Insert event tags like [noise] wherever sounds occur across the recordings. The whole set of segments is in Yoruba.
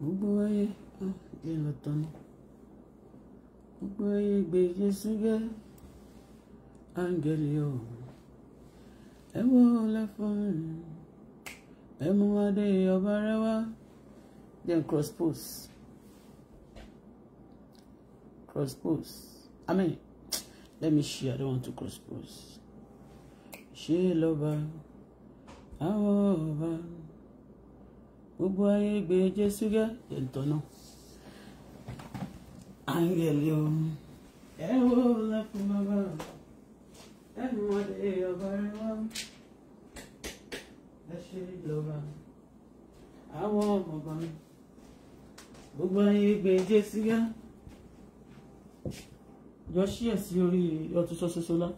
gbogbo ayé jẹ́ lọ tán ni gbogbo ayé gbé Jésù gẹ́ áńgẹ́lì ọ̀hún ẹ wọ́ lẹ́fọ́n ẹ mú adé ọba rẹ wá then cross post. cross pose amen let me share i don't want to cross post. ṣé lọ́ba àwọn ọba gbogbo ayé gbé jésù gẹ́ ìtọ́nà áńgẹ̀lì o ẹ wo lẹ́kùn bàbá ẹnu ọdẹ ọba rẹ wá ẹ ṣe ìjọba àwọn ọmọọba gbogbo ayé gbé jésù gẹ́ yọ sí ẹ̀ orí ọtún sọ́sọ́sọ́lá.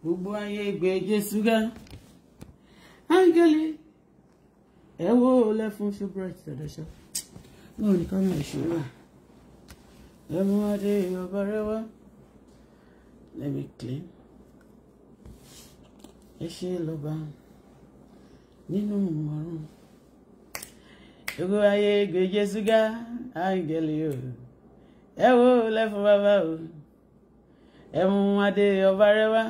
gbogbo ayé gbé jésù gẹ́ áńgẹ́lì ẹ wo lẹ́fún Fulbright tẹ̀lẹ́sẹ̀ náà ní kámẹ́ ìṣòro à ẹ mú adé ọba rẹ wá let me clean ẹ ṣe lọ́ba nínú ọ̀run gbogbo ayé gbèjé ṣúgá áńgẹ́lì o ẹ wo lẹ́fún baba. o ẹ mú adé ọba rẹ wá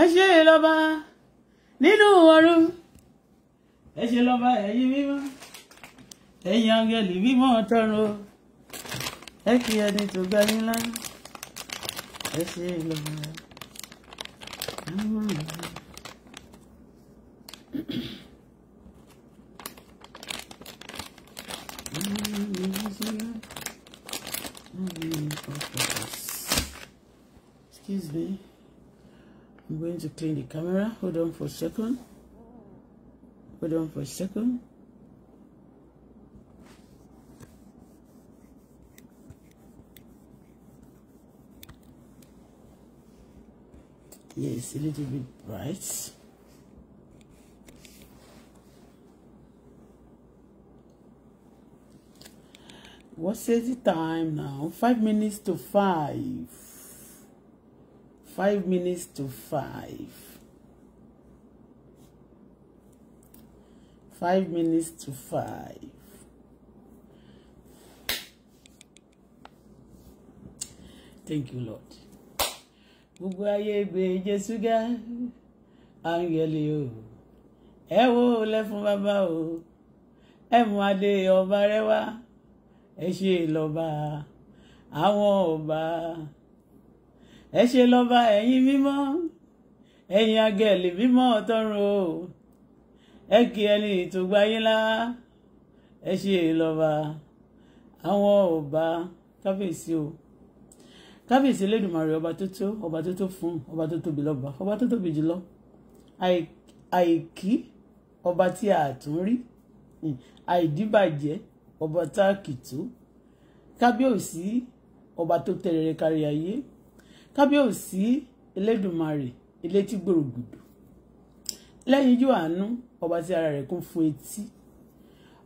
ẹ ṣe nínú ọ̀run ẹ ṣe lọ́ba ẹ̀yin mímọ́ ẹ̀yin áńgẹ́lì mímọ́ tọrùn ẹ fi ẹni tó gbá yín lánàá ẹ ṣe lọ́ba Excuse me. I'm going to clean the camera. Hold on for a second. Hold on for a second. Yes, a little bit bright. What's the time now? Five minutes to five. five minutes to five five minutes to five thank you lord gbogbo ayé gbé jésù ga áńgẹ́lì o ẹ wo lẹ́fún bàbá o ẹ mú adé ọba rẹwà ẹ ṣe lọ́ba àwọn ọba ẹ ṣe lọ́ba ẹ̀yin mímọ́ ẹ̀yin agẹ̀lì mímọ́ ọ̀tọ́run o ẹ kí ẹni ìtùgbà yín lá ẹ ṣe lọ́ba àwọn ọba kábíyèsí o kábíyèsí Elédùmarè ọba tó tó ọba tó tó fún ọba tó tóbi lọ́ba ọba tó tóbi jùlọ àìkí ọba tí a tún rí hmm. àìdíbàjẹ́ ọba tá a kì tó kábíyèsí ọba tó tẹrẹrẹ kárí ayé kábíyèsí elédùnmarè elétí gbòrògbòdò lẹ́yìn ijó àánú ọba tí ara rẹ̀ kún fún etí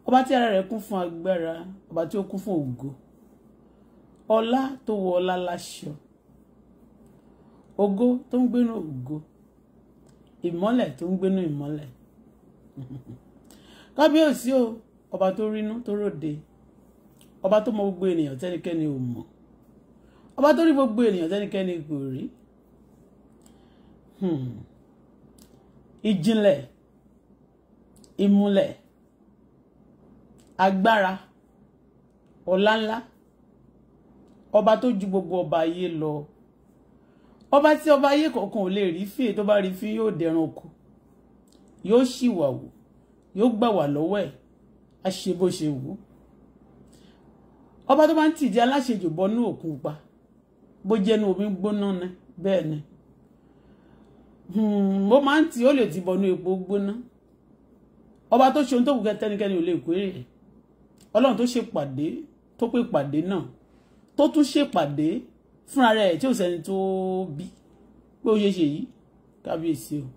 ọba tí ara rẹ̀ kún fún agbára ọba tí ó kún fún ògo ọlá tó wọ ọlá láṣọ ògo tó ń gbénu ògo ìmọ́lẹ̀ tó ń gbénu ìmọ́lẹ̀ [laughs] kábíyèsí o ọba tó rínú tó ròde ọba tó mọ gbogbo ènìyàn tẹ́nikẹ́ni ò mọ̀ ọba tó rí gbogbo ènìyàn tẹ́nikẹ́ni kò rí hmm. ìjìnlẹ̀ ìmúlẹ̀ agbára ọláńlá ọba tó ju gbogbo ọba ayé lọ ọba tí ọba ayé kọ̀ọ̀kan ò lè rí fíè tó bá rí fíè yóò dẹran kù yóò ṣìwà wù yóò gbà wà lọ́wọ́ ẹ̀ á ṣe bó ṣe wù ọba tó bá ń tìjẹ́ aláṣejù bọ́nú òkun pa bó jẹ́nu omi gbóná ni bẹ́ẹ̀ ni mo hmm, máa ń tì ó lè ti bọnú epo gbóná ọba tó ṣe ohun tó kù kẹ tẹnikẹ́ni ò lè kórè Ọlọ́run tó ṣe pàdé tó pé pàdé náà tó tún ṣe pàdé fúnra rẹ̀ tí ò sẹ́ni tó bí pé ó ṣe ṣe yìí kábíyèsí o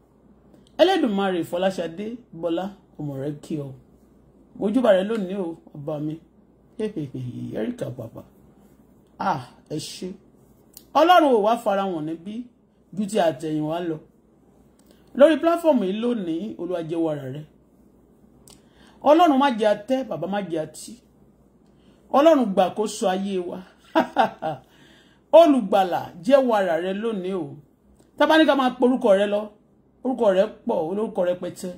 Ẹlẹ́dùmarè Fọláṣadé Bọ́lá ọmọ rẹ̀ kí ọ mojúbà rẹ̀ lónìí o ọba mi ẹríkà bàbá ah ẹ ṣé ọlọ́run ò wá fara wọn níbí ju ti àtẹ̀yìnwá lọ lórí pílàfọ́ọ̀mù yìí lónìí Olúwa jẹ́wọ́ ara rẹ ọlọ́run má jẹ́ atẹ́ bàbá má jẹ́ atí ọlọ́run gbàkóso ayé wa [laughs] olùgbàlà jẹ́wọ́ ara rẹ lónìí o tábánikà máa porúkọ rẹ lọ orúkọ rẹ pọ̀ olórúkọ rẹ pẹtẹ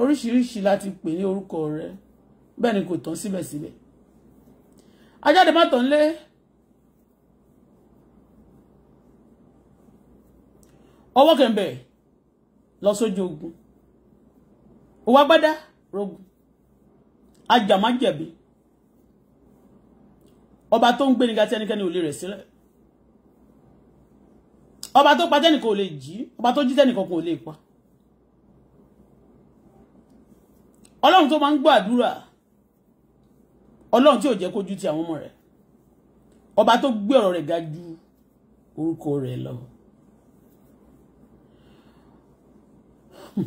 oríṣiríṣi láti pè ní orúkọ rẹ bẹ́ẹ̀ ni kò tán síbẹ̀síbẹ̀ ajáde má tán lé ọwọ́ kẹ̀mbẹ̀ lọ sójú ogun òwò gbada rogun ajàmájẹ̀bi ọba tó ń gbé nígbà tí ẹnikẹ́ni ole lè rẹ̀ ọba to pa tẹ́nìkan ole lè ọba tó jí tẹ́nìkan kò lè pa ọlọ́run to ma ń gbọ́ àdúrà ọlọ́run tí ò jẹ́ ti àwọn ọmọ rẹ̀ ọba to gbé ọ̀rọ̀ rẹ̀ ga ju orúkọ rẹ̀ lọ.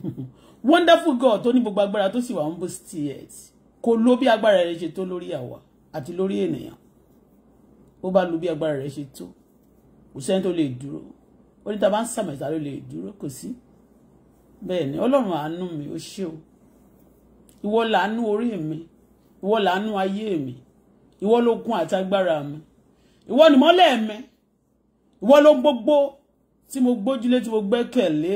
[laughs] wonderful God tó ní gbogbo agbára tó sì wà ń bó sí ẹ̀ kò ló bí agbára rẹ̀ ṣe tó lórí àwa àti lórí ènìyàn bó bá lo bí agbára rẹ̀ ṣe tó kò sẹ́ni tó lè dúró ó ní ta bá ń sàmẹ̀ta ló lè dúró kò sí bẹ́ẹ̀ ni ọlọ́run àánú mi ó ṣé o ìwọ làánú orí mi ìwọ làánú ayé mi ìwọ lókun àti agbára mi ìwọ nìmọ́lẹ̀ mi ìwọ ló gbogbo tí mo gbójúlé tí mo gbẹ́kẹ̀lé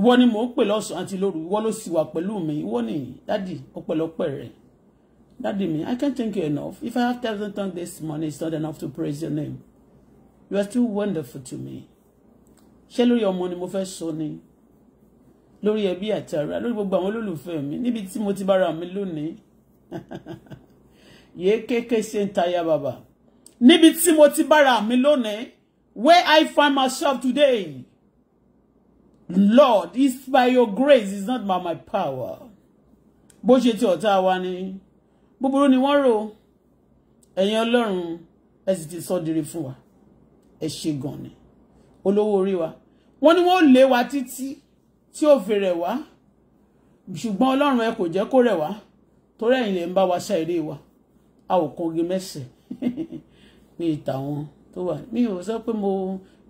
ìwọ ni mò ń pè lọ́sàn-án àti lóru ìwọ ló sì wà pẹ̀lú mi ìwọ ni dádì ọpẹ́lọpẹ́ rẹ̀ dádì mi I can't thank you enough if I have thousand tongues this morning it's not enough to praise your name you are too wonderful to me ṣé lórí ọmọ ni mo fẹ́ sọ ni lórí ẹbí àti ara lórí gbogbo àwọn olólùfẹ́ mi níbi tí mo ti bára mi lónìí yéé kéèké ṣe ń tayá bàbà níbi tí mo ti bára mi lónìí where I find myself today. Lord, it's by your grace, it's not by my power. Bó ṣe ti ọ̀tá wa ni, búburú ni wọ́n rò, ẹ̀yin Ọlọ́run, ẹ sì ti sọ dire fún wa, ẹ ṣe gan ni, olówó orí wa. Wọ́n ní wọ́n lé wa títí tí ò fèrè wá, ṣùgbọ́n Ọlọ́run ẹ kò jẹ́ kó rẹ̀ wá, torí ẹ̀yin lè ń bá wa ṣá eré wa, a ò kóge mẹ́sẹ̀ ní ìta wọn tó wà. Mi ò sọ pé mo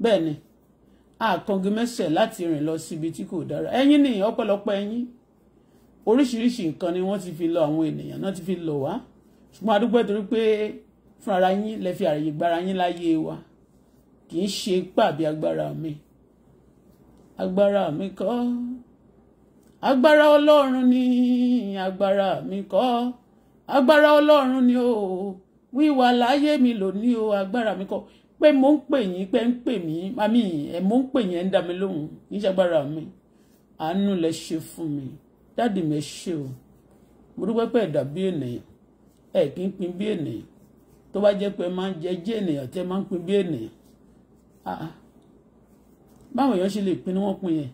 bẹ́ẹ̀ ni àkàngi mẹ́sẹ̀ láti rìn lọ síbi tí kò dára ẹ̀yin nìyẹn ọ̀pọ̀lọpọ̀ ẹ̀yin oríṣiríṣi nǹkan ni wọ́n ti fi lọ àwọn ènìyàn náà ti fi lọ wá ṣùgbọ́n adúgbò torí pé fúnra yín lẹ fi àyè gbára yín láyé wa kì í ṣe pàbí agbára mi agbára mi kọ́ agbára ọlọ́run ni agbára mi kọ́ agbára ọlọ́run ni o wíwà láyé mi lónìí o agbára mi kọ́ pé mo ń pè yín pé ń pè mí mami ẹ mo ń pè yín ẹ ń dá mi lóhùn kì í mi àánú lẹ ṣe fún mi dáàdì mi ṣe o mo dúpẹ́ pé ẹ̀dà bí ènìyàn ẹ kì í pin bí ènìyàn tó bá jẹ́ pé máa ń jẹ jẹ́ ènìyàn tẹ́ máa ń pin bí ènìyàn báwọn èèyàn ṣe lè pin ni pin yẹn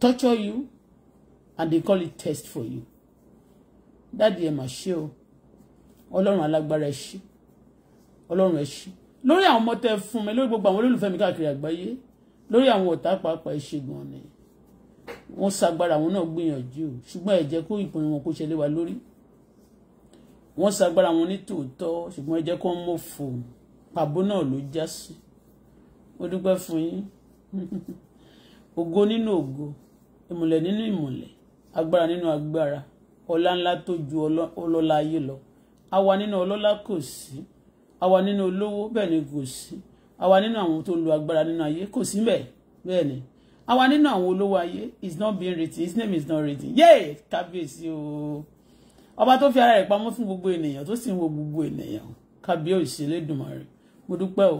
torture you and they call it test for you dáàdì ẹ mà ṣe o ọlọ́run alágbára ẹ ṣe ọlọ́run ẹ ṣé lórí àwọn ọmọ tẹ fún mi lórí gbogbo àwọn olólùfẹ́ mi káàkiri àgbáyé lórí àwọn ọ̀tá pàápàá ẹ ṣé gan ni wọ́n ṣagbára àwọn náà gbìyànjú ṣùgbọ́n ẹ jẹ́ kó ìpinnu wọn kó ṣe lé wa lórí wọ́n ṣagbára wọn ní tòótọ́ ṣùgbọ́n ẹ jẹ́ kó mọ̀ fò pàbó náà ló já sí mo dúpẹ́ fún yín [laughs] ògo nínú ògo ìmùlẹ̀ nínú ìmùlẹ̀ agbára nínú agbára ọlá ńlá tó ju ọlọ́lá ayé lọ àwa nínú ọlọ́lá kò sí. Si àwa nínú olówó bẹ́ẹ̀ ni kò sí àwa nínú àwọn tó ń lo agbára nínú ayé kò sí bẹ́ẹ̀ bẹ́ẹ̀ ni àwa nínú àwọn olówó ayé is not being written his name is not written yéè kábíyèsí o ọba tó fi ara rẹ̀ pamọ́ fún gbogbo ènìyàn tó sì ń wo gbogbo ènìyàn kábíyèsí Elédùmarè mo dúpẹ́ o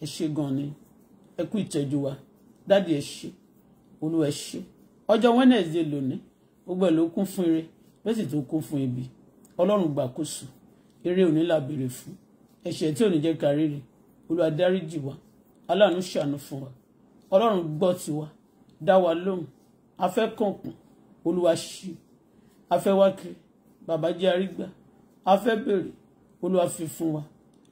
ẹ ṣé gan ni ẹ kú ìtẹ́jú wa dáàdi ẹ ṣé olúwa ẹ ṣé ọjọ́ Wednesday lónìí gbogbo ẹ̀ ló kún fún ire ló sì tó kún fún ibi ọlọ́run gbàkóso eré òní là fún ẹ̀ṣẹ̀ tí ò ní jẹ́ kárìrì Olúwa dáríjì wa aláàánú ṣàánú fún wa Ọlọ́run gbọ́ tiwa dá wa lóhùn afẹ́ kànkùn Olúwa ṣí afẹ́ wá kiri bàbá jẹ́ arígbà afẹ́ bèrè Olúwa fi fún wa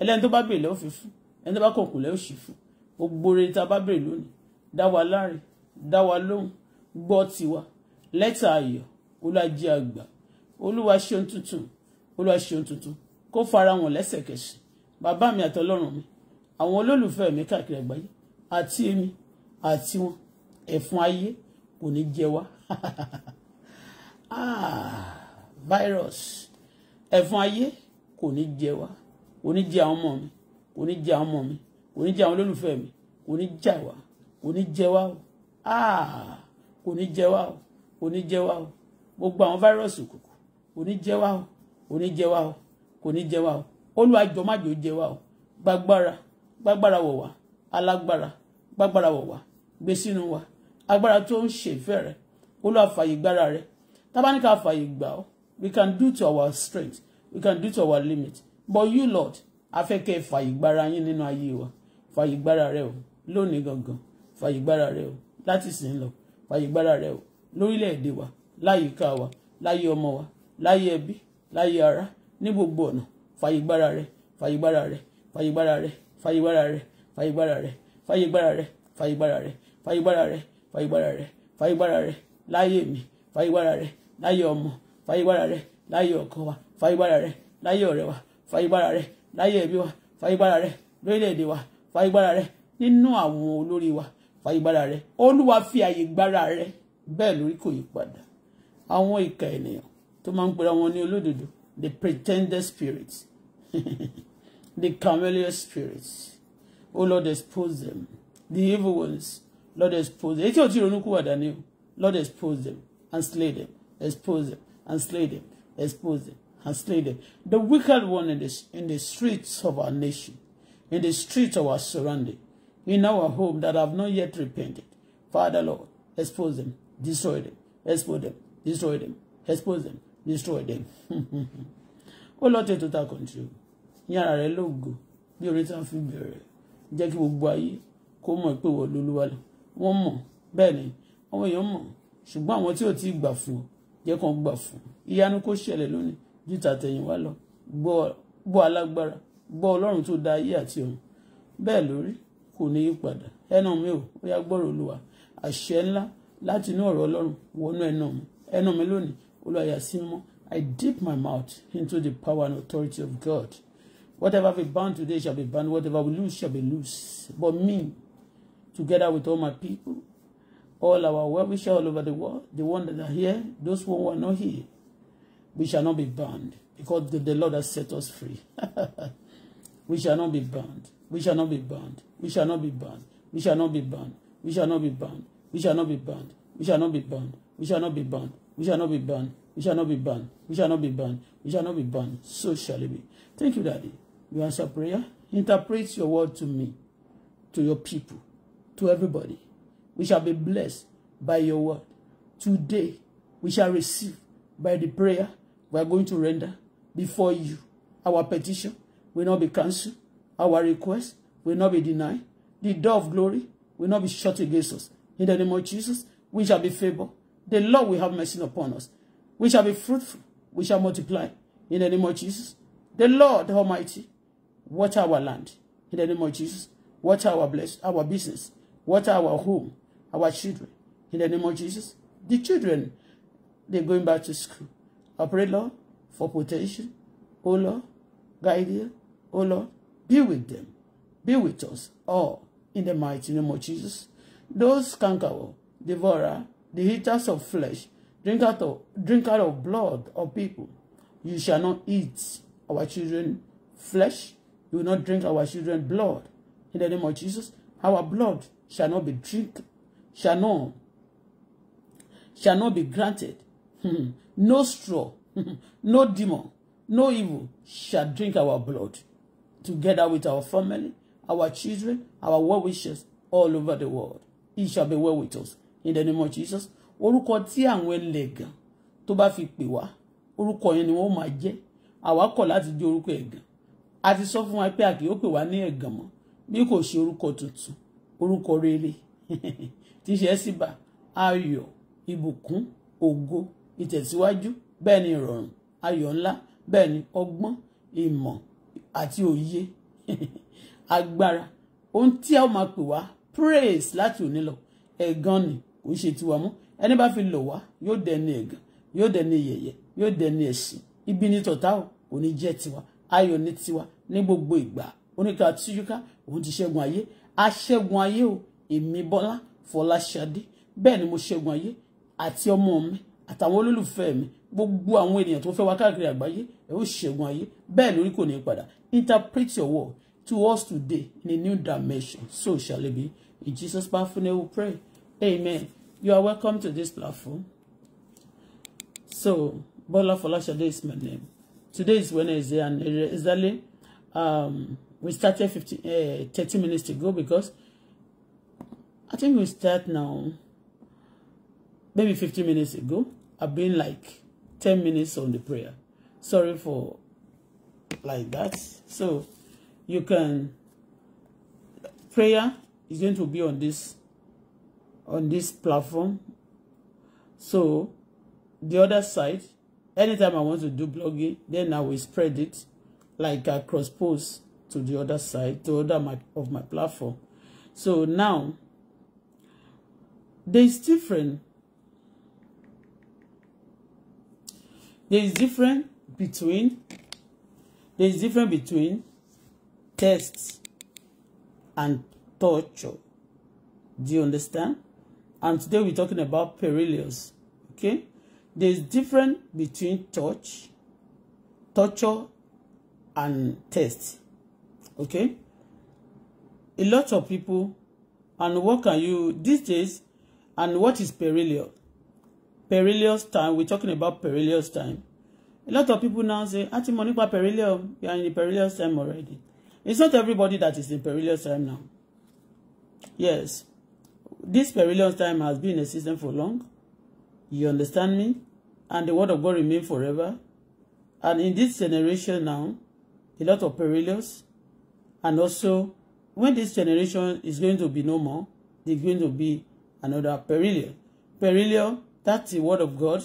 ẹlẹ́ni tó bá bèrè lẹ́wọ́ fi fún ẹni tó bá kọ̀kùn lẹ́wọ́ sì fún gbogbo rere tá bá bèrè lónìí dá wa láre dá wa lóhùn gbọ́ tiwa lẹ́tà ayọ̀ Olúwa àgbà Olúwa ohun tuntun Olúwa ohun tuntun kó fara wọn lẹ́sẹ̀kẹsẹ̀ bàbá mi àtọlọ́run mi àwọn olólùfẹ́ mi káàkiri àgbáyé àti èmi àti wọn ẹ̀fọn ayé kò ní jẹ wá virus ẹ̀fọn ayé kò ní jẹ wá kò ní jẹ àwọn ọmọ mi kò ní jẹ àwọn ọmọ mi kò ní jẹ àwọn olólùfẹ́ mi kò ní jà wá kò ní jẹ wá o kò ní jẹ wá o kò ní jẹ wá o gbogbo àwọn fáírọ́ọ̀sì kò ní jẹ wá o kò ní jẹ wá o kò ní jẹ wá o olúwa jọ̀ọ́ má jò jẹ wá o gbàgbára gbàgbára wọ̀ wá alágbára gbàgbára wọ̀ wá gbé sínú wa agbára tó ń ṣèfẹ́ rẹ olúwa fàyè gbára rẹ tábánikà fàyè gbà we can do to our strength we can do to our limit but you lord afẹ́kẹ́ fàyè gbára yín nínú ayé wa fàyè gbára rẹ o lónìí gangan fàyè gbára rẹ o láti sìn lọ fàyè gbára rẹ o lórílẹ̀‐èdè wa láyìíká wa láyé ọmọ wa láyé ẹbí láyé ara ní gbogbo ọ̀nà fàyè gbára rẹ fàyè gbára rẹ fàyè gbára rẹ fàyè gbára rẹ fàyè gbára rẹ fàyè gbára rẹ fàyè gbára rẹ fàyè gbára rẹ fàyè gbára rẹ fàyè gbára rẹ láyé mi fàyè gbára rẹ láyé ọmọ fàyè gbára rẹ láyé ọkọ wa fàyè gbára rẹ láyé ọ̀rẹ́ wa fàyè gbára rẹ láyé ẹbí wa fàyè gbára rẹ lórílẹ̀-èdè wa fàyè gbára rẹ nínú àwọn olórí wa fàyè gbára rẹ olúwa fi àyè gbára rẹ bẹ́ẹ̀ lórí kò yí padà àwọn ìka ènìyàn tó máa ń pera wọn ní olódodo the pretended spirits [laughs] the camellia spirits. Oh Lord, expose them. The evil ones, Lord, expose them. Lord, expose them and slay them. Expose them and slay them. Expose them and slay them. The wicked one in the, in the streets of our nation, in the streets of our surrounding, in our home that have not yet repented. Father, Lord, expose them, destroy them, expose them, destroy them, expose them, destroy them. [laughs] oh Lord, take total control yàrá rẹ lógo bí orí tí wọ́n fi bẹ̀rẹ̀ jẹ́ kí gbogbo ayé kó mọ̀ pé wọ́n lolúwa lọ wọ́n mọ̀ bẹ́ẹ̀ ni àwọn èèyàn mọ̀ ṣùgbọ́n àwọn tí ò tí ì gbà fún ọ jẹ́ kàn gbà fún ìyanu kó ṣẹlẹ̀ lónìí ju tàtẹ̀yìnwá lọ gbọ́ alágbára gbọ́ ọlọ́run tó dá ayé àti ọ̀run bẹ́ẹ̀ lórí kò ní í padà ẹnu mi ò ó yá gbọ́rọ̀ olúwa àṣẹ ńlá láti inú ọ̀rọ̀ ọlọ́run wọnú ẹnu mi ẹnu mi lónìí olúwa yà sí mímọ́ I dip my mouth into the power and authority of God. Whatever we bound today shall be bound. Whatever we lose shall be loose. But me, together with all my people, all our well-wishers all over the world, the ones that are here, those who are not here, we shall not be bound because the, the Lord has set us free. we shall not be bound. We shall not be bound. We shall not be bound. We shall not be bound. We shall not be bound. We shall not be bound. We shall not be bound. We shall not be bound. We shall not be bound. We shall not be bound. We shall not be bound. We shall not be bound. So shall it be. Thank you, Daddy. You answer prayer. Interpret your word to me, to your people, to everybody. We shall be blessed by your word. Today, we shall receive by the prayer we are going to render before you. Our petition will not be cancelled. Our request will not be denied. The door of glory will not be shut against us. In the name of Jesus, we shall be favored. The Lord will have mercy upon us. We shall be fruitful. We shall multiply. In the name of Jesus, the Lord Almighty Water our land in the name of Jesus. Water our bless our business. Water our home, our children in the name of Jesus. The children, they're going back to school. I pray, Lord, for protection. Oh, Lord, guide them. Oh, Lord, be with them. Be with us all in the mighty name of Jesus. Those canker, devourer, the eaters of flesh, drink out of, drink out of blood of people, you shall not eat our children flesh You will not drink our children's blood. In the name of Jesus, our blood shall not be drink, shall not, shall not be granted. Hmm. no straw, hmm. no demon, no evil shall drink our blood. Together with our family, our children, our well wishers all over the world. He shall be well with us. In the name of Jesus. Orúkọ tí àwọn ẹlẹ́gàn tó bá fi pè wá, orúkọ yẹn ni wọ́n máa jẹ́. Àwa kọ̀ láti jẹ́ orúkọ ẹ̀gàn a ti sọ fún wa pé a kì yóò pè wá ní ẹ̀gàn mọ́ bí kò ṣe orúkọ tuntun orúkọ rere [laughs] tí ṣe síbà ayọ̀ ìbùkún ògo ìtẹ̀síwájú bẹ́ẹ̀ ni ìrọ̀rùn ayọ̀ ńlá bẹ́ẹ̀ ni ọgbọ́n ìmọ̀ àti òye [laughs] agbára ohun tí a ó máa pè wá praise láti òní lọ ẹ̀gàn ni kò ń ṣe tiwa mọ́ ẹni bá fi lọ̀ wá yóò dẹni ẹ̀gàn yóò dẹni yẹ̀yẹ́ yóò dẹni ẹ̀sìn ibi ni tọ̀tá ò kò ní jẹ́ tiwa ayọ̀ ní tiwa ní gbogbo ìgbà oníkà túyúká òun ti ṣẹ́gun ayé aṣẹ́gun ayé o èmi bọ́lá fọláṣadé bẹ́ẹ̀ ni mo ṣẹ́gun ayé àti ọmọ mi àtàwọn olólùfẹ́ mi gbogbo àwọn ènìyàn tó fẹ́ wá káàkiri àgbáyé ẹ ó ṣẹ́gun ayé bẹ́ẹ̀ lórí kò ní padà interpret your word to us today in a new dimension so shall it be in Jesus powerful name we pray amen you are welcome to this platform so Bola Folashade is my name today is Wednesday and exactly um, we started 15, uh, 30 minutes ago because I think we start now maybe 15 minutes ago. I've been like 10 minutes on the prayer. Sorry for like that. So you can prayer is going to be on this on this platform. So the other side anytime I want to do blogging, then I will spread it like I cross post to the other side, to other my, of my platform. So now, there is different. There is different between. There is different between tests and torture. Do you understand? And today we're talking about perilous. Okay? There's is difference between touch, torture, and test. Okay? A lot of people, and what can you, these days, and what is perilous? Perilous time, we're talking about perilous time. A lot of people now say, Ati ah, mo nípa perilous, you are in the perilous time already. It's not everybody that is in perilous time now. Yes. This perilous time has been a existence for long. You understand me? And the word of God remain forever. And in this generation now, a lot of perilous. And also, when this generation is going to be no more, there's going to be another perilous. Perilous, that's the word of God.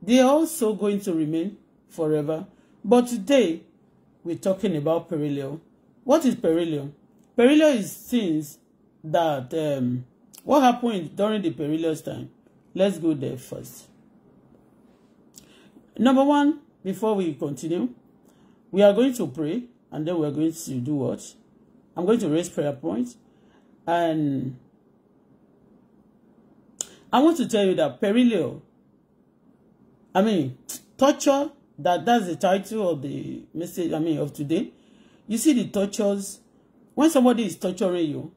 They are also going to remain forever. But today, we're talking about perilous. What is perilous? Perilous is things that um, what happened during the perilous time Let's go there first. Number one, before we continue, we are going to pray and then we're going to do what? I'm going to raise prayer points and I want to tell you that perilio, I mean, torture, that that's the title of the message, I mean, of today. You see the tortures, when somebody is torturing you,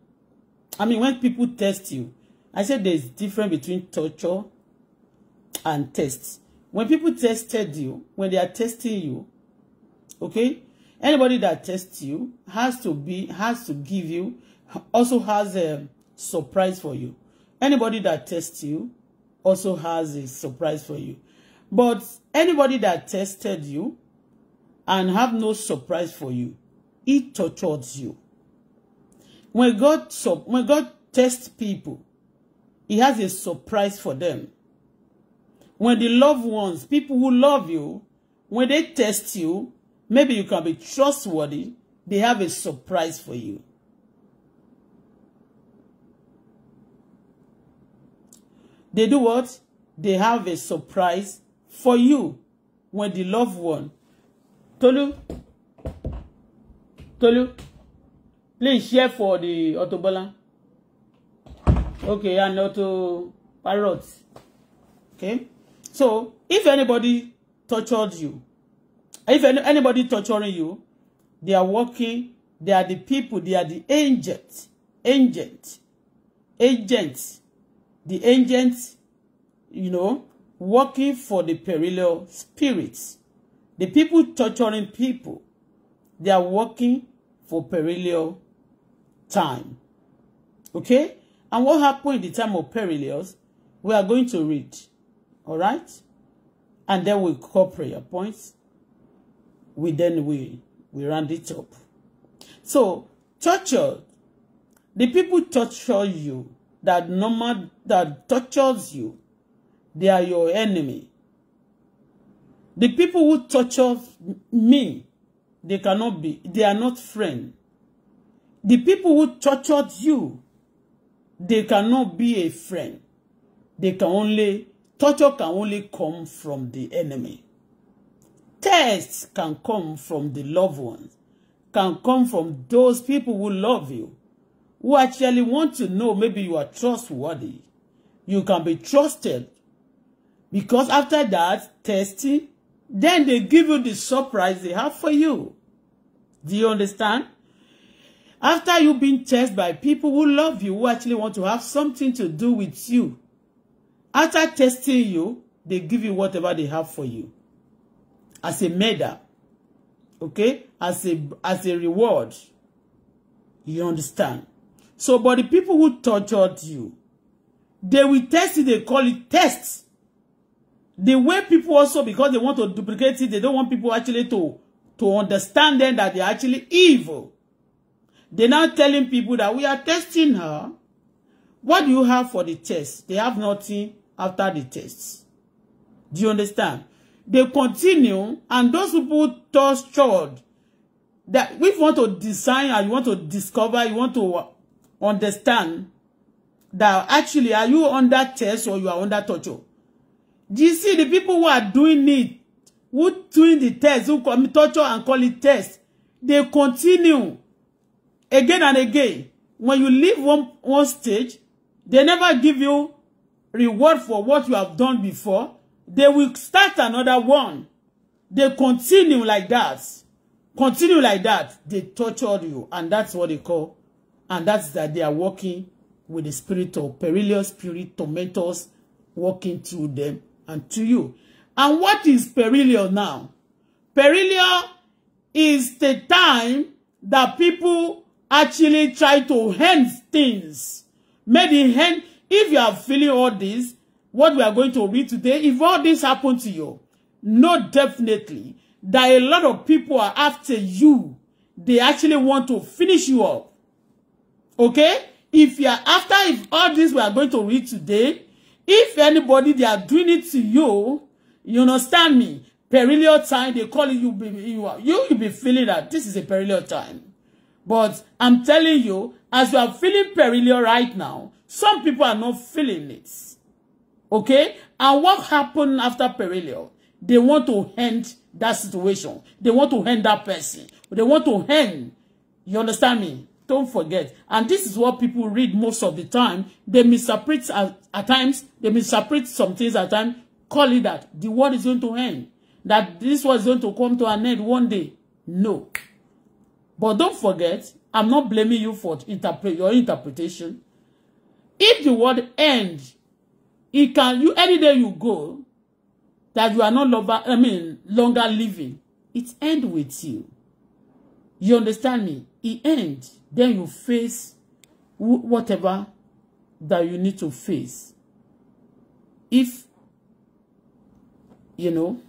I mean, when people test you, I said there's difference between torture and test. When people tested you, when they are testing you, okay, anybody that tests you has to be has to give you also has a surprise for you. Anybody that tests you also has a surprise for you. But anybody that tested you and have no surprise for you, he tortures you. When God, so when God tests people, He has a surprise for them. When the loved ones, people who love you, when they test you, maybe you can be trustworthy, they have a surprise for you. They do what? They have a surprise for you when the loved one. Tolu, Tolu, please share for the Auto Okay, and to parrot. Okay? So, if anybody tortured you, if any, anybody torturing you, they are working, they are the people, they are the agent, agent, agent, the agent, you know, working for the perilous spirits. The people torturing people, they are working for perilous time. Okay? and what happened in the time of perilous, we are going to read. All right? And then we call prayer points. We then we we round it up. So torture, the people torture you that normal that tortures you, they are your enemy. The people who torture me, they cannot be, they are not friend. The people who tortured you, They cannot be a friend. They can only, torture can only come from the enemy. Tests can come from the loved ones, can come from those people who love you, who actually want to know maybe you are trustworthy. You can be trusted because after that testing, then they give you the surprise they have for you. Do you understand? After you've been tested by people who love you, who actually want to have something to do with you, after testing you, they give you whatever they have for you as a medal, okay, as a as a reward. You understand? So, but the people who tortured you, they will test you. they call it tests. The way people also, because they want to duplicate it, they don't want people actually to, to understand them that they're actually evil. They're now telling people that we are testing her. What do you have for the test? They have nothing after the test. Do you understand? They continue, and those people tortured that we want to design and you want to discover, you want to uh, understand that actually are you under test or you are under torture. Do you see the people who are doing it, who doing the test, who call torture and call it test, they continue again and again, when you leave one, one stage, they never give you reward for what you have done before. They will start another one. They continue like that. Continue like that. They torture you. And that's what they call. And that's that they are working with the spirit of perilous spirit tormentors working through them and to you. And what is perilous now? Perilous is the time that people actually try to end things. Maybe end, if you are feeling all this, what we are going to read today, if all this happened to you, know definitely that a lot of people are after you. They actually want to finish you up. Okay? If you are after if all this we are going to read today, if anybody they are doing it to you, you understand me? Perilous time, they call it you be you, you, you be feeling that this is a perilous time. But I'm telling you, as you are feeling perilous right now, some people are not feeling it. Okay? And what happened after perilous? They want to end that situation. They want to end that person. They want to end. You understand me? Don't forget. And this is what people read most of the time. They misinterpret at, at times. They misinterpret some things at times. Call it that. The world is going to end. That this was going to come to an end one day. No. But don't forget, I'm not blaming you for interpret your interpretation. If the word end, it can you any day you go that you are not longer, I mean, longer living, it end with you. You understand me? It end, then you face whatever that you need to face. If you know.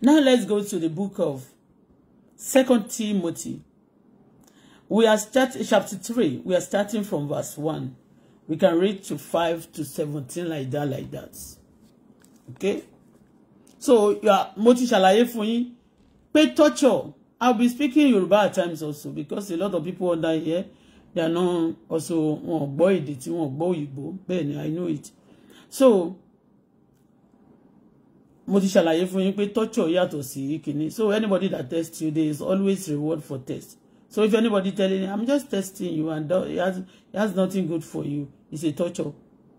Now let's go to the book of Second Timothy. We are start chapter three. We are starting from verse one. We can read to five to seventeen like that, like that. Okay? So, you are, mo ti ṣàlàyé fún yín pé torture. I'll be speaking Yoruba at times also because a lot of people under here, they are not also, wọn ò gbọ́ èdè tí wọn I know it. So, mo ti ṣàlàyé fún yín pé torture yàtọ̀ sí kìíní so anybody that tests you there is always reward for test so if anybody telling you i'm just testing you and it has, it has nothing good for you it's a torture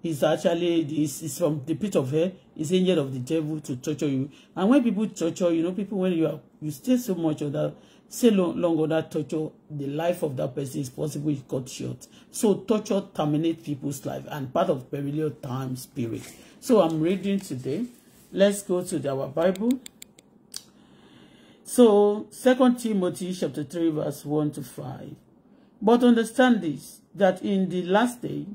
it's actually this is from the pit of hell it's angel of the devil to torture you and when people torture you know people when you are you stay so much on that stay long, longer that torture the life of that person is possible is cut short so torture terminate people's life and part of perilous time spirit so i'm reading today let's go to our Bible. So, Second Timothy chapter 3, verse 1 to 5. But understand this, that in the last day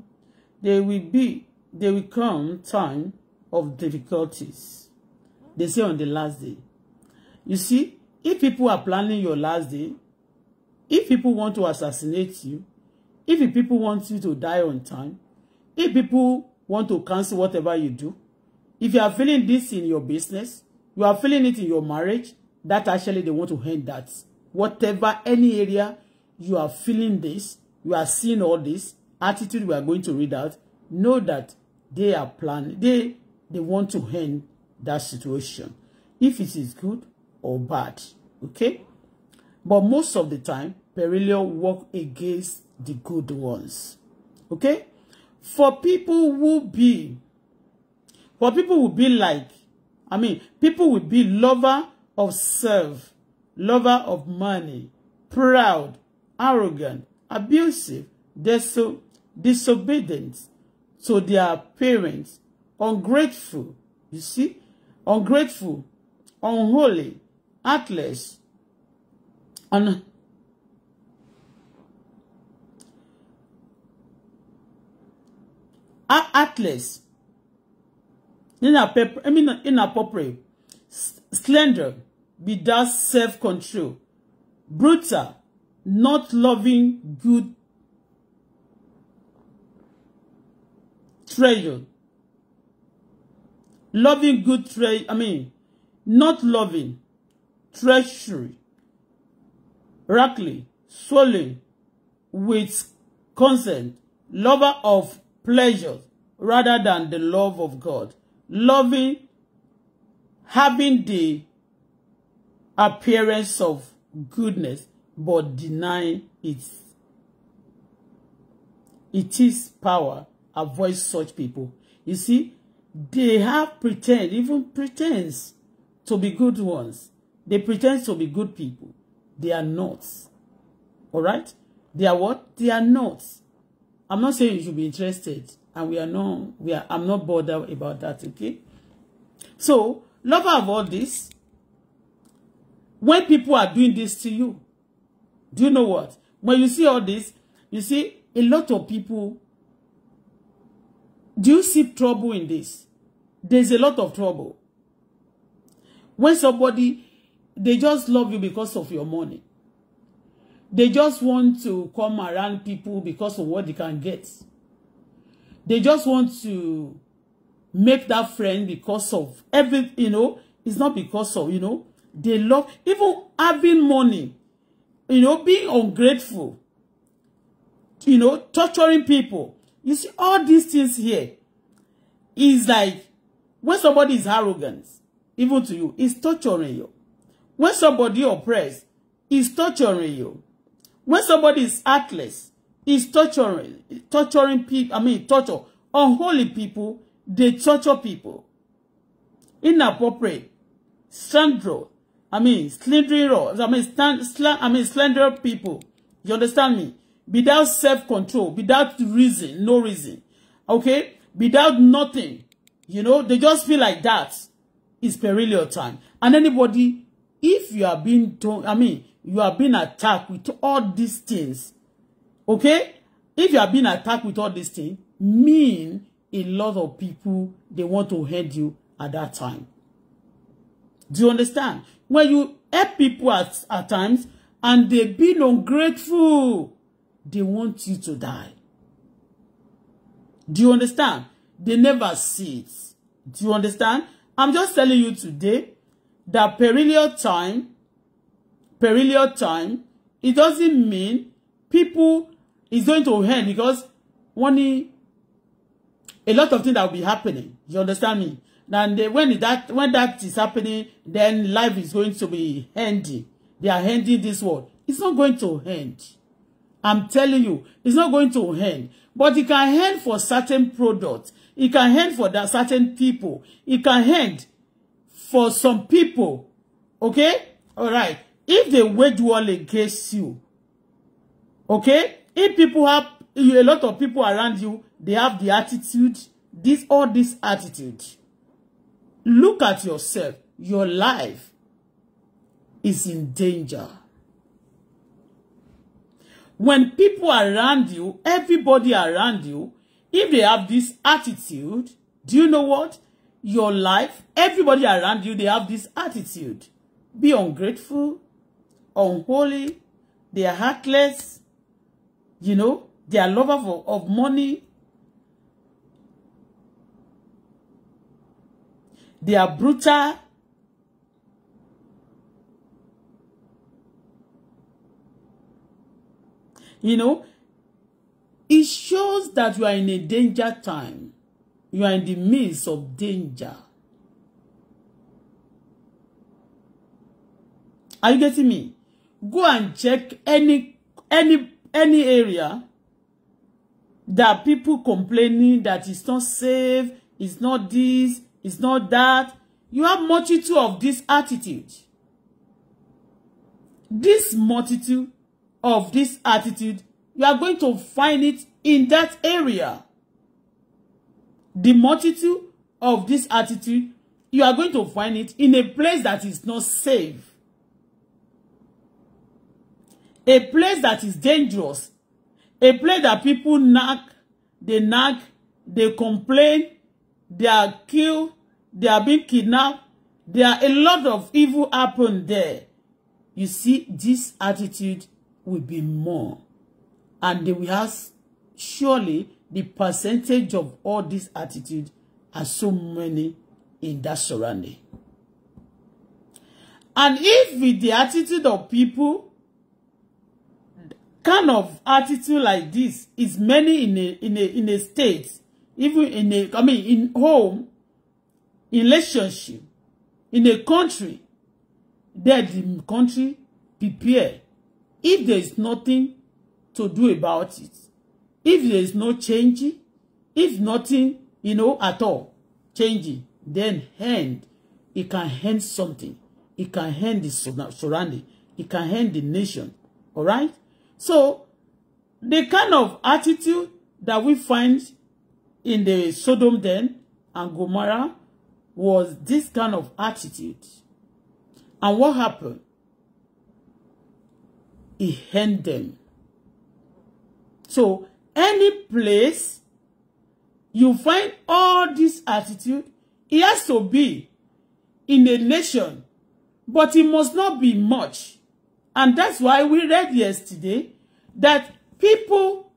there will be there will come time of difficulties. They say on the last day. You see, if people are planning your last day, if people want to assassinate you, if people want you to die on time, if people want to cancel whatever you do, If you are feeling this in your business, you are feeling it in your marriage, that actually they want to end that. Whatever, any area you are feeling this, you are seeing all this, attitude we are going to read out, know that they are planning, they, they want to end that situation. If it is good or bad, okay? But most of the time, Perilio work against the good ones, okay? For people who be But people will be like, I mean, people will be lover of self, lover of money, proud, arrogant, abusive, diso disobedient to their parents, ungrateful, you see, ungrateful, unholy, heartless, un heartless, I mean, inappropriate, slender, without self-control, brutal, not loving good, treasure, loving good treasure, I mean, not loving, treachery, rackly, swollen, with consent, lover of pleasure rather than the love of God loving, having the appearance of goodness, but denying its it is power. Avoid such people. You see, they have pretend, even pretends to be good ones. They pretend to be good people. They are not. All right? They are what? They are not. I'm not saying you should be interested and we are not we are I'm not bothered about that okay so lover of all this when people are doing this to you do you know what when you see all this you see a lot of people do you see trouble in this there's a lot of trouble when somebody they just love you because of your money they just want to come around people because of what they can get They just want to make that friend because of every, you know, it's not because of, you know, they love, even having money, you know, being ungrateful, you know, torturing people. You see, all these things here is like when somebody is arrogant, even to you, is torturing you. When somebody oppressed, is torturing you. When somebody is heartless, Is torturing, torturing people. I mean, torture unholy people. They torture people. Inappropriate, slandero. I mean, slanderous. I mean, stand, slan, I mean, slender people. You understand me? Without self-control, without reason, no reason. Okay, without nothing. You know, they just feel like that. It's perilous time. And anybody, if you are being, I mean, you are being attacked with all these things Okay? If you are being attacked with all this thing, mean a lot of people, they want to hurt you at that time. Do you understand? When you help people at, at times and they being ungrateful, they want you to die. Do you understand? They never see it. Do you understand? I'm just telling you today that perilous time, perilous time, it doesn't mean people it's going to end because one a lot of things that will be happening you understand me and they, when that when that is happening then life is going to be ending they are ending this world it's not going to end I'm telling you it's not going to end but it can end for certain products it can end for that certain people it can end for some people okay all right if they wage war against you okay If people have a lot of people around you, they have the attitude, this all this attitude. Look at yourself. Your life is in danger. When people around you, everybody around you, if they have this attitude, do you know what? Your life, everybody around you, they have this attitude. Be ungrateful, unholy, they are heartless, You know, they are lovers of, of money. They are brutal. You know, it shows that you are in a danger time. You are in the midst of danger. Are you getting me? Go and check any any any area that people complaining that it's not safe, it's not this, it's not that, you have multitude of this attitude. This multitude of this attitude, you are going to find it in that area. The multitude of this attitude, you are going to find it in a place that is not safe. A place that is dangerous. A place that people knock, they knock, they complain, they are killed, they are being kidnapped. There are a lot of evil happen there. You see, this attitude will be more. And we have, surely, the percentage of all this attitude are so many in that surrounding. And if with the attitude of people kind of attitude like this is many in a in a in a state even in a I mean in home in relationship in a country that the country prepare if there is nothing to do about it if there is no change if nothing you know at all changing then hand it can hand something it can hand the surrounding it can hand the nation all right So the kind of attitude that we find in the Sodom then and Gomorrah was this kind of attitude. And what happened? He hanged them. So any place you find all this attitude, it has to be in a nation, but it must not be much. And that's why we read yesterday that people,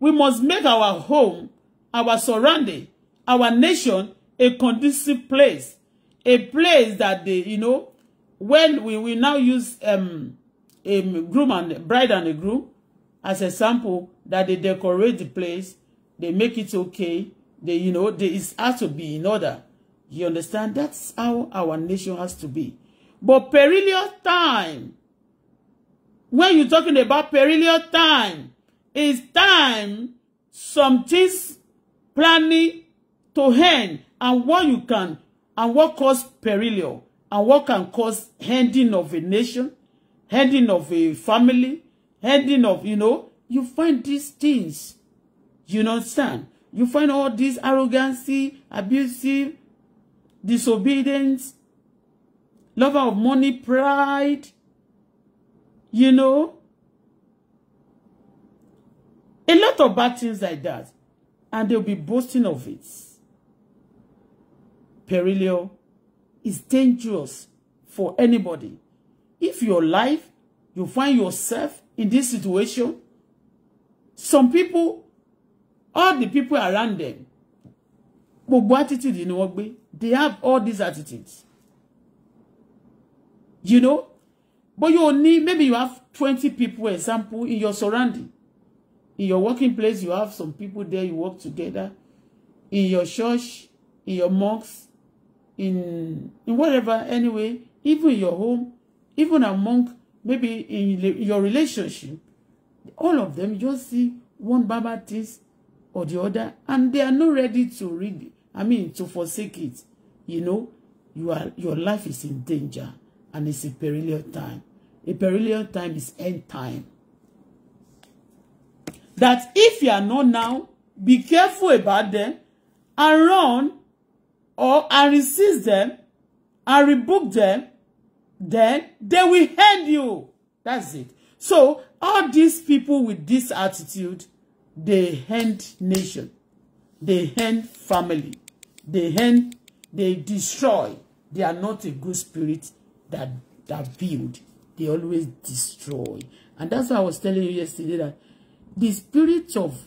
we must make our home, our surrounding, our nation a conducive place, a place that they, you know, when we will now use um, a groom and bride and a groom as a sample that they decorate the place, they make it okay, they, you know, they, is has to be in order. You understand? That's how our nation has to be. But perilous time when you're talking about perilous time, it's time some things planning to end and what you can and what cause perilous and what can cause ending of a nation, ending of a family, ending of, you know, you find these things. You understand? You find all this arrogancy, abusive, disobedience, lover of money, pride, You know? A lot of bad things like that. And they'll be boasting of it. Perilio is dangerous for anybody. If your life, you find yourself in this situation, some people, all the people around them, gbogbo attitude ni They have all these attitudes. You know? But you ní maybe you have twenty people example in your surrounding in your working place you have some people there you work together in your church in your monks, in in whatever anyway even in your home even among maybe in, your relationship all of them just see one baba or the other and they are not ready to read i mean to forsake it you know you are your life is in danger and it's a perilous time. A perilous time is end time. That if you are not now, be careful about them and run or and resist them and rebuke them, then they will hand you. That's it. So all these people with this attitude, they hand nation, they hand family, they hand. they destroy. They are not a good spirit that that build, they always destroy. And that's why I was telling you yesterday that the spirit of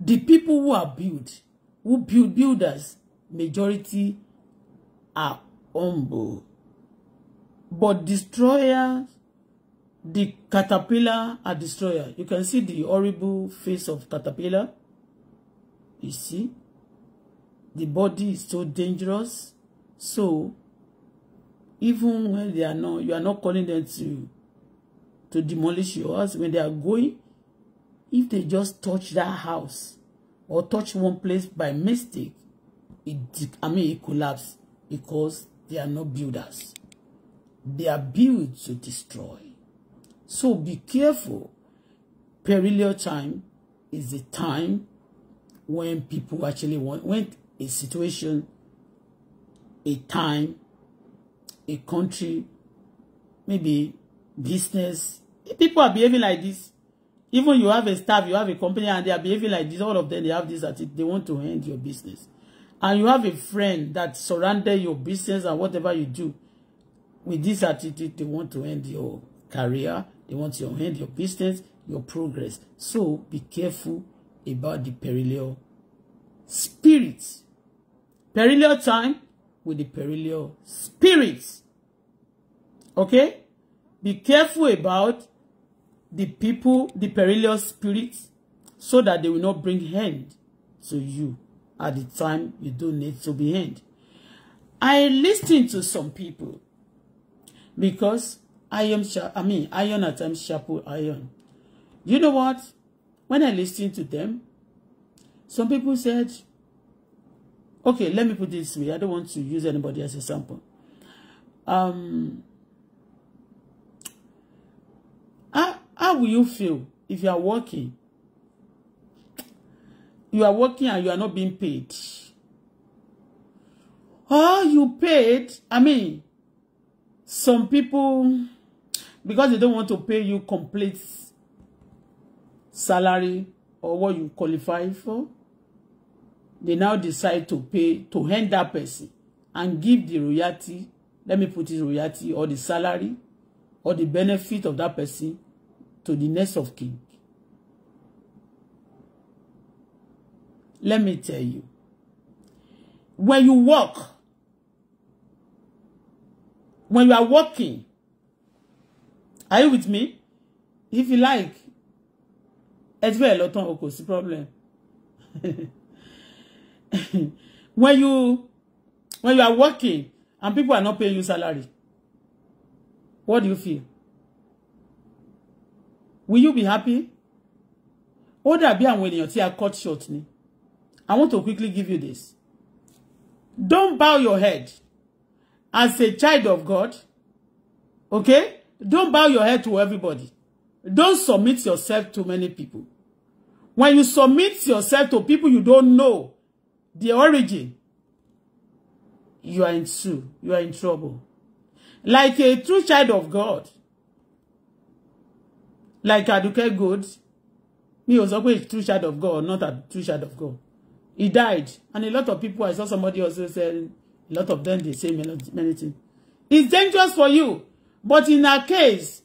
the people who are built, who build builders, majority are humble. But destroyers, the caterpillar are destroyer. You can see the horrible face of caterpillar. You see? the body is so dangerous so even when they are not you are not calling them to to demolish your house when they are going if they just touch that house or touch one place by mistake it i mean it collapse because they are not builders they are built to destroy so be careful perilous time is the time when people actually want when a situation, a time, a country, maybe business. If people are behaving like this. Even you have a staff, you have a company, and they are behaving like this. All of them, they have this attitude. They want to end your business. And you have a friend that surrounded your business and whatever you do. With this attitude, they want to end your career. They want to end your business, your progress. So be careful about the perennial spirits perilous time with the perilous spirits. Okay? Be careful about the people, the perilous spirits, so that they will not bring hand to you at the time you do need to be hand. I listen to some people because I am, I mean, iron at times sharper iron. You know what? When I listen to them, some people said, Okay, let me put this to me. I don't want to use anybody as a sample. Um, how, how will you feel if you are working? You are working and you are not being paid. Or you paid, I mean, some people, because they don't want to pay you complete salary or what you qualify for, they now decide to pay to hand that person and give the royalty let me put it royalty or the salary or the benefit of that person to the next of kin let me tell you when you work when you are working are you with me if you like ẹ ti lot of tán o problem [laughs] [coughs] when you when you are working and people are not paying you salary what do you feel will you be happy ó dàbí àwọn ènìyàn tí a cut short ni i want to quickly give you this don't bow your head as a child of god okay don't bow your head to everybody don't submit yourself to many people when you submit yourself to people you don't know the origin, you are in sue, you are in trouble. Like a true child of God, like Aduke Gold, he was always a true child of God, not a true child of God. He died, and a lot of people, I saw somebody also saying, a lot of them, they say many, many things. It's dangerous for you, but in her case,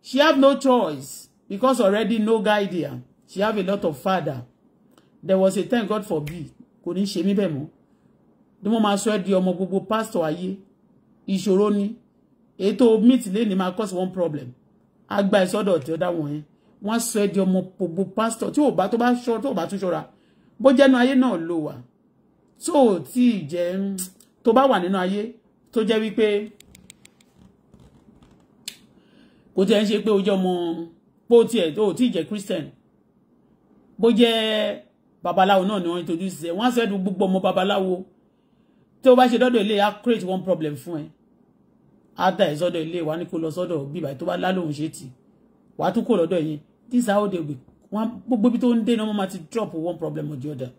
she have no choice because already no guy there. She have a lot of father. There was a time, God forbid, kò ní ṣe mí bẹ́ẹ̀ mọ́ ni wọ́n máa sọ ẹ́ di ọmọ gbogbo pásítọ̀ ayé ìṣòro ni ètò meet lẹ́ni máa cause one problem agba ìsọdọ̀ tí ó dá wọn yẹn wọ́n sọ ẹ́ di ọmọ gbogbo pásítọ̀ tí ò bá tó bá ṣọ́ tó bá tún ṣọ́ra bó jẹ́nu ayé náà ló wà tó ò tí ì jẹ́ tó bá wà nínú ayé tó jẹ́ wípé kò tí ẹ̀ ń ṣe pé ó jẹ́ ọmọ pé ó tiẹ̀ tó ò tí ì jẹ́ Christian bó jẹ́ babaláwo náà ni wọ́n introduce ẹ̀ wọ́n á sọ ẹ̀dùn gbogbo ọmọ babaláwo tí o bá ṣe dọ́dọ̀ ilé á create one problem fún ẹ á dà ẹ̀ sọ́dọ̀ ilé wa ní kó lọ sọ́dọ̀ bíbá tó bá lálóhùn ṣe tì wàá tún kó lọ́dọ̀ yẹn this how they be wọ́n gbogbo ibi tó ń dé náà wọ́n máa ti drop one problem or the other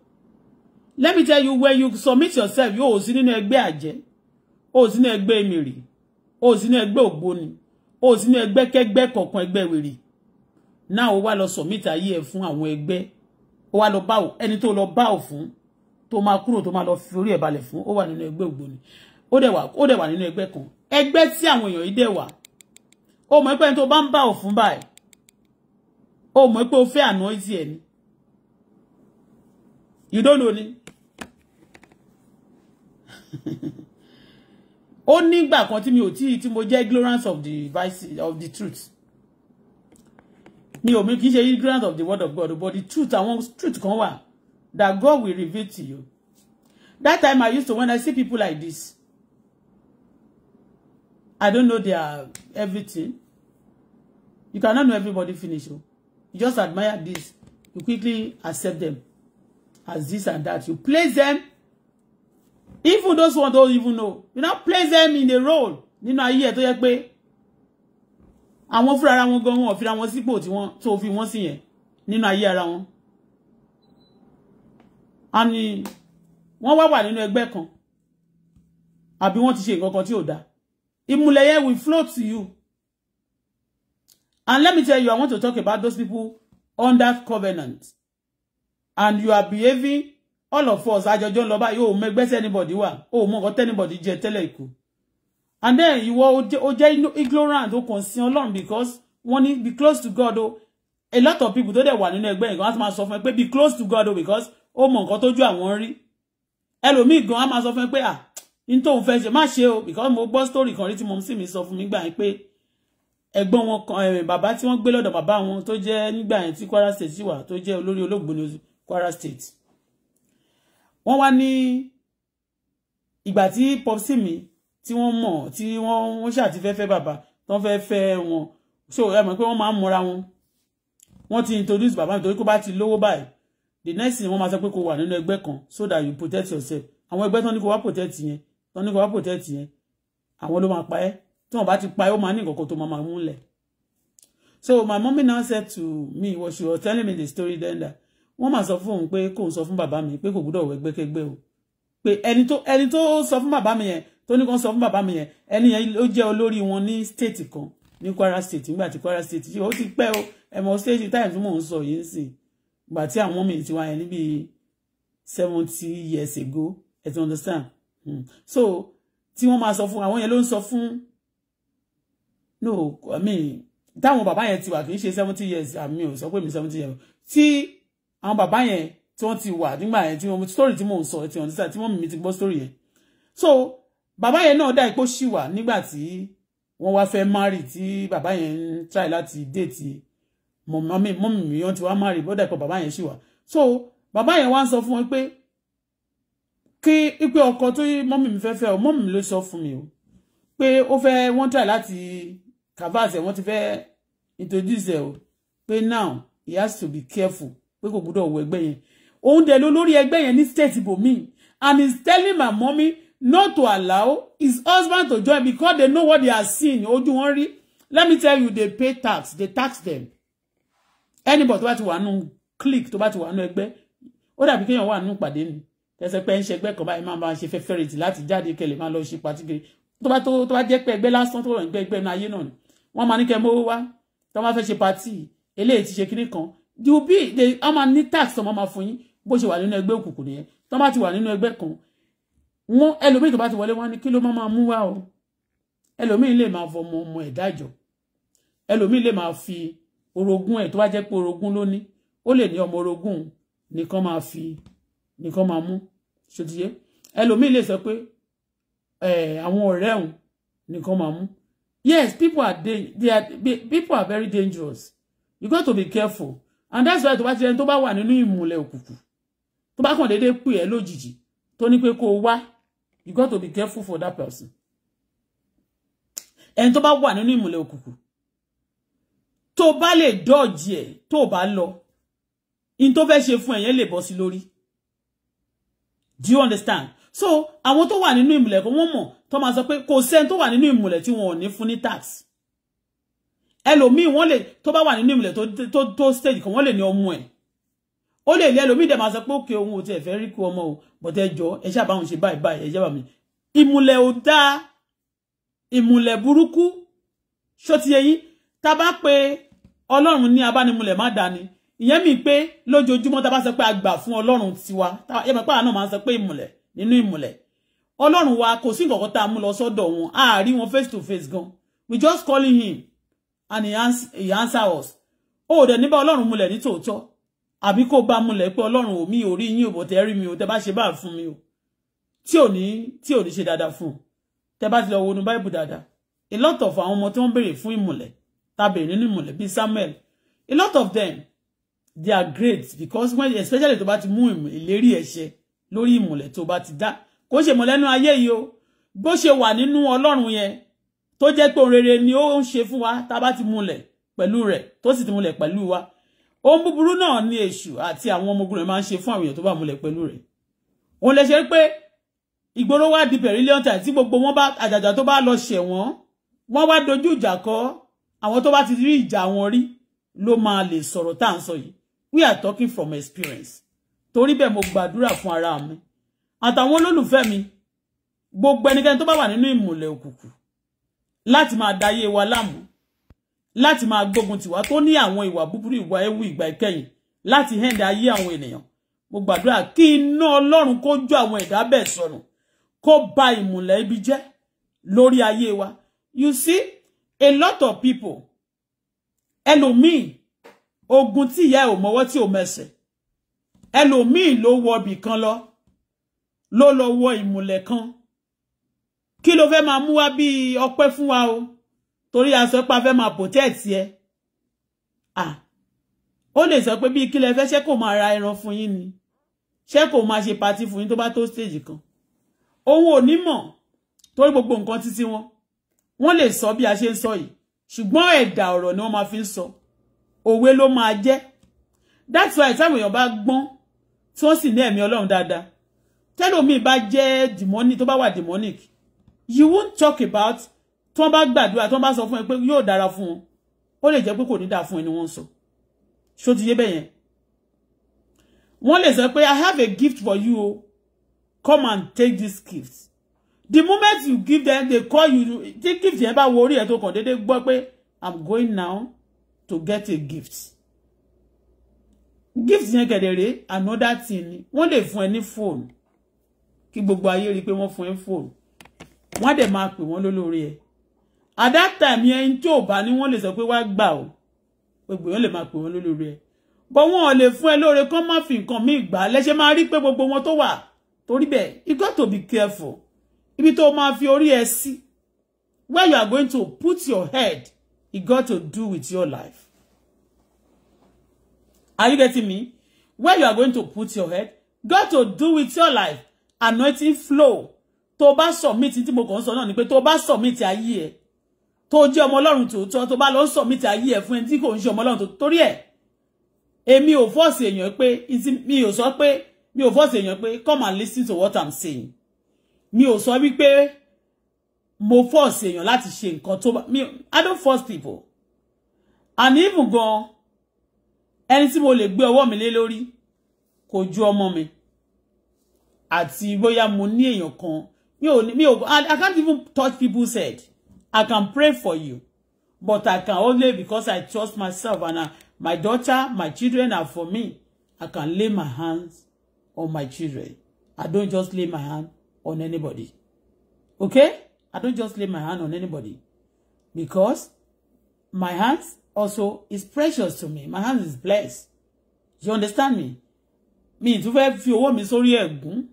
let me tell you when you submit yourself yóò sí nínú ẹgbẹ́ àjẹ́ ó sí nínú ẹgbẹ́ mìrì ó sí nínú ẹgbẹ́ ògbóni ó sí nínú ẹgbẹ́ kẹgbẹ́ kọ̀ọ̀kan ẹgbẹ́ wèrè náà ó wá lọ submit ayé ẹ fún àwọn ẹgbẹ́ ó wá lọ bá ò ẹni tó lọ bá ò fún tó máa kúrò tó máa lọ fi orí ẹ̀ balẹ̀ fún ó wà nínú ẹgbẹ́ ògbóni ó dẹ̀ wà ó dẹ̀ wà nínú ẹgbẹ́ kan ẹgbẹ́ tí àwọn èèyàn yìí dẹ̀ wà ó mọ̀ pé ẹni tó bá ń bá ò fún báyìí ó mọ̀ pé o fẹ́ àná ìsì ẹ̀ ni you don't know ni [laughs] ó nígbà kan tí mi ò tí tí mo jẹ́ ignorance of the vice of the truth mi ò mi ṣe ignorant of the word of God but the truth àwọn truth kan wà that God will reveal to you that time I used to when I see people like this I don't know their everything you cannot know everybody finish o oh. you just admire this you quickly accept them as this and that you place them even those who don't even know you now place them in a role nínú ayé ẹ tó yẹ pé àwọn fúnra ara wọn gan wọn ò fira wọn sípò tí wọn tó fi wọn sí yẹn nínú ayé ara wọn àmì wọn wá wà nínú ẹgbẹ́ kan àbí wọn ti ṣe nǹkan kan tí ò dáa ìmùlẹ̀yẹ will flow to you and let me tell you I want to talk about those people under covenant and you are behaving all of us àjọjọ ń lọ báyìí o ò mọ ẹgbẹ́ anybody wà o ò mọ nǹkan tẹ́nibọ̀dì jẹ tẹ́lẹ̀ ikú and then ìwọ ó jẹ́ ignorant ó kàn sí because wọ́n be close to God o a lot of people tó dẹ̀ wà nínú ẹgbẹ́ yìí gan á máa sọ fún ẹ pé be close to God o because ó mọ nǹkan tójú àwọn rí ẹlòmíì gan á máa sọ fún ẹ pé ah n tóun fẹ́ ṣe má ṣe o because mo gbọ́ story kan rí tí mo sì mi sọ fún mi gbà yín pé ẹ̀gbọ́n wọn kan eh, bàbá tí wọ́n gbé lọ́dọ̀ bàbá wọn tó jẹ́ nígbà yẹn tí Kwara State sì wà tó jẹ́ olórí olóògbé ní Kwara State wọ́n wá ní ìgbà tí popsi mi tí wọ́n mọ̀ tí wọ́n wọ́n ṣàti fẹ́ fẹ́ bàbá tán fẹ́ fẹ́ wọn so ẹ mọ̀ pé wọ́n máa ń mọra wọn wọ́n ti introduce bàbá nítorí kó bá ti lówó báyìí the next thing wọ́n máa sọ pé kó wà nínú ẹgbẹ́ kan so that you protect yourself àwọn ẹgbẹ́ tán ní kó wá protect yẹn tán ní kó wá protect yẹn àwọn ló máa pa ẹ́ tí wọ́n bá ti pa ẹ́ ó máa ní nǹkan tó máa máa mú lẹ̀ so my mummy now said to me what she was telling me the story then that wọ́n máa sọ fún òun pé kóun sọ fún bàbá mi pé kò gbúdọ̀ wọ ẹgbẹ́kẹ́gbẹ́ o pé ẹni tó ẹni tó sọ fún bàbá mi yẹn tó ní kan sọ fún bàbá mi yẹn ẹni yẹn ó jẹ́ olórí wọn ní state kan ní Kwara state nígbà tí Kwara state ṣe ó ti pẹ́ o ẹ̀mọ́ state time tí mò ń sọ yìí ń sìn gbà tí àwọn mi ti wá yẹn níbi seventy years ago ẹ ti understand hmm. so tí wọ́n máa sọ fún àwọn yẹn ló ń sọ fún no i mean táwọn bàbá yẹn ti wà kì í ṣe seventy years àmì ò sọ pé mi seventy years tí àwọn bàbá yẹn tí wọ́n ti wà nígbà yẹn tí wọ́n story tí mò ń sọ ẹ ti understand tí wọ́n mi ti gbọ́ story yẹn so bàbá yẹn náà dá ipò ṣì wà nígbà tí wọ́n wá fẹ́ márì tí bàbá yẹn ń try láti déètì mọ̀mọ́mí mọ́mí wọn ti wá márì bọ́dà ipò bàbá yẹn ṣì wà so bàbá yẹn wá ń sọ fún wọn pé kí ipe ọkọ tó mọ́mí mi fẹ́ fẹ́ o mọ́mí ló sọ fún mi o pé ó fẹ́ wọ́n try láti kavaz ẹ̀ wọ́n ti fẹ́ introduce ẹ̀ o pé now he has to be careful pé kò gbúdọ̀ wọ ẹgbẹ́ yẹn òun dẹ̀ ló lórí ẹgbẹ́ yẹn ní state ibòmíì and he's telling my mommy not to allow his husband to join because they know what they are seeing ojú wọn worry. let me tell you they pay tax they tax them anybody tó bá ti click to bá ti wà nù ẹgbẹ́ ó dàbí kéèyàn wà nù pàdé ni tẹsẹ pé ń ṣe ẹgbẹ́ kan báyìí máa máa ṣe fẹfẹrẹtì láti jáde kẹlẹ máa lọ ṣe pàtíkiri tó bá tó bá jẹ́ pé ẹgbẹ́ lásán tó rọ ẹgbẹ́ ẹgbẹ́ náà ayé náà ni wọ́n máa ní kẹ mówó wá tó máa fẹ́ ṣe ti ṣe kinní kan you be they wọ́n máa tax to mama máa fún yín bó ṣe wà nínú ẹgbẹ́ òkùnkùn nìyẹn tó bá ti wà nínú ẹgbẹ́ kan wọn ẹlòmíì tó bá ti wọlé wọn ni kí ló máa mú wá o ẹlòmíì lè máa fọmọ ọmọ ẹ̀ dájọ́ ẹlòmíì lè máa fi orogún ẹ̀ tó bá jẹ́ pé orogún ló ó lè ní ọmọ orogún nìkan máa fi nìkan máa mú ṣòtìyẹ ẹlòmíì lè sọ pé àwọn ọ̀rẹ́ òun nìkan máa mú yes people are they are people are very dangerous you got to be careful and that's why tó bá ti ẹni tó bá wà nínú ìmùlẹ̀ òkùnkùn tó bá kàn déédéé pè ẹ́ lójijì tó ní pé kó o wá you got to be careful for that person ẹni tó bá wà nínú ìmùlẹ̀ òkùnkùn tó bá lè dọ́ọ̀jì ẹ̀ tó bá lọ in tó fẹ́ ṣe fún ẹ̀yẹn lè bọ́ sí lórí do you understand so àwọn tó wà nínú ìmùlẹ̀ kó wọ́n mọ̀ tó máa sọ pé kò sẹ́ni tó wà nínú ìmùlẹ̀ tí wọn ò ní fún ní tax ẹlòmíì wọ́n To tó bá wà nínú ìmùlẹ̀ tó stage kan wọ́n lè ní ọmọ ẹ̀ ó lè lé ẹlòmíì dẹ̀ máa sọ pé òkè òun ò tiẹ̀ fẹ́ rí kú ọmọ o but ẹ jọ ẹ ṣáà bá òun ṣe báyìí báyìí ẹ jẹ́ bàmí ìmùlẹ̀ ò dáa ìmùlẹ̀ burúkú ṣó ti yẹyìn tá a bá pe ọlọ́run ní abánimúlẹ̀ má dání ìyẹn mi pé lójoojúmọ́ tá a bá sọ pé a gbà fún ọlọ́run tiwa ẹ mọ̀ pé àwọn náà máa ń sọ pé ìmùlẹ̀ nínú ìmùlẹ̀ ọlọ́run wa kò sí nǹkan tá a mú lọ sọ́dọ̀ a rí wọn face to face gan we just calling him and he, ans he answer us Oh, ó dẹ̀ níbà ọlọ́run múlẹ̀ ní tòótọ́ àbí kó bá múlẹ̀ pé ọlọ́run ò mí ò yín ò bọ̀ rí mi ò tẹ́ bá ṣe bá fún mi o tí ò ní tí ò ní ṣe dáadáa fún un tẹ́ bá ti lọ wọnú báìbù dáadáa a lot of àwọn ọmọ tí wọ́n béèrè fún ìmùlẹ̀ tàbí nínú ìmùlẹ̀ bíi Samuel a lot of them they are great because when especially tó bá ti mú ìlérí ẹ̀ṣẹ̀ lórí ìmùlẹ̀ tó bá ti dá kó ṣe mọ̀ lẹ́nu ayé yìí o bó ṣe wà nínú ọlọ́run yẹn tó jẹ́ pé òun rere ni ó ń ṣe fún wa tá a bá ti múlẹ̀ pẹ̀lú rẹ̀ tó sì ti múlẹ̀ pẹ̀lú wa ohun búburú náà ni èṣù àti àwọn ọmọ ogun rẹ̀ máa ń ṣe fún àwọn èèyàn tó bá múlẹ̀ pẹ̀lú rẹ̀ òun lè ṣe pé ìgboro wá di pẹ̀rílíọ̀n tà tí gbogbo wọn bá àjàjà tó bá lọ ṣẹ̀ wọ́n wọ́n wá dojú ìjà kọ àwọn tó bá ti rí ìjà wọn rí ló máa lè sọ̀rọ̀ tá à ń sọ yìí we are talking from experience torí bẹ́ẹ̀ mo gbàdúrà fún ara mi àtàwọn olólùfẹ́ mi gbogbo ẹnikẹ́ni tó bá wà nínú ìmùlẹ̀ òkùnkùn láti máa dayé wa láàmú láti máa gbógun tiwa tó ní àwọn ìwà búburú ìwà ewu ìgbà ìkẹyìn láti hẹ́ndà ayé àwọn ènìyàn mo gbàdúrà kí iná ọlọ́run kó jó àwọn ẹ̀dá bẹ́ẹ̀ sọnù kó ba ìmùlẹ̀ ibi jẹ́ lórí ayé wa you see a lot of people ẹlòmíì ogun tí ìyá ẹ̀ ò mọwọ́ tí ò mẹsẹ̀ ẹlòmíì ló wọ ibì kan lọ ló lọ wọ ìmùlẹ̀ kan kí ló fẹ́ máa mú wá bí ọpẹ́ fún wa o torí a sọ pé a fẹ́ máa protect ẹ ah ó lè sọ pé bíi kílẹ̀ fẹ́ ṣé kò máa ra ẹran fún yín ni ṣé kò máa ṣe patí fún yín tó bá tó stage kan òun ò ní mọ̀ torí gbogbo nǹkan títí wọn wọ́n lè sọ bí a ṣe ń sọ yìí ṣùgbọ́n ẹ̀dà ọ̀rọ̀ ni wọ́n máa fi ń sọ òwe ló máa jẹ́ that's why táwọn èèyàn bá gbọ́n tí wọ́n sì ní ẹ̀mí ọlọ́run dáadáa tẹ́lómi bá jẹ́ demonic tó bá wà demonic you won't talk about tí wọ́n bá gbàdúrà tí wọ́n bá sọ fún ẹ pé yóò dára fún wọn ó lè jẹ́ pé kò ní dáa fún ẹ ni wọ́n sọ ṣó ti yé bẹ́yẹn wọ́n lè sọ pé i have a gift for you o come and take this gift the moment you give them they call you tí gift yẹn bá wo orí ẹ tó kàn déédéé gbọ́ pé i'm going now to get a gift gift yẹn kedere another thing ni wọ́n lè fún ẹ ní fóònù kí gbogbo ayé rí i pé wọ́n fún ẹ fóònù wọ́n á dẹ̀ máa pè wọ́n lólórí ẹ̀ at that time yẹn tí ò bá ní wọ́n lè sọ pé wá gbà o gbogbo yẹn lè máa pè wọ́n lólórí ẹ bọ́ wọn ò lè fún ẹ lóore kán má fi nǹkan míì gbà lẹ́sẹ̀ máa rí pé gbogbo wọn tó wà torí bẹ́ẹ̀ you got to be careful ibi tó máa fi orí ẹ sí where you are going to put your head you got to do with your life are you getting me where you are going to put your head got to do with your life anointing flow tó bá submit tí mo kàn ń sọ náà ni pé tó bá submit ayé ẹ tó jẹ́ ọmọ Ọlọ́run tòótọ́ tó bá lọ submit ayé ẹ̀ fún ẹni tí kò ń ṣe ọmọ Ọlọ́run tó torí ẹ̀ èmi ò force èèyàn pé mi ò sọ pé mi ò force èèyàn pé come and listen to what i'm saying mi ò sọ wípé mo force èèyàn láti ṣe nǹkan tó bá mi i don't force people and even gan ẹni tí mo lè gbé ọwọ́ mi lé lórí kò ju ọmọ mi àti bóyá mo ní èèyàn kan mi ò mi ò i can't even touch people's head I can pray for you, but I can only because I trust myself and I, my daughter, my children are for me. I can lay my hands on my children. I don't just lay my hand on anybody. Okay? I don't just lay my hand on anybody because my hands also is precious to me. My hands is blessed. You understand me? Mi tún fẹ́ fi owó mi sórí ẹ̀gún.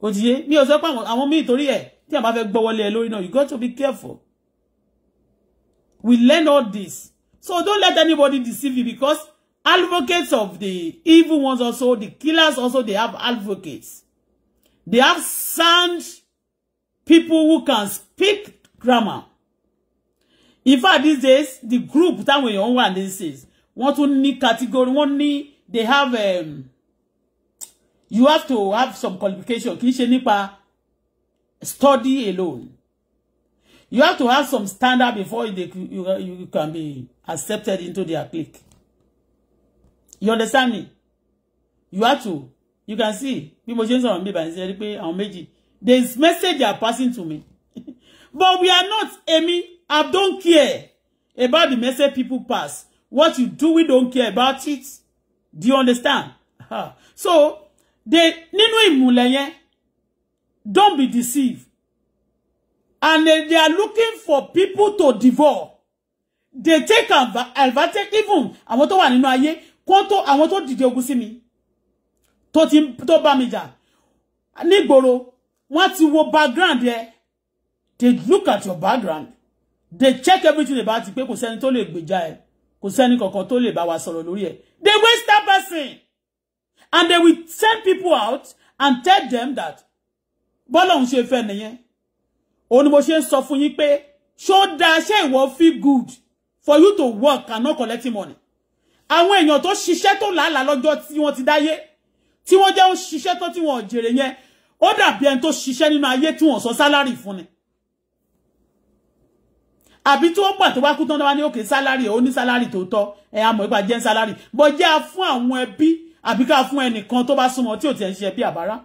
Ó ti yé mi ò sọ pé àwọn mi torí ẹ̀ a bá fẹ́ gbọ́wọ́lé ẹ you got to be careful. We learn all this. So don't let anybody deceive you because advocates of the evil ones also, the killers also, they have advocates. They have sound people who can speak grammar. In fact, these days, the group that we own one these days, wọ́n tún category, wọ́n ní, they have, um, you have to have some qualification. Kì í ṣe nípa study alone you have to have some standard before you, you, you can be accepted into their clique. You understand me? You have to. You can see. people change ṣe me by mi bá ń ṣe rí pé message they are passing to me. [laughs] But we are not, Amy. I don't care about the message people pass. What you do, we don't care about it. Do you understand? Ha. [laughs] So, they, nínú ìmùlẹ̀ yẹn, don't be deceived. And they, they are looking for people to devour. They take advantage even àwọn tó wà nínú ayé kó tó àwọn tó dìde ogun sí mi tó ti tó ba mi jà nígboro wọ́n ti wo background ẹ they look at your background they check everything about pé kò sẹ́ni tó lè gbèjà ẹ kò sẹ́ni kankan tó lè bá wa sọ̀rọ̀ lórí ẹ they waste that person and they will send people out and tell them that bọ́lọ̀ ń ṣe fẹ́ òun ni mo ṣe ń sọ fún yín pé ṣó dáa ṣé feel good for you to work and not collect money àwọn èèyàn tó ṣiṣẹ́ tó làálàá lọ́jọ́ tí wọ́n ti dáyé tí wọ́n jẹ́ ó to tó tí wọ́n jèrè yẹn ó dàbí ẹni tó ṣiṣẹ́ nínú ayé tí wọ́n sọ sálárì fún ni àbí tí wọ́n to tó bá kú tán náà wá ní òkè sálárì ẹ̀ ó to sálárì tó tọ́ ẹ̀ àmọ́ ìgbà jẹ́ sálárì bọ́ jẹ́ a fún àwọn ẹbí àbí ká fún ẹnìkan tó bá súnmọ́ tí ò tiẹ̀ ń ṣe ẹbí abara.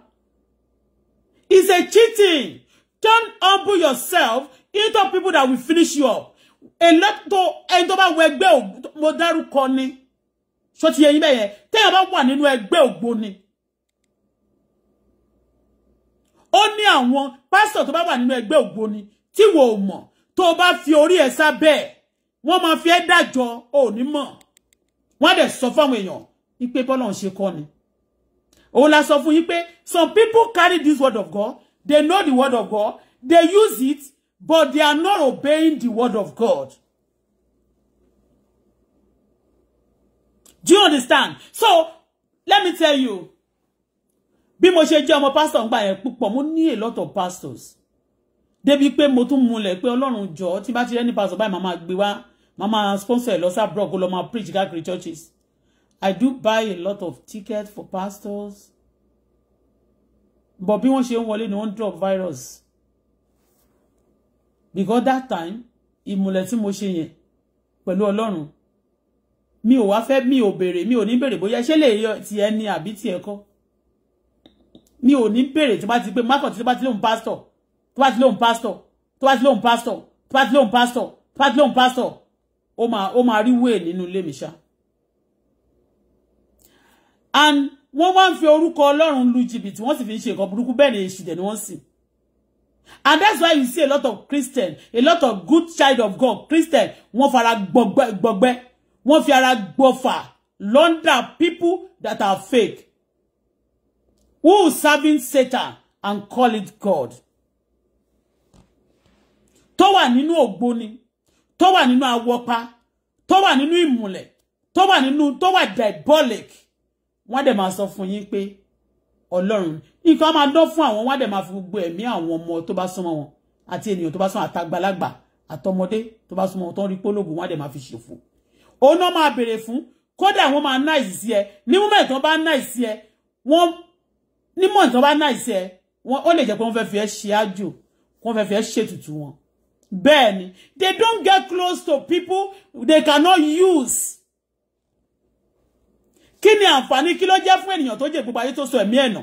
Is a cheating Don't humble yourself into people that will finish you up. A lot to ẹni tó bá wọ ẹgbẹ́ mo dárúkọ ni. Ṣó ti yé yín bẹ́ẹ̀ yẹn? Téèyàn bá wà nínú ẹgbẹ́ ògbóni. Ó ní àwọn pásítọ̀ tó bá wà nínú ẹgbẹ́ ògbóni tí wò ó mọ̀ tó bá fi orí ẹ̀ sábẹ́ wọ́n máa fi ẹ́ dájọ́ ò ní mọ̀. Wọ́n á dẹ̀ sọ fáwọn èèyàn wípé ni. Òun la sọ fún yín pé some people carry this word of God They know the word of God. They use it, but they are not obeying the word of God. Do you understand? So, let me tell you. Bí mo ṣe jẹ́ ọmọ pastor ngba yẹn púpọ̀, mo ní a lot of pastors. Débi pé mo tún mule pé Ọlọ́run jọ̀ọ́ tí bá ti rẹ́ni pastor báyìí mama gbé wá màmá sponsor ẹ̀ lọ sáà blog lọ máa preach káàkiri churches. I do buy a lot of tickets for pastors but bí wọ́n ṣe ń wọlé ni wọ́n drop virus because that time ìmùlẹ̀ tí mo ṣe yẹn pẹ̀lú ọlọ́run mi ò wá fẹ́ mi ò béèrè mi ò ní béèrè bóyá ṣé lè yọ ti ẹni àbí ti ẹ̀kọ́ mi ò ní béèrè tí bá ti pé mákàn tí bá ti lóun pásítọ̀ tó bá ti lóun pásítọ̀ tó bá ti lóun pásítọ̀ tó bá ti lóun pásítọ̀ tó bá ti lóun pásítọ̀ ó máa ó máa rí wéè nínú ilé mi ṣá and wọ́n wá ń fi orúkọ Ọlọ́run lu jìbìtì wọ́n sì fi ń ṣe nǹkan burúkú bẹ́ẹ̀ ni èṣù dẹ̀ ni wọ́n sìn and that's why you see a lot of Christian a lot of good child of God Christian wọ́n fara gbọgbẹ gbọgbẹ wọ́n fi ara gbọfà London people that are fake who serving Satan and call it God tó wà nínú ògbóni tó wà nínú awọpa tó wà nínú ìmùlẹ̀ tó wà nínú tó wà diabolic wọ́n dẹ̀ máa sọ fún yín pé ọlọ́run nǹkan máa dán fún àwọn wọ́n dẹ̀ máa fi gbogbo ẹ̀mí àwọn ọmọ tó bá súnmọ́ wọn àti ènìyàn tó bá súnmọ́ àtàgbàlagbà àtọmọdé tó bá súnmọ́ wọn tó ń rí pólógùn wọ́n dẹ̀ máa fi ṣe fún òun náà máa béèrè fún kódà wọ́n máa náìsì sí ẹ ní múmẹ̀ tó bá náìsì ẹ wọ́n ní mọ̀ tó bá náìsì ẹ wọ́n ó lè jẹ́ pé wọ́n fẹ́ fi ẹ ṣe àjò wọ́n fẹ́ fi ẹ ṣètùtù wọn bẹ́ẹ̀ they don't get close to people they cannot use kí ni àǹfààní kí ló jẹ́ fún ènìyàn tó jẹ́ gbogbo ayé tó sọ ẹ̀mí ẹ̀nà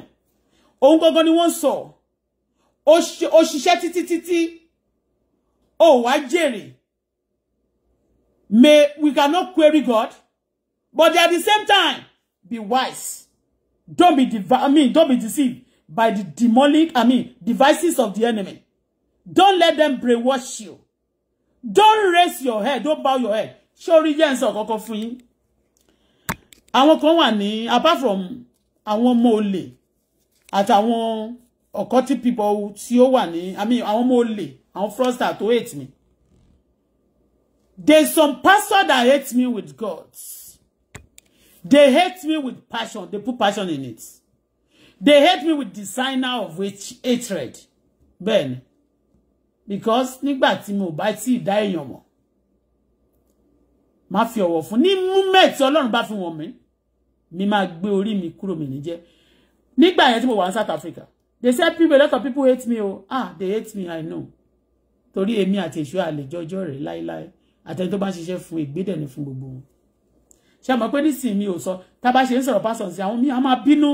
òun gangan ni wọ́n sọ ó ṣiṣẹ́ títí títí ó wá jèrè may we cannot query God but at the same time be wise don't be I mean don't be deceived by the demonic I mean devices of the enemy don't let them brainwash you don't raise your head don't bow your head ṣé orí jẹ́ ǹsọ̀ kọ́kọ́ fún yín àwọn kan wà ní apart from àwọn ọmọ olè àtàwọn ọ̀kọ́tí people tí ó wà ní i mean àwọn ọmọ olè àwọn fraudster tó hate me there's some pastor that hate me with God they hate me with passion they put passion in it they hate me with designer of which hatred bẹ́ẹ̀ni because nígbà tí mo bá tí ì dá èèyàn mọ̀ má fi ọ̀wọ̀ fún ní moment Ọlọ́run bá fi wọ̀n mí mi máa gbé orí mi kúrò mi níjẹ́ nígbà yẹn tí mo wà ní South Africa they say people a lot of people hate me Oh, ah they hate me I know torí èmi àti èṣù àlejòjọ́ rẹ̀ láéláé àtẹni tó bá ń ṣiṣẹ́ fún ìgbédẹ̀ ni fún gbogbo wọn ṣe mọ̀ pé nísìnyí mi ò sọ tá a bá ṣe ń sọ̀rọ̀ pásọ̀ sí àwọn a máa bínú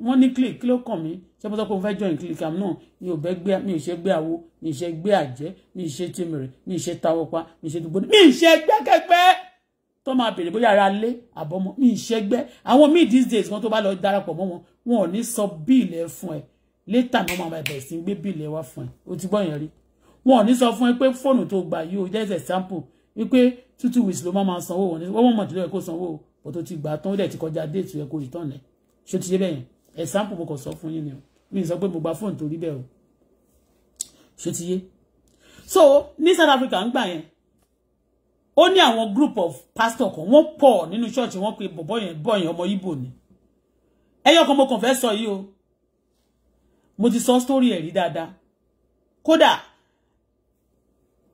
wọn ní click kí ló kàn mí ṣé mo sọ pé mo join click am náà mi ò bẹ́ gbé mi ò ṣe gbé àwo mi ò ṣe gbé àjẹ́ mi ò ṣe tìmìrì mi ò ṣe tawọ́pa mi ò ṣe mi ò ṣe gbẹ́kẹ́gbẹ́ tó máa bèrè bóyá ara lé àbọ̀mọ́ mi ìṣẹ́gbẹ́ àwọn míì these days wọn tó bá lọ darapọ̀ mọ́ wọn wọn ò ní sọ bíìlì ẹ fún ẹ létà náà máa bẹ̀rẹ̀ sí gbé bíìlì ẹ wá fún ẹ o ti gbọ́ yẹn rí wọn ò ní sọ fún ẹ pé fóònù tó gbà yìí o just example wípé two two weeks ló máa máa sanwó wọn wọ́n mọ̀ tìlọ́ ẹ kó sanwó o tó ti gbà tán ó dẹ̀ ti kọjá déètì ẹ kó return ẹ ṣé ti yé bẹ́yẹn example mo kàn sọ fún yín ni o mi sọ pé mo gba fóònù tó rí bẹ́ẹ̀ o ṣé ti yé so ní South Africa ń gbà yẹn ó ní àwọn group of pastor kan wọ́n pọ̀ nínú ṣọ́ọ̀ṣì wọ́n pe bọ̀bọ̀ yẹn bọ̀ yẹn ọmọ Ìgbò ni ẹyọ kan mo kàn fẹ́ sọ yìí o mo ti sọ story ẹ̀ rí dáadáa kódà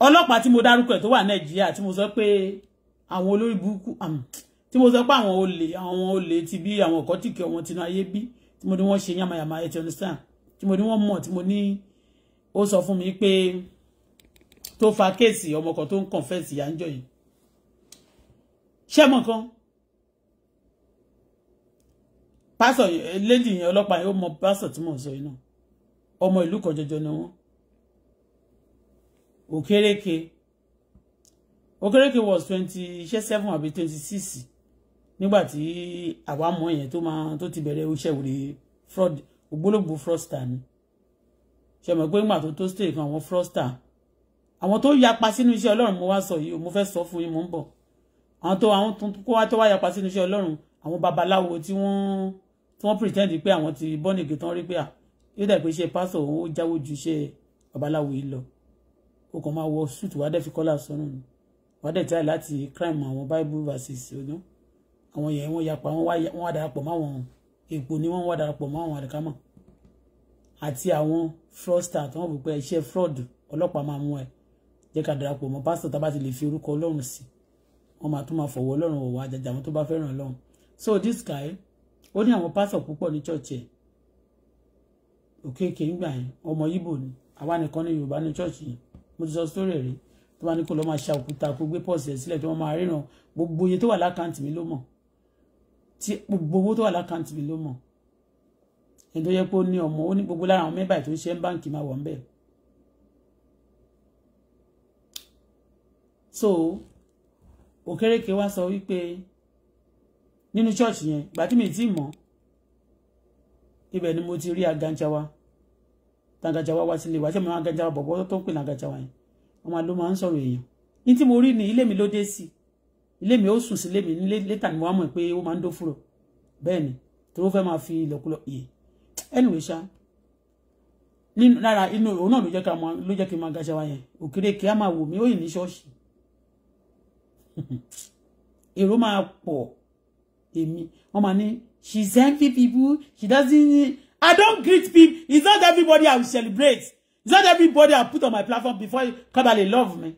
ọlọ́pàá tí mo dárúkọ ẹ̀ tó wà Nàìjíríà tí mo sọ pé àwọn olórí burúkú tí mo sọ pé àwọn olè àwọn olè ti bí àwọn ọ̀kọ́ tìkì ọmọ tinú ayé bí tí mo ní wọ́n ṣe yàmàyàmà ẹ̀ tí understand tí mo ní wọ́n mọ̀ tí mo ní ó sọ fún mi pé tó fa kéèsì ọmọ kan tó ń confess ìyá ń jọ yìí ṣé mọ̀ kan pásọ̀ lady yẹn ọlọ́pàá yẹn ó mọ pásọ̀ tí mò ń sọ yìí náà ọmọ ìlú kan jọjọ ni wọ́n òkèrèkè òkèrèkè was twenty ṣé seven àbí twenty six nígbà tí àwa mọ yẹn tó máa tó ti bẹ̀rẹ̀ iṣẹ́ òde fraud ògbólógbòó fraudster ni ṣe mọ̀ pé ńgbà tó tó stay kan àwọn fraudster àwọn tó yapa sínú iṣẹ́ ọlọ́run mo wá sọ yìí mo fẹ́ sọ fún yín mo ń bọ̀ àwọn tó àwọn tó kó wá tó wá yapa sínú iṣẹ́ ọlọ́run àwọn babaláwo tí wọ́n tí wọ́n pretend pé àwọn ti born again tán rí pé à ah, yóò dà pé iṣẹ́ pásọ̀ òun ó jáwó ju iṣẹ́ babaláwo yìí lọ ó kàn máa wọ suit wàá dẹ̀ fi kọ́là sọ́nù ni wàá dẹ̀ tẹ́ láti crime àwọn bible verses ọdún àwọn yẹn wọ́n yapa wọ́n wá darapọ̀ máwọn èpò ni wọ́n wá darapọ̀ máwọn àdìkámọ̀ àti àwọn fraudster tí wọ́n bù pé iṣẹ́ fraud ọlọ́pàá máa mú ẹ jẹ́ ká darapọ̀ mọ́ pásítọ̀ tá a bá ti lè fi orúkọ ọlọ́run sí i wọ́n máa tún máa fọwọ́ ọlọ́run wọ̀wọ́ àjàjà àwọn tó bá fẹ́ràn ọlọ́run so this guy ó ní àwọn pásọ̀ púpọ̀ ní chọ́ọ̀chì ẹ̀ òkèèkè ńgbà yẹn ọmọ Ìgbò ni àwa nìkan ní Yorùbá ní chọ́ọ̀chì yẹn mo ti sọ sítórì rí tó bá ní kó lọ́ọ́ máa ṣa òkúta kó gbé pọ́ọ̀sì ẹ̀ sílẹ̀ tó máa ríran gbogbo iye tó wà lákàntì mi ló mọ̀ tí gbogbo owó tó wà lákàntì mi ló mọ̀ ẹni tó yẹ pé ó ní ọmọ ó ní gbogbo lára àwọn mẹ́bàá tó ń ṣe ń báǹkì máa wọ̀ ń bẹ̀ so Òkèrèkè wá sọ wípé nínú ṣọ́ọ̀ṣì yẹn gbà tí mi ti mọ ibẹ̀ ni mo ti rí aganjawa tangajawa wá sílé wa ṣé mo máa aganjawa bọbọ tó ń pè ní aganjawa yẹn ọmọ ló máa ń sọ̀rọ̀ èèyàn ní tí mo rí ni ilé mi ló dé sí ilé mi ó sùn sílé mi nílé létà ni mo mọ̀ pé ó máa ń bẹ́ẹ̀ fi ṣá lára inú òun náà ló jẹ́ kí n máa aganjawa yẹn á máa wò mí ó yìn ní ṣọ́ọ̀ṣì [laughs] èrò máa pọ̀ èmi wọ́n máa ní she's envy people she doesn't I don't greet people it's not everybody I will celebrate it's not everybody I put on my platform before kọ́ba lè love me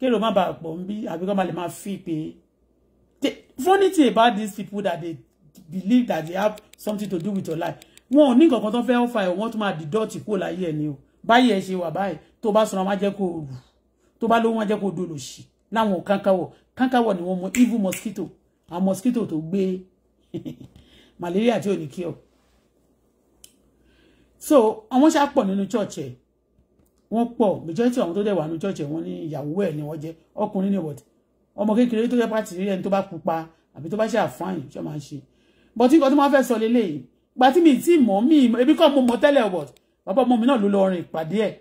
kéèrò má bàa pọ̀ nbí àbí kọ́ba lè máa fi pé funny thing about these people that they believe that they have something to do with your life wọn ò ní nǹkan kan tó fẹ́ ọ̀fà ẹ̀ wọ́n tún máa dìdọ́ọ̀tì kúrò láyé ẹ̀ ni o báyìí ẹ ṣe wà báyìí tó bá sanra wọn á jẹ́ kó o rù tó bá lówó wọn á jẹ́ kó o dolòṣì láwọn kankan wọ̀ kankawo ni wọ́n mọ evil mosquito àwọn mosquito tó gbé [laughs] malaria tí ò ní kí ọ so àwọn ṣá pọ̀ nínú church ẹ̀ wọ́n pọ̀ majority àwọn tó dẹ̀ wà nínú church ẹ̀ wọ́n ní ìyàwó ẹ̀ ni wọ́n jẹ́ ọkùnrin ní ọ̀bọ̀tì ọmọ kékeré tó jẹ́ pàtì rí ẹni tó bá pupa àbí tó bá ṣe àfáàyàn ṣe máa ṣe but nǹkan tó máa fẹ́ sọ lélẹ́yìn gba tí mi tí mọ̀ mí ebi kọ́ mo mọ tẹ́lẹ̀ ọ̀bọ̀tì bàbá ọmọ mi náà ló lọ rìn ìpàdé ẹ̀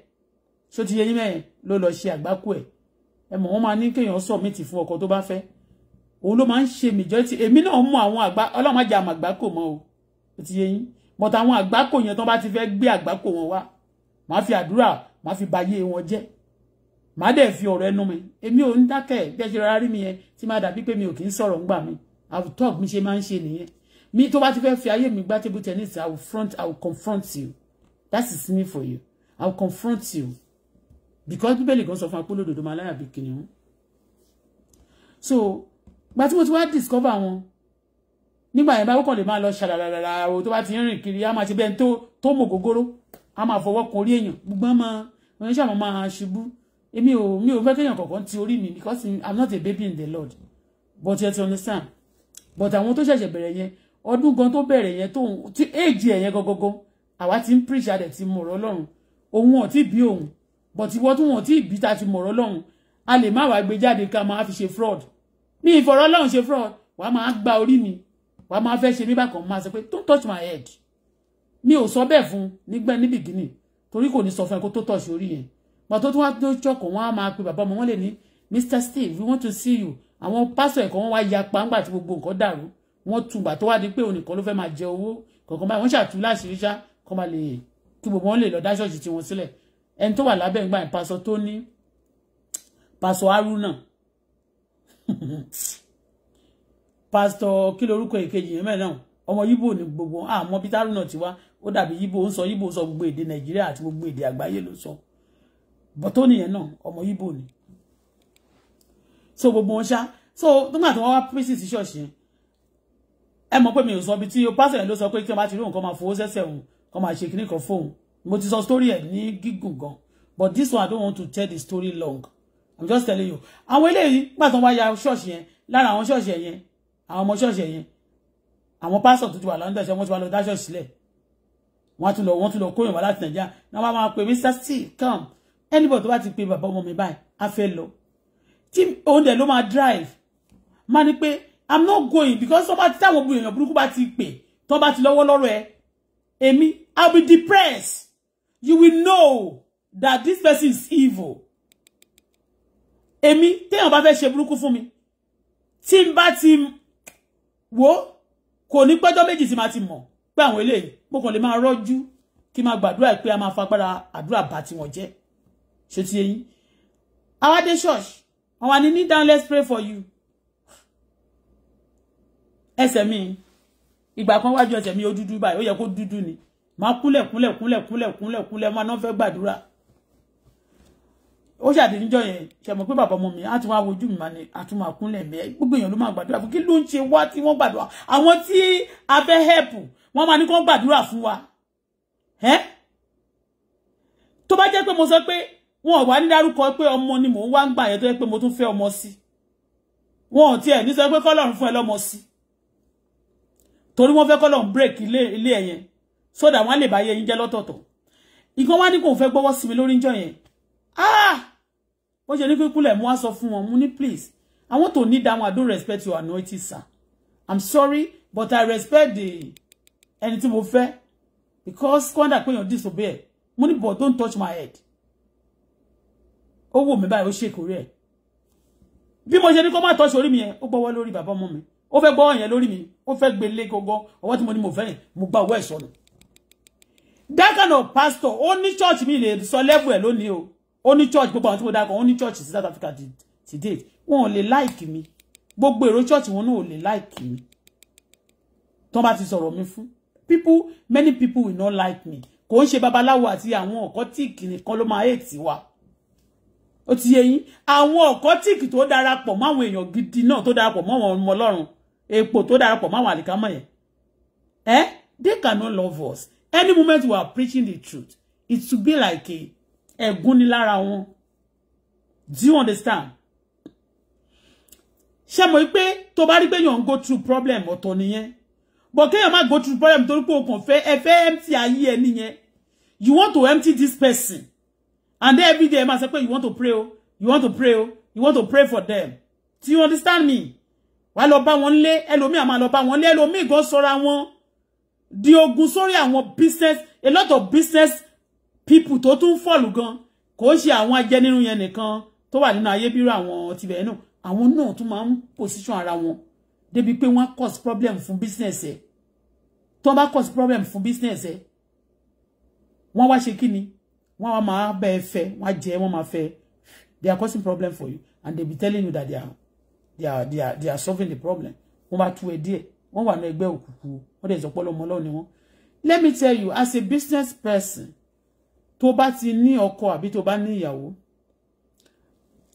ṣó ti yẹ yín mẹ́rin ló lọ ṣe àgbákò ẹ̀ ẹ mọ̀ wọ́n máa ní kéèyàn submit fún ọkọ tó bá fẹ́ òun ló máa ń ṣe majority èmi náà mú àwọn àgbá ọlọ́run àjà àmọ̀ àgbákò mọ́ o ó ti yé yín but àwọn àgbákò yẹn tó bá ti fẹ́ gbé àgbákò wọn wá màá fi àdúrà màá fi bayé wọn jẹ́ màá dẹ̀ fi ọ̀rọ̀ ẹnu mi èmi ò ń dákẹ́ bí ẹ ṣe rárá rí mi yẹn tí máa dàbí pé mi ò kì í sọ̀rọ̀ ńgbà mi i talk mi ṣe máa ń ṣe nìyẹn mi tó bá ti fẹ́ fi ayé mi gbá table tennis i will front i will confront you that is me for you i will confront you because bíbélì gan sọ fún apolo dodo máa láyà bí kìnìún so gba tí mo ti wá discover wọn nígbà yẹn báwo kàn lè máa lọ ṣàlàlàlà o tó bá ti rìn kiri a máa ti bẹ́ẹ̀ tó tó mọ̀ gógóró a máa fọwọ́ kan orí èèyàn gbọ́n mọ wọn ṣáà mo máa ṣubú èmi ò mi ò fẹ́ kéèyàn kankan ti orí mi because i'm not a baby in the lord but you understand but àwọn tó ṣẹ̀ṣẹ̀ bẹ̀rẹ̀ yẹn ọdún gan tó bẹ̀rẹ̀ yẹn tó ti age, ẹ̀ yẹn gangan àwa ti ń preach adẹ̀ ti mọ̀rọ̀ ọlọ́run òun ọ̀ tí bí òun but ìwọ tí wọn ò tí ì bí ta ti mọ̀rọ̀ lọ́hùn a lè má wàá gbé jáde ká máa fi ṣe fraud mi ìfọ̀rọ̀ lọ́hùn ṣe fraud wàá máa gba orí mi wàá máa fẹ́ ṣe mí bákan máa sọ pé don't touch my head mi ò sọ bẹ́ẹ̀ fún nígbà ní bìgínì torí kò ní sọ fún ẹ kó tó touch orí yẹn but tó tún wá tó jọkọ̀ wọn á máa pe bàbá ọmọ wọn lè ní Mr. Steve we want to see you àwọn pásọ ẹ̀kọ́ wọn wá ya pàǹgbà tí gbogbo nǹkan dàrú wọn tùgbà tó wá di pé òun nìkan ló fẹ́ máa jẹ owó kọ̀ọ̀kan báyìí wọ́n ṣàtúnláṣìíríṣà kọ́ máa lè kí gbogbo wọn lè lọ dá ṣọ́ọ̀ṣì tiwọn sílẹ̀ ẹni tó wà lábẹ́ ń gbà yẹn pásọ tó ní pásọ Haruna [laughs] pásọ kí Ekeji, èkejì yẹn mẹ́rin náà ọmọ yíbò ní gbogbo àmọ́ peter Haruna ti wá ó dàbí yíbò ń sọ yíbò sọ gbogbo èdè Nàìjíríà àti gbogbo èdè àgbáyé ló sọ bọ́tó nìyẹn náà ọmọ yíbò ni so gbogbo wọn ṣá so nígbà tí wọ́n wá pèsè sí ṣọ́ọ̀ṣì yẹn ẹ mọ̀ pé mi ò sọ ibi tí o pásọ̀ yẹn ló sọ pé kí wọ́n bá ti rí òun kọ́ máa fowó sẹ́sẹ̀ òun kọ́ máa ṣe kan fóun mo ti sọ story ẹ̀ ní gígùn gan but this one I don't want to tell the story long I'm just telling you àwọn eléyìí pàtó wá ya ṣọ́ọ̀ṣì yẹn lára àwọn ṣọ́ọ̀ṣì ẹ̀ yẹn àwọn ọmọ ṣọ́ọ̀ṣì ẹ̀ yẹn àwọn pásọ̀ tó ti wà lọ́ńdọ̀ ṣe wọ́n ti wá lọ dá ṣọ́ọ̀ṣì sílẹ̀ wọ́n tún lọ wọ́n tún lọ kóyìn wá láti nàìjíríà náà wọ́n máa pè mr steve come anybody tó bá ti pe bàbá ọmọ mi báyìí á fẹ́ lọ tí òun dẹ̀ ló máa drive máa ní pé i'm not going because tó bá ti táwọn obìnrin èèyàn burúkú bá ti pè tó bá ti lọ́wọ́ lọ́rọ̀ ẹ èmi i be depressed you will know that this person is evil èmi téèyàn bá fẹ́ ṣe burúkú fún mi tí n bá ti wò kò ní pẹ́jọ́ méjì tí ma ti mọ̀ pé àwọn eléyìí mo kàn lè máa rọ́jú kí máa gbàdúrà pé a máa fagbára àdúrà bá tiwọn jẹ́ ṣe ti eyín àwa dé church àwọn àní kneel down let's pray for you ẹsẹ̀ mi ìgbà kan wájú ẹsẹ̀ mi ó dúdú báyìí ó yẹ kó dúdú ni Ma kúnlẹ̀ kúnlẹ̀ kúnlẹ̀ kúnlẹ̀ kúnlẹ̀ kúnlẹ̀ ma náà fẹ́ gbàdúrà ó ṣàdé níjọ́ yẹn ṣe mọ̀ pé bàbá ọmọ mi á ti wá wojú mi máa ní àtúmọ̀ àkúnlẹ̀ mi gbogbo èèyàn ló máa gbàdúrà fún kí ló ń ṣe wá tí wọ́n gbàdúrà àwọn tí a fẹ́ hẹ́pù wọ́n máa ní kó gbàdúrà fún wa tó bá jẹ́ pé mo sọ pé wọn ò wá ní dárúkọ pé ọmọ ni mò ń wá ń gbà yẹn tó yẹ pé mo tún fẹ́ ọmọ sí wọn ò tiẹ̀ ní sọ pé kọ́lọ́run fún ẹ lọ́mọ sí torí wọ́n fẹ́ kọ́lọ́run break ilé ẹ̀yẹn so that wọ́n lè bá yé yín jẹ́ lọ́tọ̀ọ̀tọ̀ nǹkan wá ní kò fẹ́ gbọ́wọ́ sí mi lórí níjọ́ ah bó ṣe ní pé kúlẹ̀ mú wá so fún wọn mo ní please I want to kneel down I don't respect your anointing sir I'm sorry but I respect the anything tí mo fẹ́ because kọ́ńdà pé èèyàn disobey ẹ̀ mo ní but don't touch my head ó wò mí báyìí ó ṣe ìkórè ẹ̀ bí mo ṣe ní kó má touch orí mi yẹn ó gbọ́wọ́ lórí bàbá ọmọ mi ó fẹ́ gbọ́wọ́ yẹn lórí mi ó fẹ́ gbélé gógó ọwọ́ tí mo ní mo fẹ́ yẹn mo gba owó ẹ̀ sọnù that kind of pastor ó ní church mi lè sọ level ẹ̀ lónìí o ó ní church gbogbo àwọn tí mo dákọ̀ ó ní church sí South Africa ti date wọn ò lè like mi gbogbo èrò church wọn náà ò lè like mi tọ́n bá ti sọ̀rọ̀ mi fún people many people will not like me kò ń ṣe babaláwo àti àwọn ọ̀kọ́tìkì nìkan ló máa hate wa ó ti yé yín àwọn ọ̀kọ́tìkì tó darapọ̀ mọ́ àwọn èèyàn gidi náà tó darapọ̀ mọ́ àwọn ọmọ ọlọ́run epo tó darapọ̀ mọ́ àwọn àlìkámọ̀ yẹn eh they cannot love us any moment we are preaching the truth it should be like a ẹ̀gún ni lára do you understand ṣé mo pé tó bá rí go through problem ọ̀tọ̀ nìyẹn but kéèyàn má go through problem torí pé o kàn fẹ́ ẹ empty ayé ẹ nìyẹn you want to empty this person and then every day ẹ máa sọ you want to pray o you want to pray o you want to pray for them do you understand me wàá lọ bá wọn lé ẹlòmíì àmà lọ bá wọn lé ẹlòmíì gan sọra wọn di ogun sórí àwọn business a lot of business people tó tún fọ́ọ̀lù gan kò ṣe àwọn ajẹnirun yẹn nìkan tó wà nínú ayé bírò àwọn tibẹ̀ náà àwọn náà tún máa ń position ara wọn débi pé wọ́n cause problem fún business ẹ̀ To bá cause problem fún business ẹ̀ wọ́n wá ṣe kí ni wọ́n wá máa bẹ́ẹ̀ fẹ́ wọ́n á jẹ́ wọ́n they are causing problem for you and they be telling you that they are they are they are, they are solving the problem wọ́n bá tú ẹ díẹ̀ wọ́n wà ní ẹgbẹ́ òkùnkùn wọ́n dẹ̀ sọpọ́ lọ́mọ ọlọ́run ni wọ́n let me tell you as a business person to bá ti ní ọkọ àbí tó bá ní ìyàwó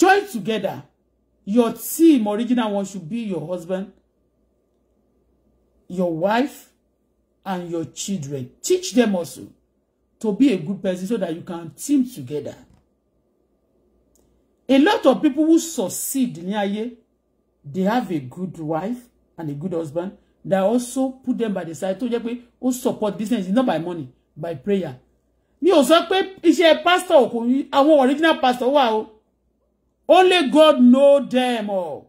join together your team original one should be your husband your wife and your children teach them also to be a good person so that you can team together a lot of people who succeed ní ayé they have a good wife and a good husband that also put them by the side tó jẹ́ pé ó support business not by money by prayer mi ò sọ pé iṣẹ́ pastor ọkùnrin àwọn original pastor wà o only God know them all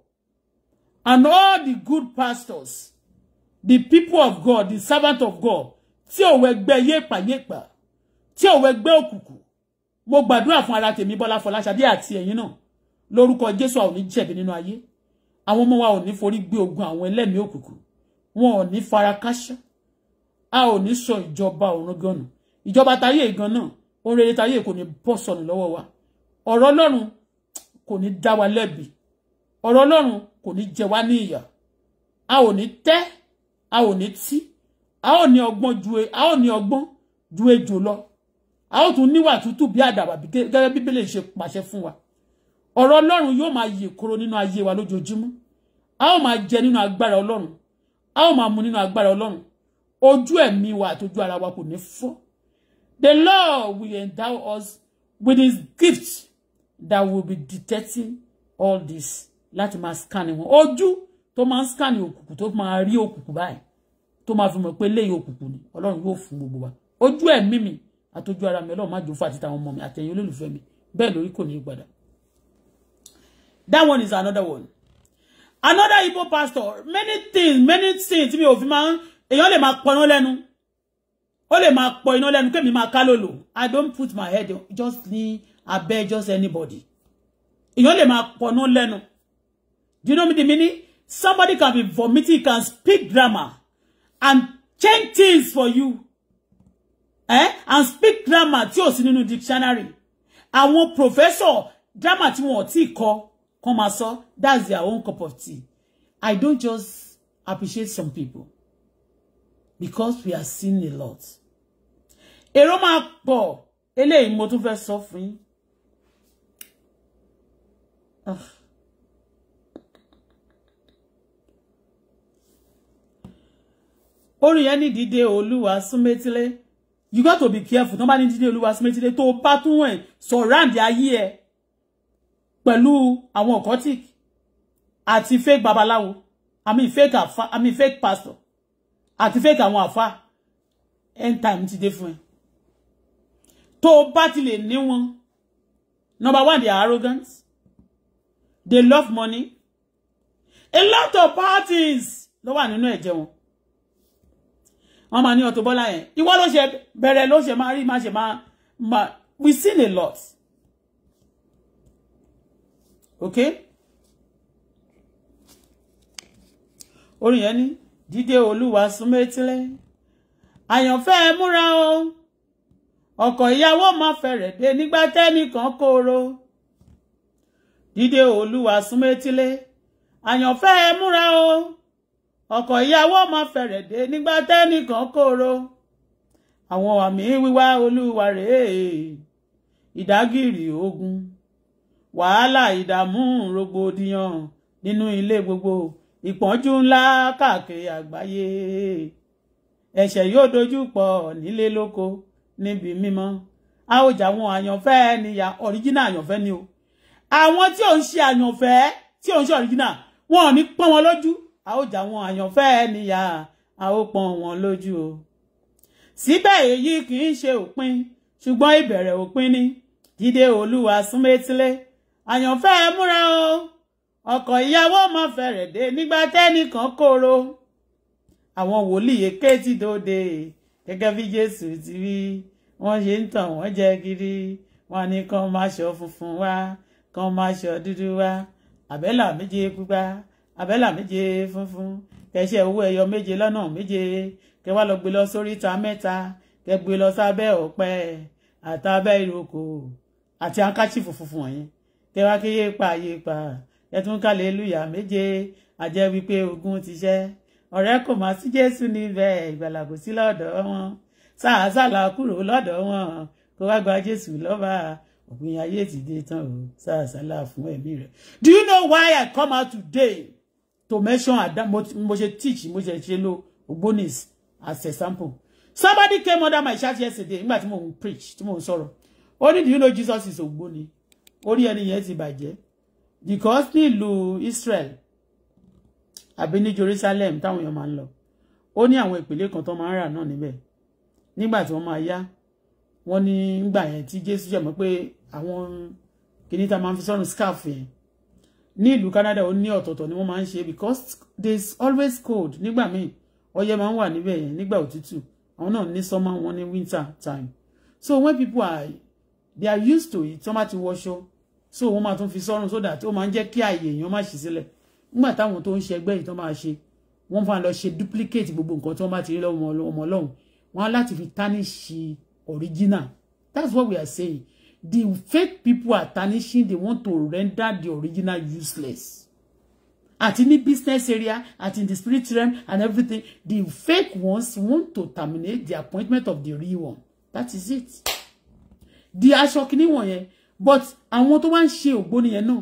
and all the good pastors the people of God the servant of God tí ò wẹgbẹ́ yépàyépà tí ò wẹgbẹ́ òkùnkùn mo gbàdúrà fún ara tèmi Bọ́lá Fọláṣadé àti ẹ̀yin náà lórúkọ Jésù àwọn ò ní jẹ̀bi nínú ayé àwọn ọmọ wa ò ní forí gbé ogun àwọn ẹlẹ́mìí òkùnkùn wọn ò ní fara káṣá a ò ní sọ ìjọba ọ̀run gànà ìjọba táyé gan náà ohun rere kò ní bọ́ sọnù lọ́wọ́ wa ọ̀rọ̀ ọlọ́run kò ní dá wa lẹ́bi ọ̀rọ̀ ọlọ́run kò ní jẹ wá ní ìyà a ò ní tẹ́ a ò ní tí a ò ní ọgbọ́n ju e, a ò ní ọgbọ́n ju ejò lọ a ó tún níwà tútù bí àdàbà gẹ́gẹ́ bíbélì ṣe pàṣẹ fún wa ọ̀rọ̀ ọlọ́run yóò máa yè koro nínú ayé wa lójoojúmọ́ a ó máa jẹ nínú agbára ọlọ́run a ó máa mu nínú agbára ọlọ́run ojú ẹ̀mí wa àtọ́jú ara wa kò ní fọ́ the Lord will endow us with his gift that will be detecting all this láti máa scan wọn Oju, to máa ń scan òkùnkùn to máa rí òkùnkùn báyìí tó máa fi mọ̀ pé léyìn òkùnkùn ni ọlọ́run yóò fún gbogbo wa ojú ẹ̀mí mi àtọ́jú ara mi ọlọ́run má jò fún àti táwọn ọmọ mi àtẹ̀yìn olólùfẹ́ mi bẹ́ẹ̀ lórí kò ní í that one is another one another Igbo pastor many things many things tí mi ò fi máa ń èèyàn lè máa pọnú lẹ́nu ó lè máa pọ iná lẹ́nu kémi máa ká lòlò i don't put my head just ní abẹ́ just anybody èèyàn lè máa no lẹ́nu do you know me the meaning somebody can be vomiting can speak grammar and change things for you eh? and speak grammar tí ò sí nínú dictionary àwọn professor grammar tí wọn ò ko. Come aso, that's their own cup of tea I don't just appreciate some people because we are seeing a lot èrò máa pọ̀ eléyìí mo tún fẹ́ sọ fún yín. orí ẹni dìde olúwa you got to be careful tó bá ní dídé olúwa súnmẹ́tílé tó bá tún ẹ̀ surround aye. ẹ̀ pẹ̀lú àwọn occultic àti fake babaláwo i mean fake àfà i mean fake pastor àti fake àwọn àfà end time ti dé fún ẹ tó bá ti lè ní wọn number one they are arrogant they love money a lot of parties ló wà nínú ẹ̀jẹ̀ wọn wọ́n máa ní Auto Bola yẹn ìwọ ló ṣe bẹ̀rẹ̀ ló ṣe máa rí má ṣe máa we seen a lot okay orin yẹn ní dídé olúwa súnmẹ́tílẹ̀ àyànfẹ́ múra o ọkọ ìyàwó máa fẹ̀rẹ̀ dé nígbà tẹ́nìkan kóró dídé olúwa súnmẹ́tílẹ̀ àyànfẹ́ múra o ọkọ ìyàwó máa fẹ̀rẹ̀ dé nígbà tẹ́nìkan kóró àwọn àmì wíwá olúwa rèé ìdágìrì ogun wàhálà ìdààmú rògbòdìyàn nínú ilé gbogbo ìpọ́njú ńlá káàkiri àgbáyé ẹ̀ṣẹ̀ yóò dojú pọ̀ nílé lóko níbi mímọ́ a ó jà àwọn àyànfẹ́ níyà ọ̀ríjínà àyànfẹ́ ni o àwọn tí ò ń ṣe àyànfẹ́ tí ò ń ṣe ọ̀ríjínà wọn ò ní pọ́n wọn lójú a ó jà àwọn àyànfẹ́ níyà a wọn lójú o síbẹ̀ èyí kì í ṣe òpin ṣùgbọ́n ìbẹ̀rẹ̀ òpin ni dídé olúwa súnmẹ́tílé àyànfẹ́ múra o ọkọ ìyàwó ọmọ fẹ̀rẹ̀ dé nígbà tẹ́nìkan kóró àwọn wòlíì èké ti dòde gẹ́gẹ́ bí Jésù ti wí wọ́n ṣe ń tàn wọ́n jẹ gidi wọ́n ní kàn máa ṣọ funfun wá kàn máa ṣọ dúdú wá àbẹ́là méje pupa àbẹ́là méje funfun kẹṣẹ́ owó ẹyọ méje lọ́nà méje kẹ wá lọ gbé lọ sórí ìta mẹ́ta kẹ gbé lọ sábẹ́ ọ̀pẹ àtàbẹ́ ìrókò àti ankachifu funfun wọ̀nyẹn kẹwàá kí yé pa yé pa ẹtún kálẹ̀ lùyà méje àjẹ́ wípé ogun ti ṣẹ́ ọ̀rẹ́ kò má sí jésù níbẹ̀ ìgbàlà sí lọ́dọ̀ wọn sàásàlà kúrò lọ́dọ̀ wọn kó wá gba jésù lọ́ba òpin ayé ti dé tán o sàásàlà fún ẹ̀mí rẹ̀. do you know why i come out today to mention adam mo ṣe teach mo ṣe ṣe lo ogbonis as sample. somebody came under my church yesterday nígbà tí mò ń preach tí mò ń sọ̀rọ̀ ó ní do you know jesus is ogboni orí ẹni yẹn ti bàjẹ́ because nílùú Israel àbí ní Jerusalem táwọn èèyàn máa ń lọ ó ní àwọn ìpìlẹ̀ kan tó máa ń rà náà níbẹ̀ nígbà tí wọ́n máa yá wọ́n ní gbà yẹn tí Jésù jẹ́ mọ́ pé àwọn kìíní tá máa ń fi sọ́run scarf yẹn ní ìlú Canada ó ní ọ̀tọ̀ọ̀tọ̀ ni wọ́n máa ń ṣe because there is always cold nígbà míì ọyẹ́ máa ń wà níbẹ̀ yẹn nígbà òtútù àwọn náà ní summer wọ́n ní winter time so when people are they are used to it So much bá ti wọṣọ so wọ́n máa tún fi sọ́run so that ó máa ń jẹ́ kí ààyè èèyàn má ṣì sílẹ̀ nígbà táwọn tó ń ṣe ẹgbẹ́ yìí tó máa ṣe wọ́n fà lọ ṣe duplicate gbogbo nǹkan tí wọ́n bá ti rí lọ́wọ́ ọmọ ọlọ́run wọ́n á láti fi tarnish original that's what we are saying the fake people are tarnishing they want to render the original useless At any business area at in the spirit realm and everything the fake ones want to terminate the appointment of the real one that is it di aṣọ kìíní wọ̀nyẹn but àwọn tó wá ń ṣe ògbóni yẹn náà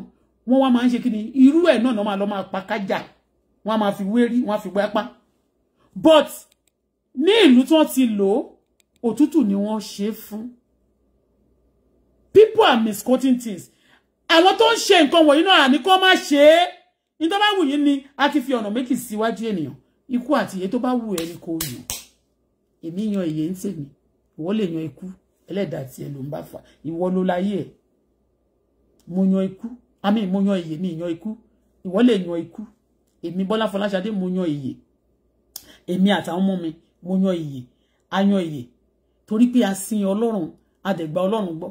wọ́n wá máa ń ṣe kìíní irú ẹ̀ náà náà máa lọ máa pa kájà wọ́n máa fi wérí wọ́n fi gbé but ní ìlú tí wọ́n ti lò ó ni wọ́n ṣe fún people are misquoting things àwọn tó ń ṣe nǹkan wọ̀nyí náà àní kó má ṣe In ní tó bá wù ni a ti fi ọ̀nà méjì síwájú ènìyàn ikú àti èyí tó bá wù ẹni kò yàn èmi yan èyí ń tèmi ìwọ lè yan ikú ẹlẹ́dàá tiẹ̀ ló ń bá fà ìwọ ló mo yan ikú àmì mo yan ìyè mi yan ikú ìwọ lè yan ikú èmi Bọ́lá Fọláṣadé mo yan ìyè èmi àtàwọn ọmọ mi mo yan ìyè a yan ìyè torí pé a a dẹ̀ gba Ọlọ́run gbọ́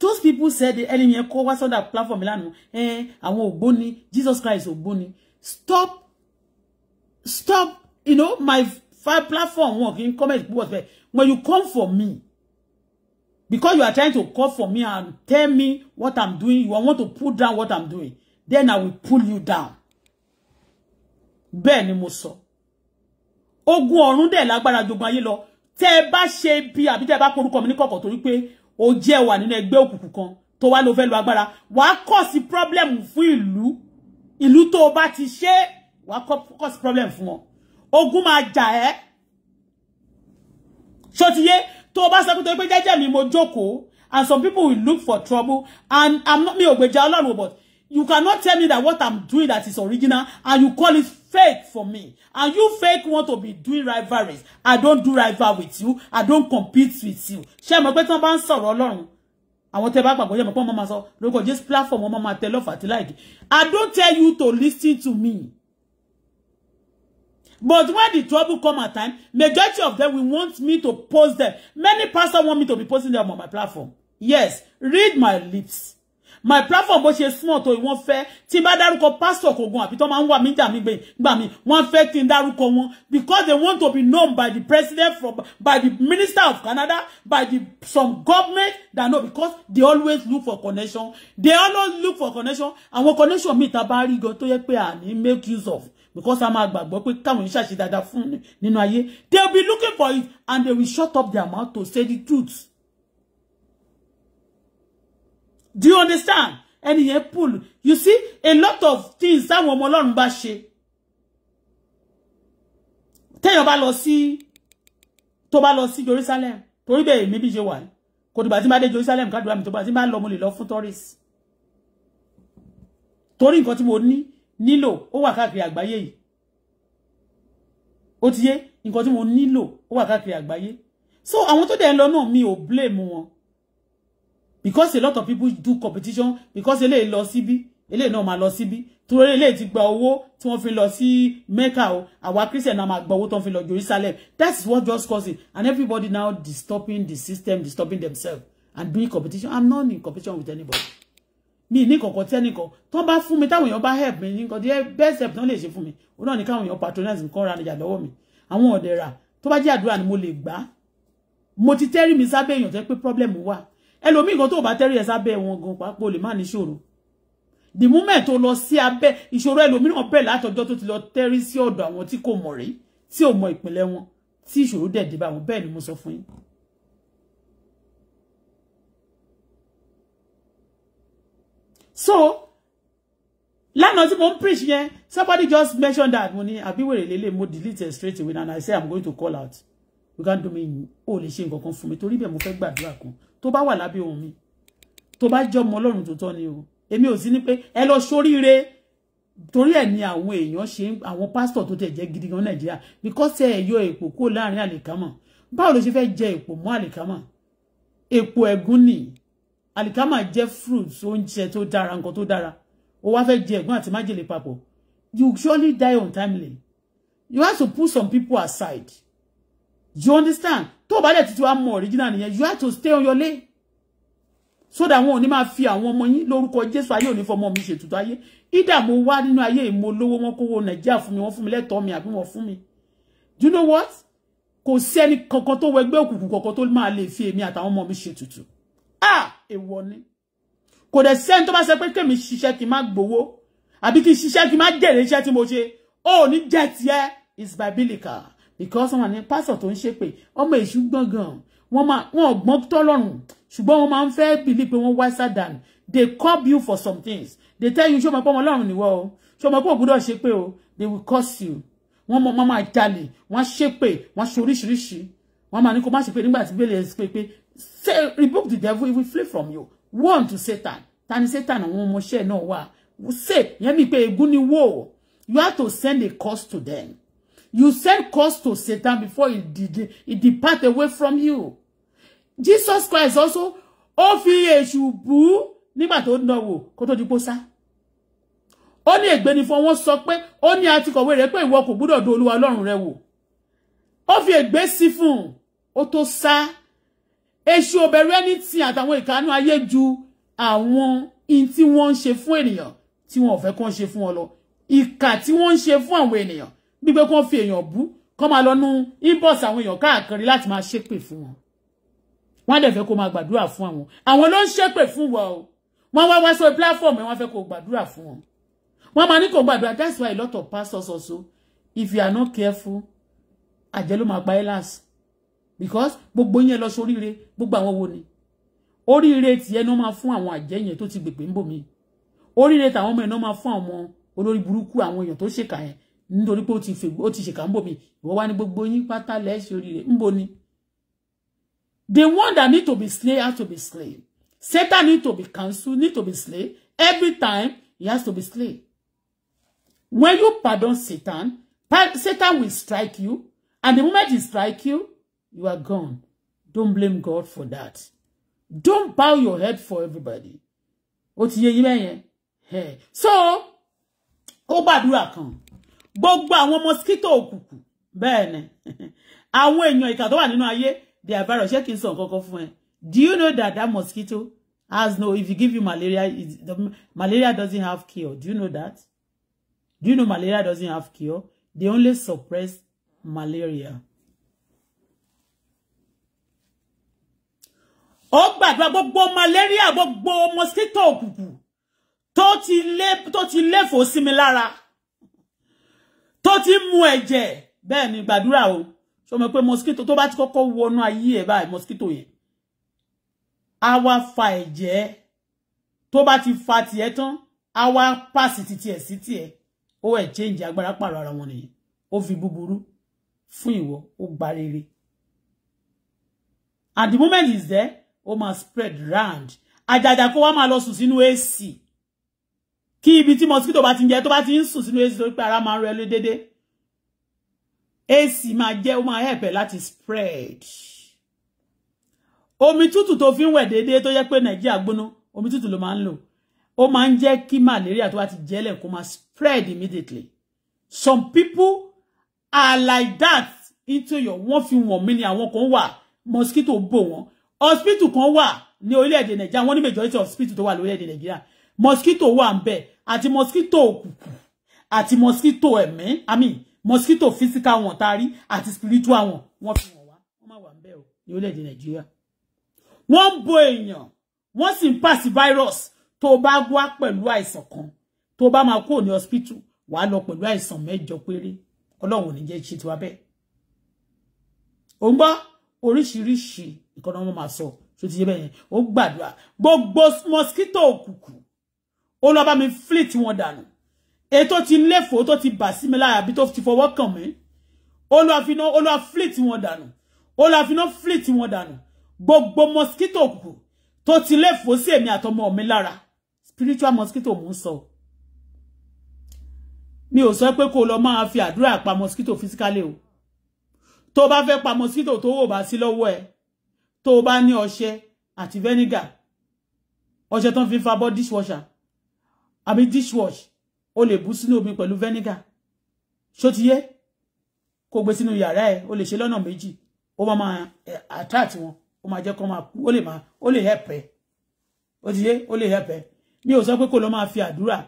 those people said ẹni yẹn kó wá that platform lánàá ẹ àwọn ògbóni Jesus Christ ògbóni stop stop you know my platform wọn kì comment púpọ̀ when you come for me Because you are trying to call for me and tell me what I'm doing, you want to pull down what I'm doing. Then I will pull you down. Ben ni mo sọ. Ogun ọ̀run dẹ̀ lágbára jogun ayé lọ. Tẹ́ ẹ bá ṣe bí àbí tẹ́ ẹ mi ní kọ̀kọ̀ torí pé o jẹ́ wà nínú ẹgbẹ́ òkùnkùn kan tó wá ló fẹ́ lo agbára. Wàá kọ̀ problem fún ìlú. Ìlú tó o ti ṣe wàá kọ̀ problem fún wọn. Ogun máa jà ẹ́. Ṣó ti yé? tó bá sọ pé jẹ́jẹ́ mi mo jókòó and some people will look for trouble and i'm not me ò gbèjà Ọlọ́run but you cannot tell me that what i'm doing that is original and you call it fake for me and you fake want to be doing rivalries i don't do rival with you i don't compete with you ṣé mo pé tí wọ́n bá ń sọ̀rọ̀ Ọlọ́run àwọn tẹ́ bá gbàgbọ́ yẹn mama so. wọ́n máa sọ platform mama, tell tẹ at like. i don't tell you to listen to me But when the trouble come at time, majority of them will want me to post them. Many pastors want me to be posting them on my platform. Yes, read my lips. My platform bó ṣe small so it won't tí n bá dárúkọ pastor kogun àbí tó máa ń wà mí jà mí gbé gbà mí wọ́n because they want to be known by the president from by the minister of Canada by the some government that know because they always look for connection they always look for connection and what connection meet ta bá rí to tó yẹ make use of because a máa gbàgbọ́ pé káwọn yìí ṣàṣe dáadáa fún nínú ayé they will be looking for it and they will shut up their mouth to say the truth. do you understand ẹni yẹn pull you see a lot of things táwọn ọmọ ọlọ́run bá ṣe téèyàn bá lọ sí tó bá lọ sí Jerusalem torí bẹ́ẹ̀ mi bí ṣe wà kò dìgbà tí n bá dé Jerusalem kádùúrà mi tó bá tí n bá lọ mo lè lọ fún tourist torí nǹkan tí mo ní nílò ó wà káàkiri àgbáyé yìí ó ti yé nǹkan tí mo nílò ó wà káàkiri àgbáyé so àwọn tó dẹ̀ ń lọ náà mi ò blame wọn because a lot of people do competition because eléyìí lọ síbí eléyìí náà máa lọ síbí torí eléyìí ti gba owó tí wọ́n fi lọ sí Mecca o àwa Christian náà máa gba owó tó ń fi lọ Jerusalem that's what just cause it and everybody now disturbing the system disturbing themselves and doing competition i'm not in competition with anybody mi ní kọ̀ọ̀kan tẹ́ nìkan tó bá fún mi táwọn èèyàn bá help mi nìkan díẹ̀ best help tó lè ṣe fún mi òun náà ní káwọn èèyàn patronize mi kọ́ ra níjà lọ́wọ́ mi àwọn ọ̀dẹ̀ rà tó bá jẹ́ àdúrà ni mo lè gbà mo ti tẹ́rí mi sábẹ́ èèyàn tó pé problem wà ẹlòmíì gan tó bá tẹ́rí ẹ sábẹ́ wọn gan pàápàá lè má níṣòro the moment tó lọ sí abẹ́ ìṣòro ẹlòmíì náà bẹ̀rẹ̀ látọjọ́ tó ti lọ tẹ́rí sí ọ̀dọ̀ àwọn tí kò mọ̀ rí tí ò mọ ìpínlẹ̀ wọn tí ìṣòro dẹ̀ dé bá wọn bẹ́ẹ̀ ni mo sọ fún yín so lánàá not even preach yẹn somebody just mentioned that money. mo be àbíwèrè lélẹ̀ mo delete it straight away and I say I'm going to call out We can't do me o lè ṣe nǹkan kan fún mi torí bẹ́ẹ̀ mo fẹ́ gbàdúrà kan tó bá wà lábẹ́ ohun mi tó job jọ́ ọmọ ọlọ́run tó tọ́ o zini pe. sí ní pé ẹ lọ sóríire torí ẹ̀ ni àwọn èèyàn ṣe àwọn pásítọ̀ tó tẹ̀ jẹ́ gidi gan nàìjíríà because ẹ yọ èpò kó láàrin àlìkámọ̀ báwo ló ṣe fẹ́ jẹ èpò mo àlìkámọ̀ èpò ẹ̀gún nìyí àlìkámà jẹ́ fruits oúnjẹ to dára nǹkan tó dára o wá fẹ́ jẹ ẹ̀gbọ́n àti májèlé papọ̀ you surely die untimely you have to put some people aside you understand tó o bá dẹ̀ títí wàá original nìyẹn you have to stay on your lane so that wọn ò ní máa fi àwọn ọmọ yín lórúkọ Jésù ayé ò ní fọmọ mi ṣètùtù ayé ìdá mo wá nínú ayé mo lówó wọn kówó Nàìjíríà fún mi wọn fún mi lẹ́tọ̀ọ́ mi àbí wọn fún mi do you know what kò sí ẹni kankan tó wẹgbẹ́ òkùnkùn kankan tó máa lè fi èmi àtàwọn ọmọ mi ṣètùtù ah èwọ ni kò dẹ̀ sẹ́ni to bá sọ pé kèmi ṣiṣẹ́ kí n má gbowó àbí kí n ṣiṣẹ́ kí n má mo ṣe ó ní jẹ́ tiẹ́ is biblical because wọn ní pásọ̀ tó ń ṣépè ọmọ èṣù gbọ̀ngàn wọn máa wọn gbọ́n tọ́lọ́run ṣùgbọ́n wọn máa ń fẹ́ bìlí pé wọ́n wiser than they curb you for some things they tell you ṣé o mọ̀ pé ọmọ ọlọ́run nìwọ o ṣé o mọ̀ pé ògùdọ̀ o they will curse you wọ́n mọ̀ máa jalè wọ́n ṣépè wọ́n ṣe oríṣiríṣi wọ́n máa ní kó má ṣépè nígbà tí bẹ́ẹ̀ lè ṣépè pé say rebuke the devil he will flee from you warn to satan tani satan àwọn ọmọọṣẹ́ náà wà say yẹn mi pé ègún ni wò you have to send a curse to them you send curse to satan before he, de he depart away from you jesus christ also Oh, fi shubu bú nígbà tó ń dánwò kó di posa. ó ní ègbé for one wọn sọ pé ó ní àtikọ̀wé rẹ̀ pé do olúwa ọlọ́run rẹ wò ó fi ègbé sí èṣù obere ni ti tí àtàwọn ìkànnì ayé ju àwọn in tí wọ́n ń ṣe fún ènìyàn tí wọ́n ò fẹ́ fun ṣe fún wọn lọ ìkà tí wọ́n ń ṣe fún àwọn ènìyàn gbígbé kán fi èèyàn bú kán máa lọ́nu inbox àwọn èèyàn káàkiri láti máa ṣépè fún wọn wọ́n á dẹ̀ fẹ́ kó máa gbàdúrà fún àwọn àwọn ló ń ṣépè fún wọn o wọ́n wá wá sórí platform wọ́n fẹ́ kó gbàdúrà fún wọn wọ́n máa ní kó gbàdúrà that's why a lot of pastors also if you are not careful àjẹ́ ló máa pa elas because gbogbo yín lọ sóríire gbogbo àwọn wo ni oríire tí ẹnu máa fún àwọn àjẹ́ yẹn tó ti gbèpè ń bò mí oríire tàwọn no ẹ̀nà fun fún àwọn olórí burúkú àwọn èèyàn tó ṣèkà yẹn nítorí pé ó ti ṣèkà ń bò mí ìwọ wá ní gbogbo yín pátá lẹ́sẹ̀ oríire ń ni. the one that need to be slain has to be slain Satan need to be cancelled need to be slain every time he has to be slain when you pardon Satan Satan will strike you and the moment he strike you you are gone. Don't blame God for that. Don't bow your head for everybody. What ti yé yín Hey. So, ó gbàdúrà kan. Gbogbo one mosquito òkùnkùn. Bẹ́ẹ̀ ni. [laughs] Àwọn èèyàn ìkà tó wà nínú ayé, they are virus. Ṣé kí n sọ Do you know that that mosquito has no if you give you malaria, the, malaria doesn't have cure. Do you know that? Do you know malaria doesn't have cure? They only suppress malaria. ó gbàdúrà gbogbo malaria gbogbo mosquito òkùnkùn tó ti lé tó ti léfò sí mi lára tó ti mu ẹ̀jẹ̀ bẹ́ẹ̀ ni gbàdúrà o ṣó mọ̀ pé mosquito tó bá ti kọ́kọ́ wọnú ayé ẹ̀ báyìí mosquito yẹn á wá fa ẹ̀jẹ̀ tó bá ti fa tiẹ̀ tán á wá pàṣẹ titi sí tiẹ̀ ó ẹ̀ change agbára pààrọ̀ ara wọn nìyẹn ó fi búburú fún ìwọ ó gba rere at the moment is there ó máa spread round Ajaja, kó wá máa lọ sùn sínú AC kí ibi tí mosquito bá ti ń jẹ tó bá ti ń sùn sínú AC torí pé ara máa ń rẹ lé AC máa jẹ́ ó máa help ẹ spread omi tútù tó fi ń wẹ̀ dédé tó yẹ pé Nàìjíríà gbóná omi tútù ló máa ń lò ó máa ń malaria tó bá ti jẹ́lẹ̀ kó máa spread immediately some people are like that into your one few one mí ni àwọn kan mosquito bò wọ́n hospital kan wà ní orílẹ̀-èdè nàìjíríà wọ́n ní majority hospital tó wà lórílẹ̀-èdè nàìjíríà mosquito wa ń ati mosquito òkùnkùn ati mosquito ẹ̀mí i mean mosquito physical wọn tari ati spiritual wọn wọ́n fi wọ́n wá wọ́n má wà ń bẹ̀ o ní orílẹ̀-èdè nàìjíríà wọ́n bo èèyàn wọ́n sì pass virus tó bá wá pẹ̀lú àìsàn kan tó bá máa kúrò ní hospital wàá lọ pẹ̀lú àìsàn mẹ́jọ péré ọlọ́run ò ní jẹ́ ṣe tiwa bẹ́ẹ̀ ò ń gbọ́ oríṣiríṣi ìkọ́nà wọn máa sọ tó ti yé bẹ́ẹ̀ yẹn ó gbàdúrà gbogbo mosquito òkùnkùn ó lọ bá mi flit wọn dànù ètò ti léfò tó ti bà sí mi láyà bí tó ti fọwọ́ kàn mí ó lọ àfiná ó lọ flit wọn dànù ó lọ àfiná flit wọn dànù gbogbo mosquito òkùnkùn tó ti léfò sí èmi àtọmọ mi lára spiritual mosquito mò ń sọ mi ò sọ pé kó lọ máa fi àdúrà pa mosquito physically o tó bá fẹ́ pa mosquito tó wò bá sí lọ́wọ́ ẹ̀ tó o bá ní ọṣẹ àti vinegar ọṣẹ tó ń fi dishwasher àbí dishwash o lè bù sínú omi pẹ̀lú vinegar ṣó ti yé kó gbé sínú yàrá ẹ o lè ṣe lọ́nà méjì ó máa máa attract wọn ó máa jẹ́ kó máa kú ó lè máa ó lè help ẹ ó ó lè help ẹ mi ò sọ pé kó lọ máa fi àdúrà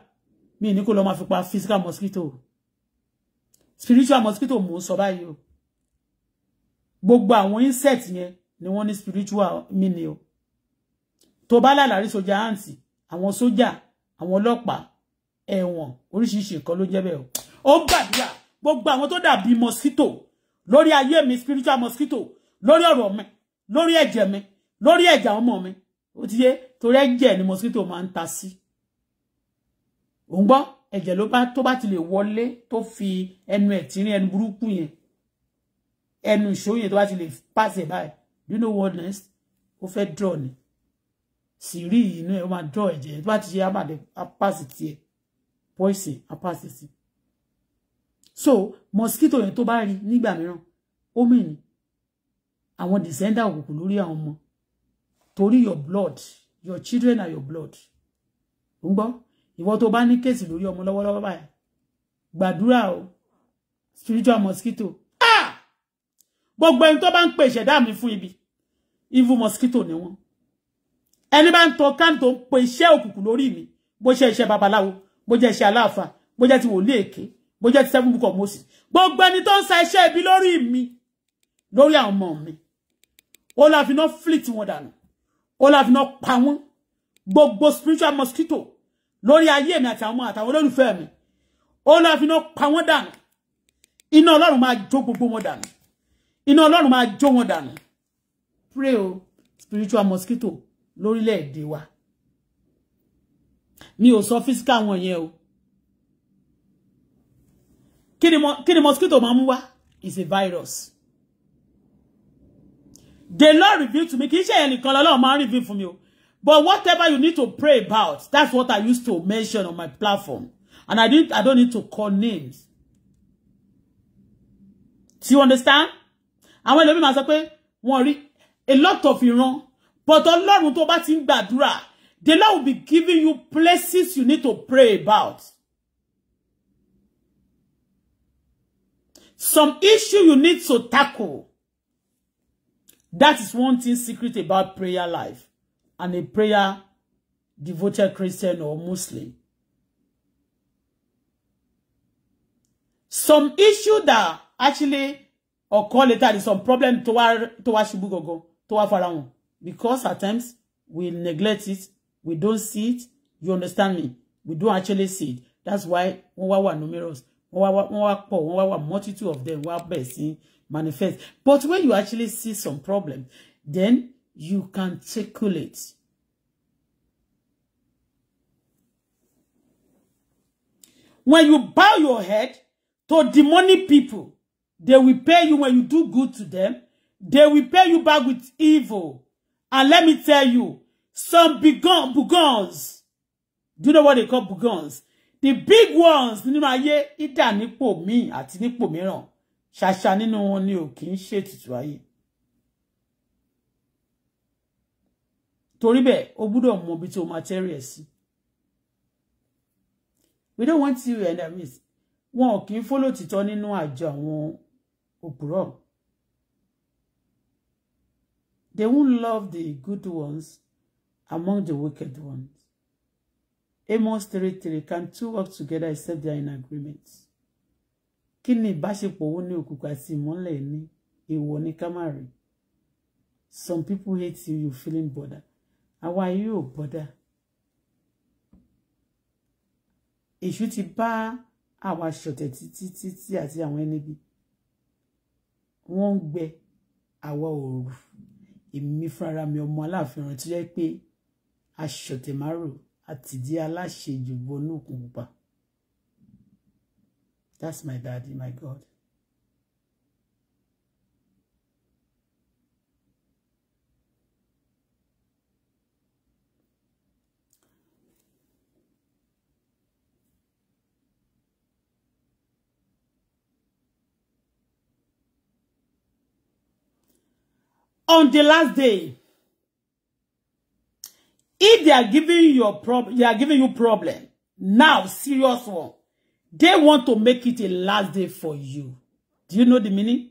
mi ní kó lọ máa fi pa physical mosquito spiritual mosquito mò ń sọ báyìí o gbogbo àwọn insect yẹn ni wọ́n ní spiritual meaning o tó bá lálàrí sójà àǹtì àwọn sójà àwọn ọlọ́pàá ẹ̀wọ̀n oríṣiríṣi nǹkan ló jẹ́ bẹ́ẹ̀ o ó gbàdúrà gbogbo àwọn tó dàbí mosquito lórí ayé mi spiritual mosquito lórí ọ̀rọ̀ mi lórí ẹ̀jẹ̀ mi lórí ẹ̀jẹ̀ ọmọ mi ó ti yé torí ẹ̀jẹ̀ ni mosquito máa ń ta sí ò ń gbọ́ ẹ̀jẹ̀ ló bá tó bá ti lè wọlé tó fi ẹnu ẹ̀tínrín ẹnu burúkú yẹn ẹnu ìṣó yẹn tó bá ti lè pàṣẹ báyìí you know what next ó fẹ́ draw ni sírí yìí inú ẹ̀ ó máa draw ẹ̀jẹ̀ tó bá ti ṣe àmàdé apáàsì tiẹ̀ pọ́ìsì apáàsì sí so mosquito yẹn tó bá rí nígbà mìíràn ó mì ní àwọn descender òkùnkùn lórí àwọn ọmọ torí your blood your children are your blood ń gbọ́ to tó bá case, kéèsì lórí ọmọ lọ́wọ́lọ́wọ́ báyìí gbàdúrà o spiritual mosquito Ah, gbogbo ẹni tó bá ń pè ìṣẹ̀dá mi fún ibi even mosquito ni wọ́n ẹni bá ń tọ káńtò ń pe iṣẹ́ òkùnkùn mi bó ṣe iṣẹ́ babaláwo bó jẹ́ iṣẹ́ Alafa, bó jẹ́ ti wòlé èké bó ti seven book of Moses gbogbo ẹni tó ń sa iṣẹ́ ibi lórí mi Lori àwọn ọmọ mi ó la fi náà flit wọn dànù ó la fi náà pa wọn gbogbo spiritual mosquito lórí ayé mi àti àwọn àtàwọn olólùfẹ́ mi ó la fi náà pa wọn dànù iná ọlọ́run ma jó gbogbo wọn dànù iná ọlọ́run máa jó wọn dànù spray o spiritual mosquito lórílẹ̀-èdè wa mi ò sọ physical wọn yẹn o kí ni mo kí mosquito máa mú wá is a virus the Lord reveal to me kì í ṣe ẹnìkan lọ́lọ́run máa ń reveal fún mi o but whatever you need to pray about that's what I used to mention on my platform and I didn't I don't need to call names do you understand àwọn ẹlòmíì máa sọ pé wọ́n rí a lot of ìran but Ọlọ́run tó bá ti ń gbàdúrà the Lord will be giving you places you need to pray about. Some issue you need to tackle. That is one thing secret about prayer life and a prayer devoted Christian or Muslim. Some issue that actually or call it that, is some problem to toward towards Shibugogo. To wá fara wọn because at times we neglect it we don't see it you understand me we don't actually see it that's why wọ́n wá wà numerous wọ́n wá wọ́n wá pọ̀ wọ́n wá wà multitude of them wọ́n wá bẹ̀rẹ̀ manifest but when you actually see some problem then you can calculate. When you bow your head to the money people, they will pay you when you do good to them. They will pay you back with evil. And let me tell you, some big bugons, do you know what they call bugons? The big ones nínú ayé ìdá nípò míì àti nípò mìíràn ṣàṣà nínú wọn ni ò kì í ṣètùtù ayé. Torí bẹ́ẹ̀ o gbúdọ̀ mọ ibi tí o máa tẹ́rì ẹ̀ We don't want to you enemies. Wọn ò kì Follow fólò títọ́ nínú àjọ àwọn òpùrọ̀. They won't love the good ones among the wicked ones. Amos 3:3 Can two work together except they are in agreement? Kí bashipo ìbáṣepọ̀ owó ní ni àti ìmọ́lẹ̀ ní Some people hate you, you feeling bother. Àwa yóò bother. you ti bá àwa ṣọ̀tẹ̀ ti ti ti àwọn ẹni bí. Wọ́n ń gbẹ àwa èmi fúnra mi ọmọ aláàfin tó jẹ́ pé aṣọ̀tẹ̀márò àti di aláṣejù wọnú òkun pupa that's my daddy my God on the last day, if they are giving your problem, they are giving you problem. Now, serious one. They want to make it a last day for you. Do you know the meaning?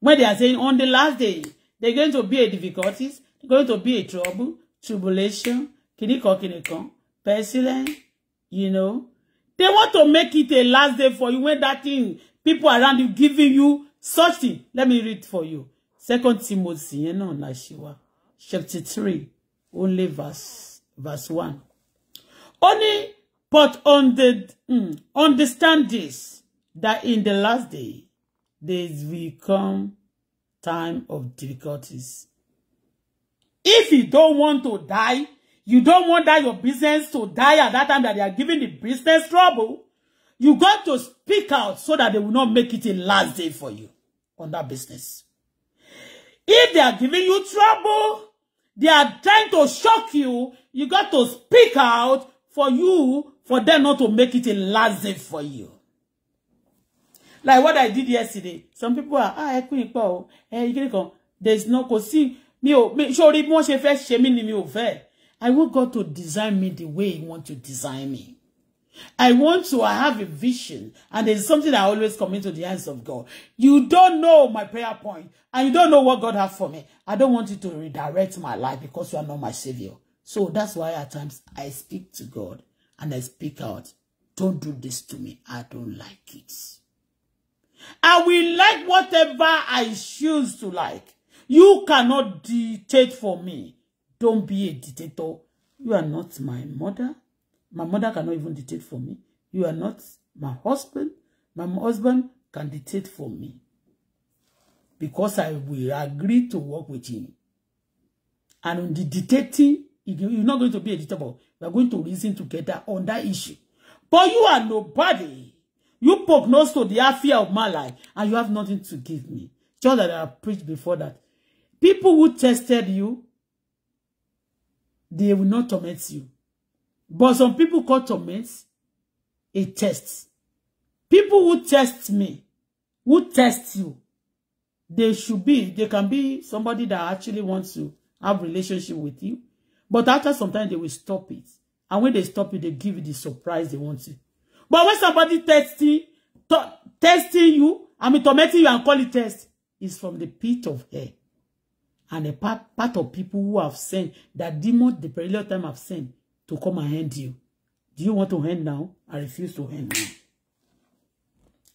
When they are saying on the last day, they're going to be a difficulties, they're going to be a trouble, tribulation, kiniko kiniko, pestilence, you know. They want to make it a last day for you when that thing, people around you giving you such thing. Let me read for you second timothy yẹn náà la ṣe wa chapter three only verse verse one Only, but on the mm, understand this that in the last day days will come time of difficulties if you don't want to die you don't want that your business to die at that time that they are giving the business trouble you got to speak out so that they will not make it a last day for you on that business If they are giving you trouble, they are trying to shock you, you got to speak out for you, for them not to make it a lazim for you. Like what I did yesterday, some people are, ah, ẹ kú ipò o, eh, you can there's no, kò sí, mi ò, mi, sórí bí mi ò I want God to design me the way he want to design me. I want to I have a vision, and there's something I always come into the hands of God. You don't know my prayer point, and you don't know what God has for me. I don't want you to redirect my life because you are not my savior. So that's why at times I speak to God and I speak out. Don't do this to me. I don't like it. I will like whatever I choose to like. You cannot dictate for me. Don't be a dictator. You are not my mother. My mother cannot even dictate for me. You are not my husband. My husband can dictate for me. Because I will agree to work with him. And on the dictating, you're not going to be editable. We are going to reason together on that issue. But you are nobody. You poke nose to the affair of my life, and you have nothing to give me. Just that I preached before that. People who tested you, they will not torment you. But some people call torments a test. People who test me, who test you, they should be, they can be somebody that actually wants to have relationship with you. But after some time, they will stop it. And when they stop it, they give you the surprise they want to. But when somebody testing, testing you, I mean tormenting you and call it test, is from the pit of hell. And a part, part of people who have sinned, that demon, the perilous time have sinned, to come and hand you. Do you want to hand now? I refuse to hand now.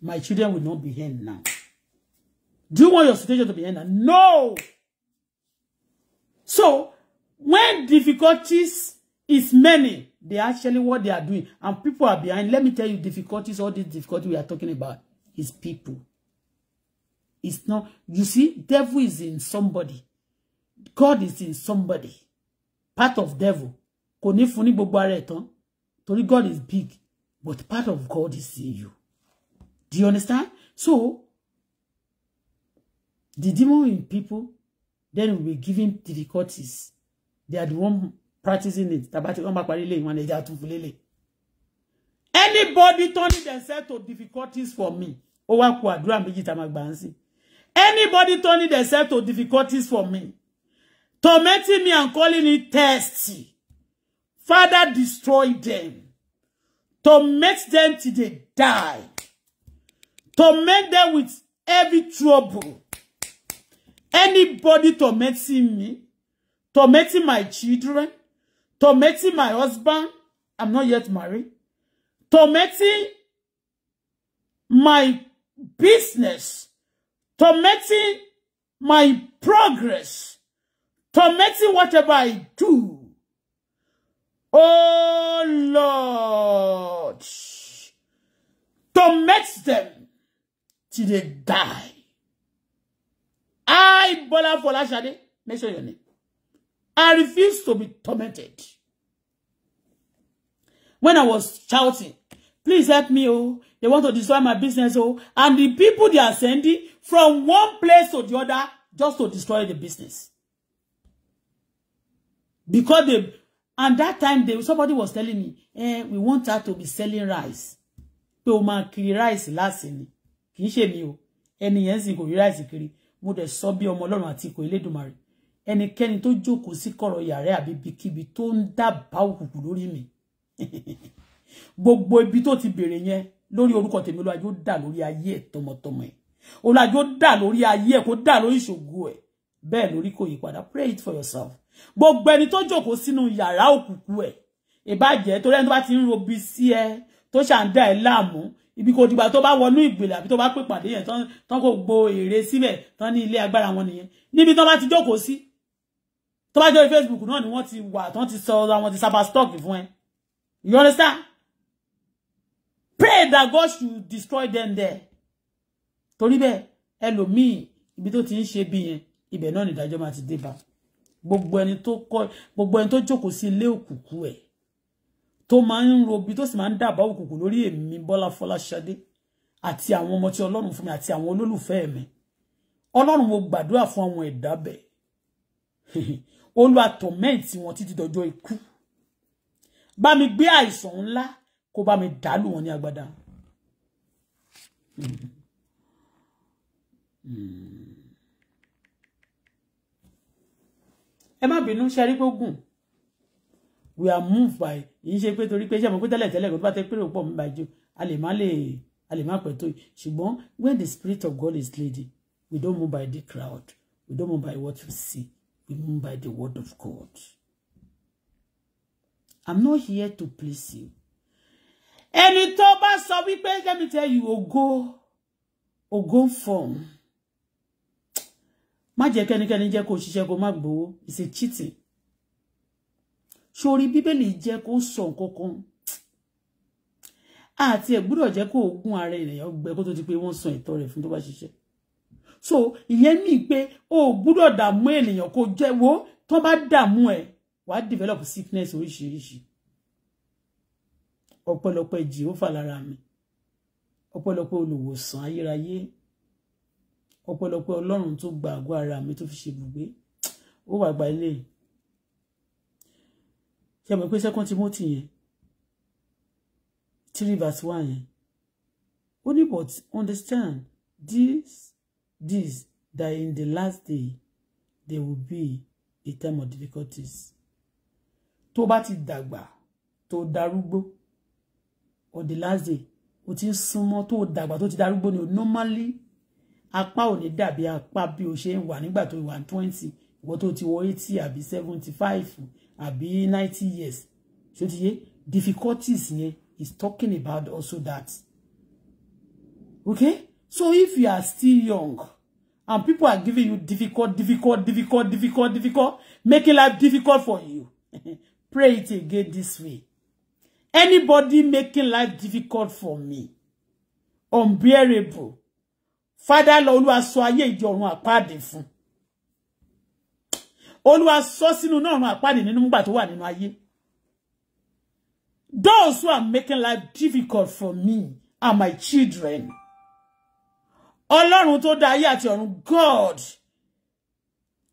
My children will not be hand now. Do you want your situation to be hand? now? No! So, when difficulties is many, they actually what they are doing, and people are behind. Let me tell you, difficulties, all these difficulties we are talking about, is people. It's not, you see, devil is in somebody. God is in somebody. Part of devil kò ní fún ní gbogbo ara ẹ̀ tán torí God is big but part of God is in you do you understand so the demon in people then we will give him difficulties they are the one practicing it tàbá tí wọ́n bá parí lè wọn ẹja tún fún lélẹ̀ anybody turning themselves to difficulties for me ó wá ku àdúrà méjì tá máa gbà ń sìn anybody turning themselves to difficulties for me tormenting me and calling it testy Father, destroy them. Torment them till they die. Torment them with every trouble. Anybody tormenting me, tormenting my children, tormenting my husband, I'm not yet married, tormenting my business, tormenting my progress, tormenting whatever I do, Oh Lord, torment them till they die. I, Bola Folashade, mention your name. I refuse to be tormented. When I was shouting, please help me, oh, they want to destroy my business, oh, and the people they are sending from one place to the other just to destroy the business. Because they and that time they, somebody was telling me eh, we want her to be selling rice pé o máa kiri rice last ni kì í ṣe mi o ẹni yẹn sì kò rí rice kiri mo dẹ̀ sọ bí ọmọ ọlọ́run àti ikọ̀ elédùnmarè ẹnikẹ́ni tó jókòó sí kọ̀rọ̀ yàrá àbí ibikíbi tó ń dábàá òkùnkùn lórí mi [laughs] gbogbo ibi tó ti bèrè yẹn lórí orúkọ tèmi olùwàjò dà lórí ayé ẹ̀ tọmọtọmọ ẹ̀ olùwàjò dà lórí ayé ẹ̀ kó dà lórí ìṣògo ẹ̀ bẹ́ẹ̀ lórí kò yí padà pray it for yourself gbogbo ẹni tó jókòó sínú yàrá òkùnkùn ẹ̀ ìbàjẹ́ tó lẹ́nu tó bá ti ń robi sí ẹ tó ṣàǹdà ẹ̀ láàmú ibi kò dìgbà tó bá wọnú ìgbìlẹ̀ àbí tó bá pè pàdé yẹn tán kò gbo èrè síbẹ̀ tán ní ilé agbára wọn nìyẹn níbi tán bá ti jókòó sí tó bá jẹ́ Facebook náà ni wọ́n ti wà tán ti sọ àwọn ti sábà stock fún ẹ you understand pray that God should destroy them there torí bẹ́ẹ̀ ẹlòmíì ibi tó ti ń ṣe bí yẹn ibẹ̀ náà nìdájọ́ máa ti dé bá gbogbo ẹni tó kọ jókòó sí ilé òkùnkùn ẹ̀ tó máa ń robi tó sì máa ń dàbá òkùnkùn lórí èmi Bọ́lá Fọláṣadé àti àwọn ọmọ tí Ọlọ́run fún mi àti àwọn olólùfẹ́ mi Ọlọ́run mo gbàdúrà fún àwọn ẹ̀dá bẹ̀ [laughs] Olúwa tọ̀mẹ́ǹtì wọn títí dọjọ́ ikú bá mi gbé àìsàn ńlá kó bá mi dàálù wọn ní agbádá. Mm-hmm. mm hmm, hmm. ẹ má bínú ṣe rí pé gùn we are moved by yìí ṣe pé torí pé ṣe mọ̀ pé tẹ́lẹ̀ tẹ́lẹ̀ kò tó bá tẹ́ pé rò pọ̀ mí bá jù a lè má lè a lè má pẹ̀ tó yìí when the spirit of God is leading we don't move by the crowd we don't move by what we see we move by the word of God I'm not here to please you ẹni tó bá sọ wípé let me tell you ògo ògo ń má jẹ́ kẹ́nikẹ́ni jẹ́ kó ṣiṣẹ́ kó má gbowó it's a cheating sórí bíbélì jẹ́ kó sọ nǹkan kan àti ẹ̀ gbúdọ̀ jẹ́ kó ogún ara ènìyàn gbẹ kó tó di pé wọ́n san ìtọ́ rẹ̀ fún tó bá ṣiṣẹ́ so ìyẹn ní pé o gbúdọ̀ dààmú ènìyàn kó jẹ́ wo tó bá dààmú ẹ̀ wàá develop sickness oríṣiríṣi ọ̀pọ̀lọpọ̀ Jèhófà lára mi ọ̀pọ̀lọpọ̀ olùwòsàn ayérayé ọpẹ́lọpẹ́ Ọlọ́run tó gba àgọ́ ara mi tó fi ṣe ibùgbé ó wà gba ilé ṣe mọ̀ pé second Timothy yẹn three verse one yẹn ó ní but understand this this that in the last day there will be a time of difficulties tó bá ti dàgbà tó darúgbó on the last day o ti ń súnmọ́ tó dàgbà tó ti darúgbó ni o normally apá ò ní dàbí apá bí o ṣe ń wà nígbà tó wà twenty ìwọ tó ti wọ eighty àbí seventy five àbí ninety years ṣó ti yé difficulties yẹn is talking about also that okay so if you are still young and people are giving you difficult difficult difficult difficult difficult making life difficult for you [laughs] pray it again this way anybody making life difficult for me unbearable fada lọ olúwa sọ ayé ìdí ọ̀run àpáàdé fún olúwa sọ sínú náà ọ̀run àpáàdé nínú nígbà tó wà nínú ayé those who are making life difficult for me and my children ọlọ́run tó dá ayé àti ọ̀run God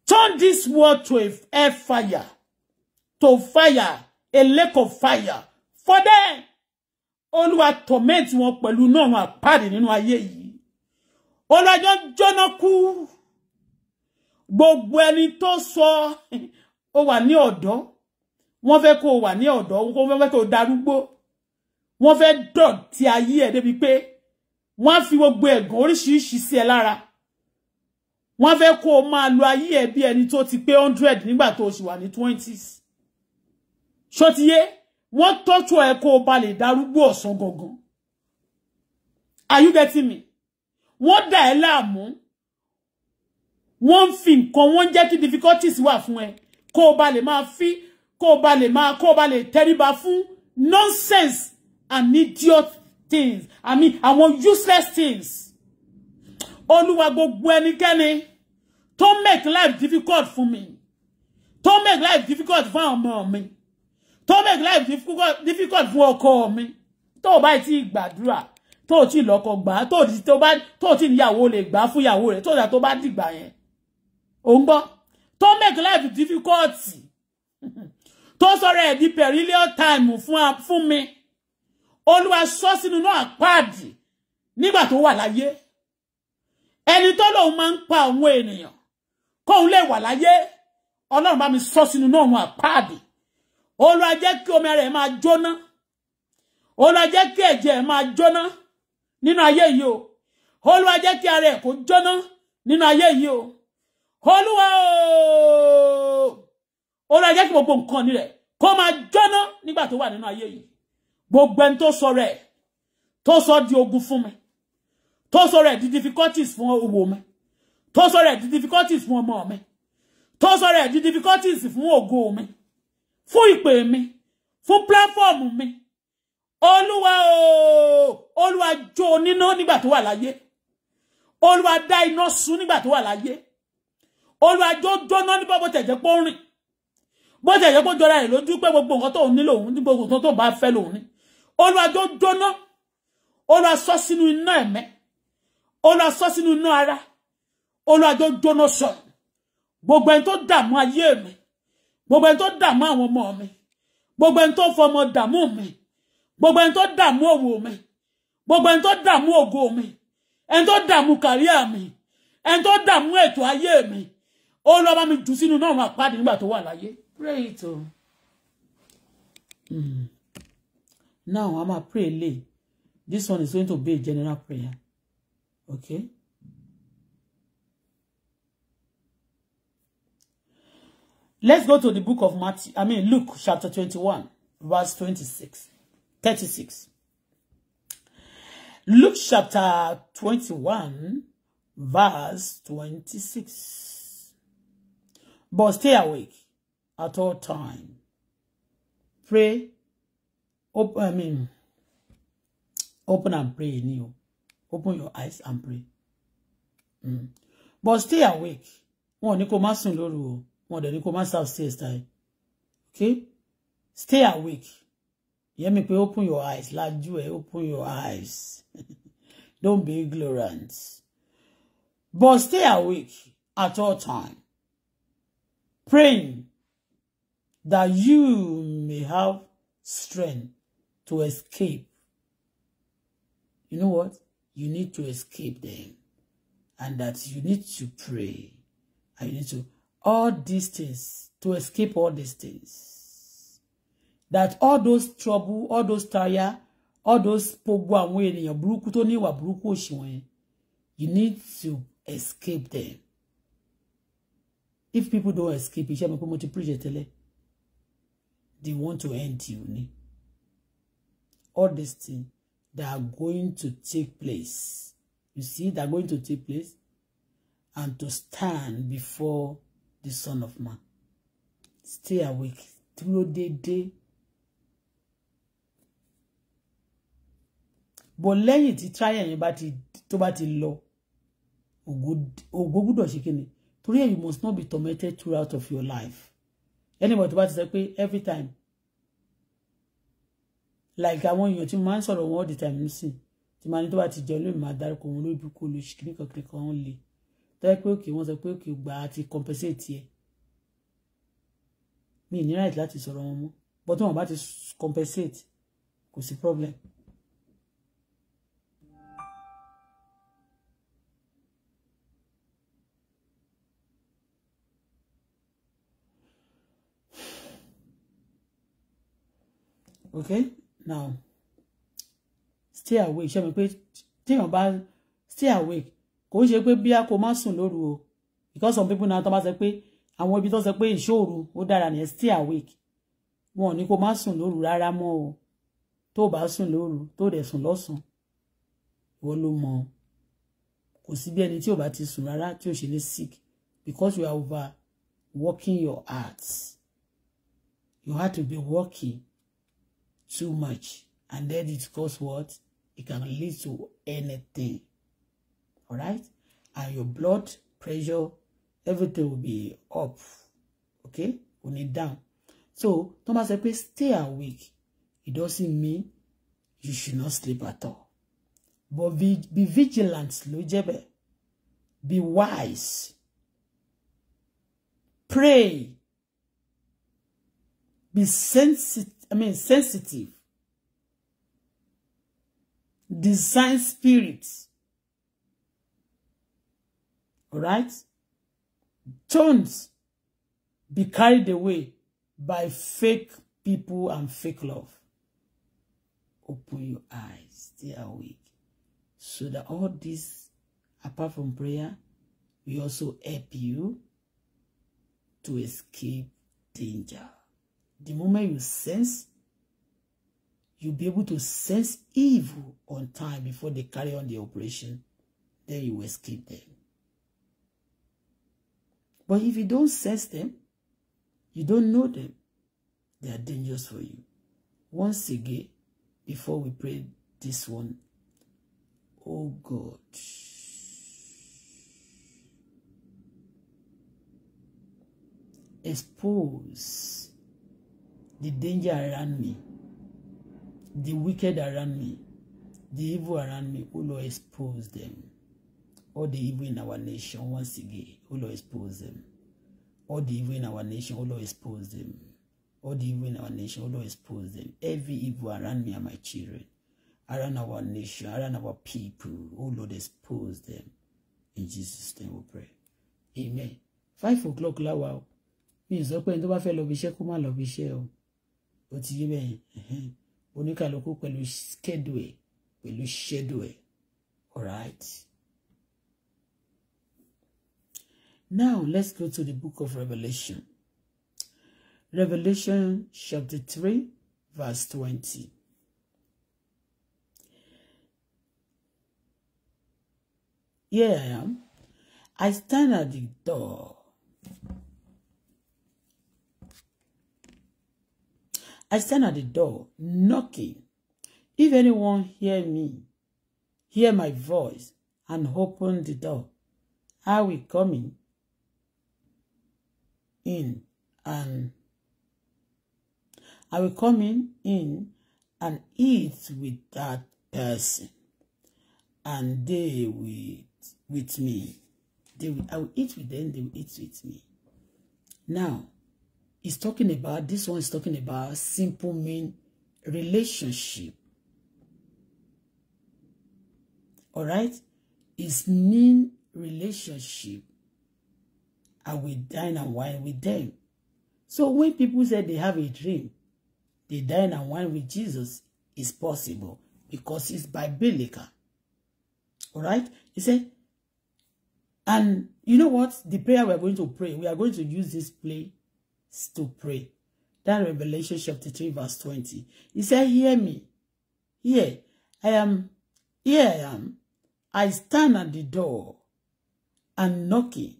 turn this world to a, a fire to fire a lake of fire for them olúwa torment wọn pẹ̀lú náà ọ̀run àpáàdé nínú ayé yìí olọ́jọ́ jóná kú gbogbo ẹni tó sọ ó wà ní ọ̀dọ́ wọ́n fẹ́ kó wà ní ọ̀dọ́ wọ́n fẹ́ kó darúgbó wọ́n fẹ́ dọ̀tí ayé ẹ̀ débi pé wọ́n á fi gbogbo ẹ̀gàn oríṣiríṣi sí ẹ lára wọ́n fẹ́ kó o máa lo ayé ẹ̀ bí ẹni tó ti pé hundred nígbà tó o sì wà ní twenties ṣótiyé wọ́n tọ́jú ẹ kó o ba darúgbó ọ̀sán gangan are you getting me? wọ́n dà ẹ́ láàmú wọ́n ń fi nǹkan wọ́n jẹ́ kí difficulties wà fún ẹ kó o bá lè máa fi kó o bá lè máa kó o bá lè tẹríba fún nonsense and idiot things i mean àwọn useless things olúwa gbogbo ẹnikẹ́ni tó make life difficult fún mi tó make life difficult fún àwọn ọmọ mi tó make life difficult fún ọkọ mi tó o bá ti gbàdúrà tó ò tí ì lọ́kọ gbà á tó ò tí ì níyàwó lè gbà á fún ìyàwó rẹ̀ tó ìyà tó bá dìgbà yẹn ò ń gbọ́ tó make life difficult tó sọ̀rọ̀ ẹ̀ di perilous time fún mi olúwa sọ sínú náà pàdì nígbà tó wà láyé ẹni tó lòun máa ń pa àwọn ènìyàn kóun lè wà láyé ọlọ́run bá mi sọ sínú náà wọn àpáàdì olúwa jẹ́ kí omi rẹ̀ máa jóná olúwa jẹ́ kí ẹ̀jẹ̀ máa jóná nínú ayé yìí o olúwa jẹ́ kí ara ẹ̀ kó jóná nínú ayé yìí o olúwa o olúwa jẹ́ kí gbogbo nǹkan nílẹ̀ kó máa jóná nígbà tó wà nínú ayé yìí gbogbo ẹni tó sọ rẹ̀ tó sọ di ogun fún mi tó sọ rẹ̀ di difficulties fún owó mi tó sọ rẹ̀ di difficulties fún ọmọ mi tó sọ rẹ̀ di difficulties fún ògo mi fún ìpè mi fún platform mi olúwa o olúwa jó oníná nígbà tó wà láyé olúwa dá iná sun nígbà tó wà láyé olúwa jó jóná nígbà bó tẹ̀jẹ̀ pé ó rìn bó tẹ̀jẹ̀ pé ó jọra rẹ̀ lójú pé gbogbo nǹkan tó ń nílò òun ní gbogbo nǹkan tó bá fẹ́ lòun ní olúwa jó jóná olúwa sọ sínú iná ẹ̀mẹ́ olúwa sọ sínú iná ara olúwa jó jóná sọ gbogbo ẹni tó dààmú ayé mi gbogbo ẹni tó dààmú àwọn ọmọ mi gbogbo ẹni tó fọmọ dààmú mi gbogbo ẹni tó dààmú òwò mi gbogbo ẹni tó dààmú ògo mi ẹni tó dààmú kàríà mi ẹni tó dààmú ètò ayé mi ó lọ bá mi jù sínú náà máa pàdé nígbà tó wà láyé pray it o hmm. now i'm a pray lay this one is going to be a general prayer okay. Let's go to the book of Matthew, I mean Luke chapter 21, verse 26. 36. Luke chapter 21, verse 26. But stay awake at all time. Pray, open, I mean, open and pray in you. Open your eyes and pray. Mm. But stay awake. Wọ́n ní kó má sùn lóru o. Wọ́n Okay? Stay awake ìyẹn me pé open your eyes lájú ẹ open your eyes [laughs] don't be ignorant but stay awake at all time praying that you may have strength to escape you know what you need to escape them and that you need to pray and you need to all these things to escape all these things that all those trouble all those tire all those gbogbo wey ènìyàn burúkú tó ní ìwà burúkú òṣìwọ̀n yẹn you need to escape them if people don't escape iṣẹ́ mi pé mo ti they want to end you ni all these things that are going to take place you see they are going to take place and to stand before the Son of Man stay awake through day day. bọ̀ lẹ́yìn tí trial yẹn bá ti tó bá ti lọ ògo gbúdọ̀ ṣe kí ni torí ẹ̀ you must not be tormented throughout of your life anybody tó bá ti sọ pé every time like àwọn èèyàn tí mo máa ń sọ̀rọ̀ wọn all the time nísìn tí màá ní tó bá ti jẹ́ olóyìn máa dárúkọ wọn lórí ibùkún olóṣù kìnìkan kìnìkan wọn lè tọ́jú pé òkè wọn sọ pé òkè gbà á ti compensate ẹ̀ mi ní right láti sọ̀rọ̀ wọn mọ́ but tí wọn bá ti compensate kò sí problem. okay now stay awake ṣe mi pé téèyàn bá stay awake kò ń ṣe pé bí a kò má sùn lóru o because some people náà tó bá sọ pé àwọn ibi tó sọ pé ìṣòro ó dára nìyẹn stay awake wọn ò ní kó má sùn lóru rárá mọ́ o tó bá sùn lóru tó dẹ̀ sùn lọ́sàn-án ìwọ ló mọ̀ kò sí bí ẹni tí ò bá ti sùn rárá tí ò ṣe lè sick because you are over working your heart you have to be working too much and then it cause what it can lead to anything all right and your blood pressure everything will be up okay it down so Thomas sọ pé stay awake it doesn't mean you should not sleep at all but be, be vigilant Lujebe. be wise pray be sensitive I mean sensitive. Design spirit. Alright? Don't be carried away by fake people and fake love. Open your eyes, stay awake. So that all this, apart from prayer, we also help you to escape danger. The moment you sense, you'll be able to sense evil on time before they carry on the operation. Then you escape them. But if you don't sense them, you don't know them, they are dangerous for you. Once again, before we pray this one, oh God. Expose the danger around me the wicked around me the evil around me o Lord expose them all the evil in our nation once again o Lord expose them all the evil in our nation o Lord expose them all the evil in our nation o Lord expose them every evil around me and my children around our nation around our people o Lord expose them in Jesus name we pray amen five o'clock láwa o mi ò sọ pé ẹni tó bá fẹ́ lọ bí iṣẹ́ ó ti yé bẹ́ẹ̀ oníkàlùkù pẹ̀lú schedule ẹ̀ pẹ̀lú schedule ẹ̀ alright. Now let's go to the book of Revelation. Revelation chapter three verse twenty. Here I am. I stand at the door I stand at the door knocking. If anyone hear me, hear my voice, and open the door, I will come in, in and I will come in, in and eat with that person, and they with with me. They will, I will eat with them, they will eat with me. Now, is talking about, this one is talking about simple mean relationship. All right? It's mean relationship. I will dine and wine with them. So when people say they have a dream, they dine and wine with Jesus, is possible because it's biblical. All right? You see, and you know what? The prayer we are going to pray, we are going to use this play to pray. That Revelation chapter 3, verse 20. He said, Hear me. Here I am. Here I am. I stand at the door and knocking.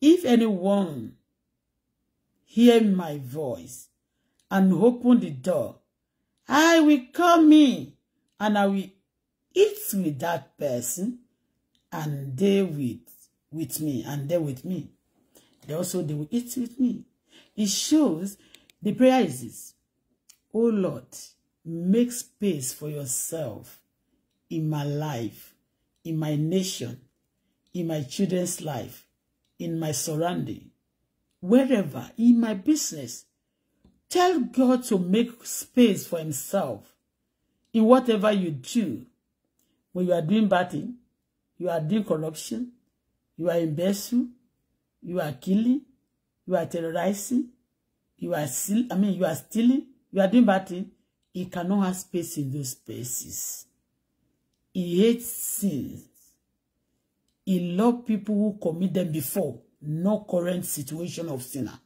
If anyone hear my voice and open the door, I will come in and I will eat with that person and they with with me and they with me. They also they will eat with me. It shows the prayer is this. Oh Lord, make space for yourself in my life, in my nation, in my children's life, in my surrounding, wherever, in my business. Tell God to make space for himself in whatever you do. When you are doing bad thing, you are doing corruption, you are embezzling, you are killing, you are terrorizing, you are still. I mean, you are stealing, you are doing bad things. He cannot have space in those spaces. He hates sins. He loves people who commit them before, no current situation of sinner.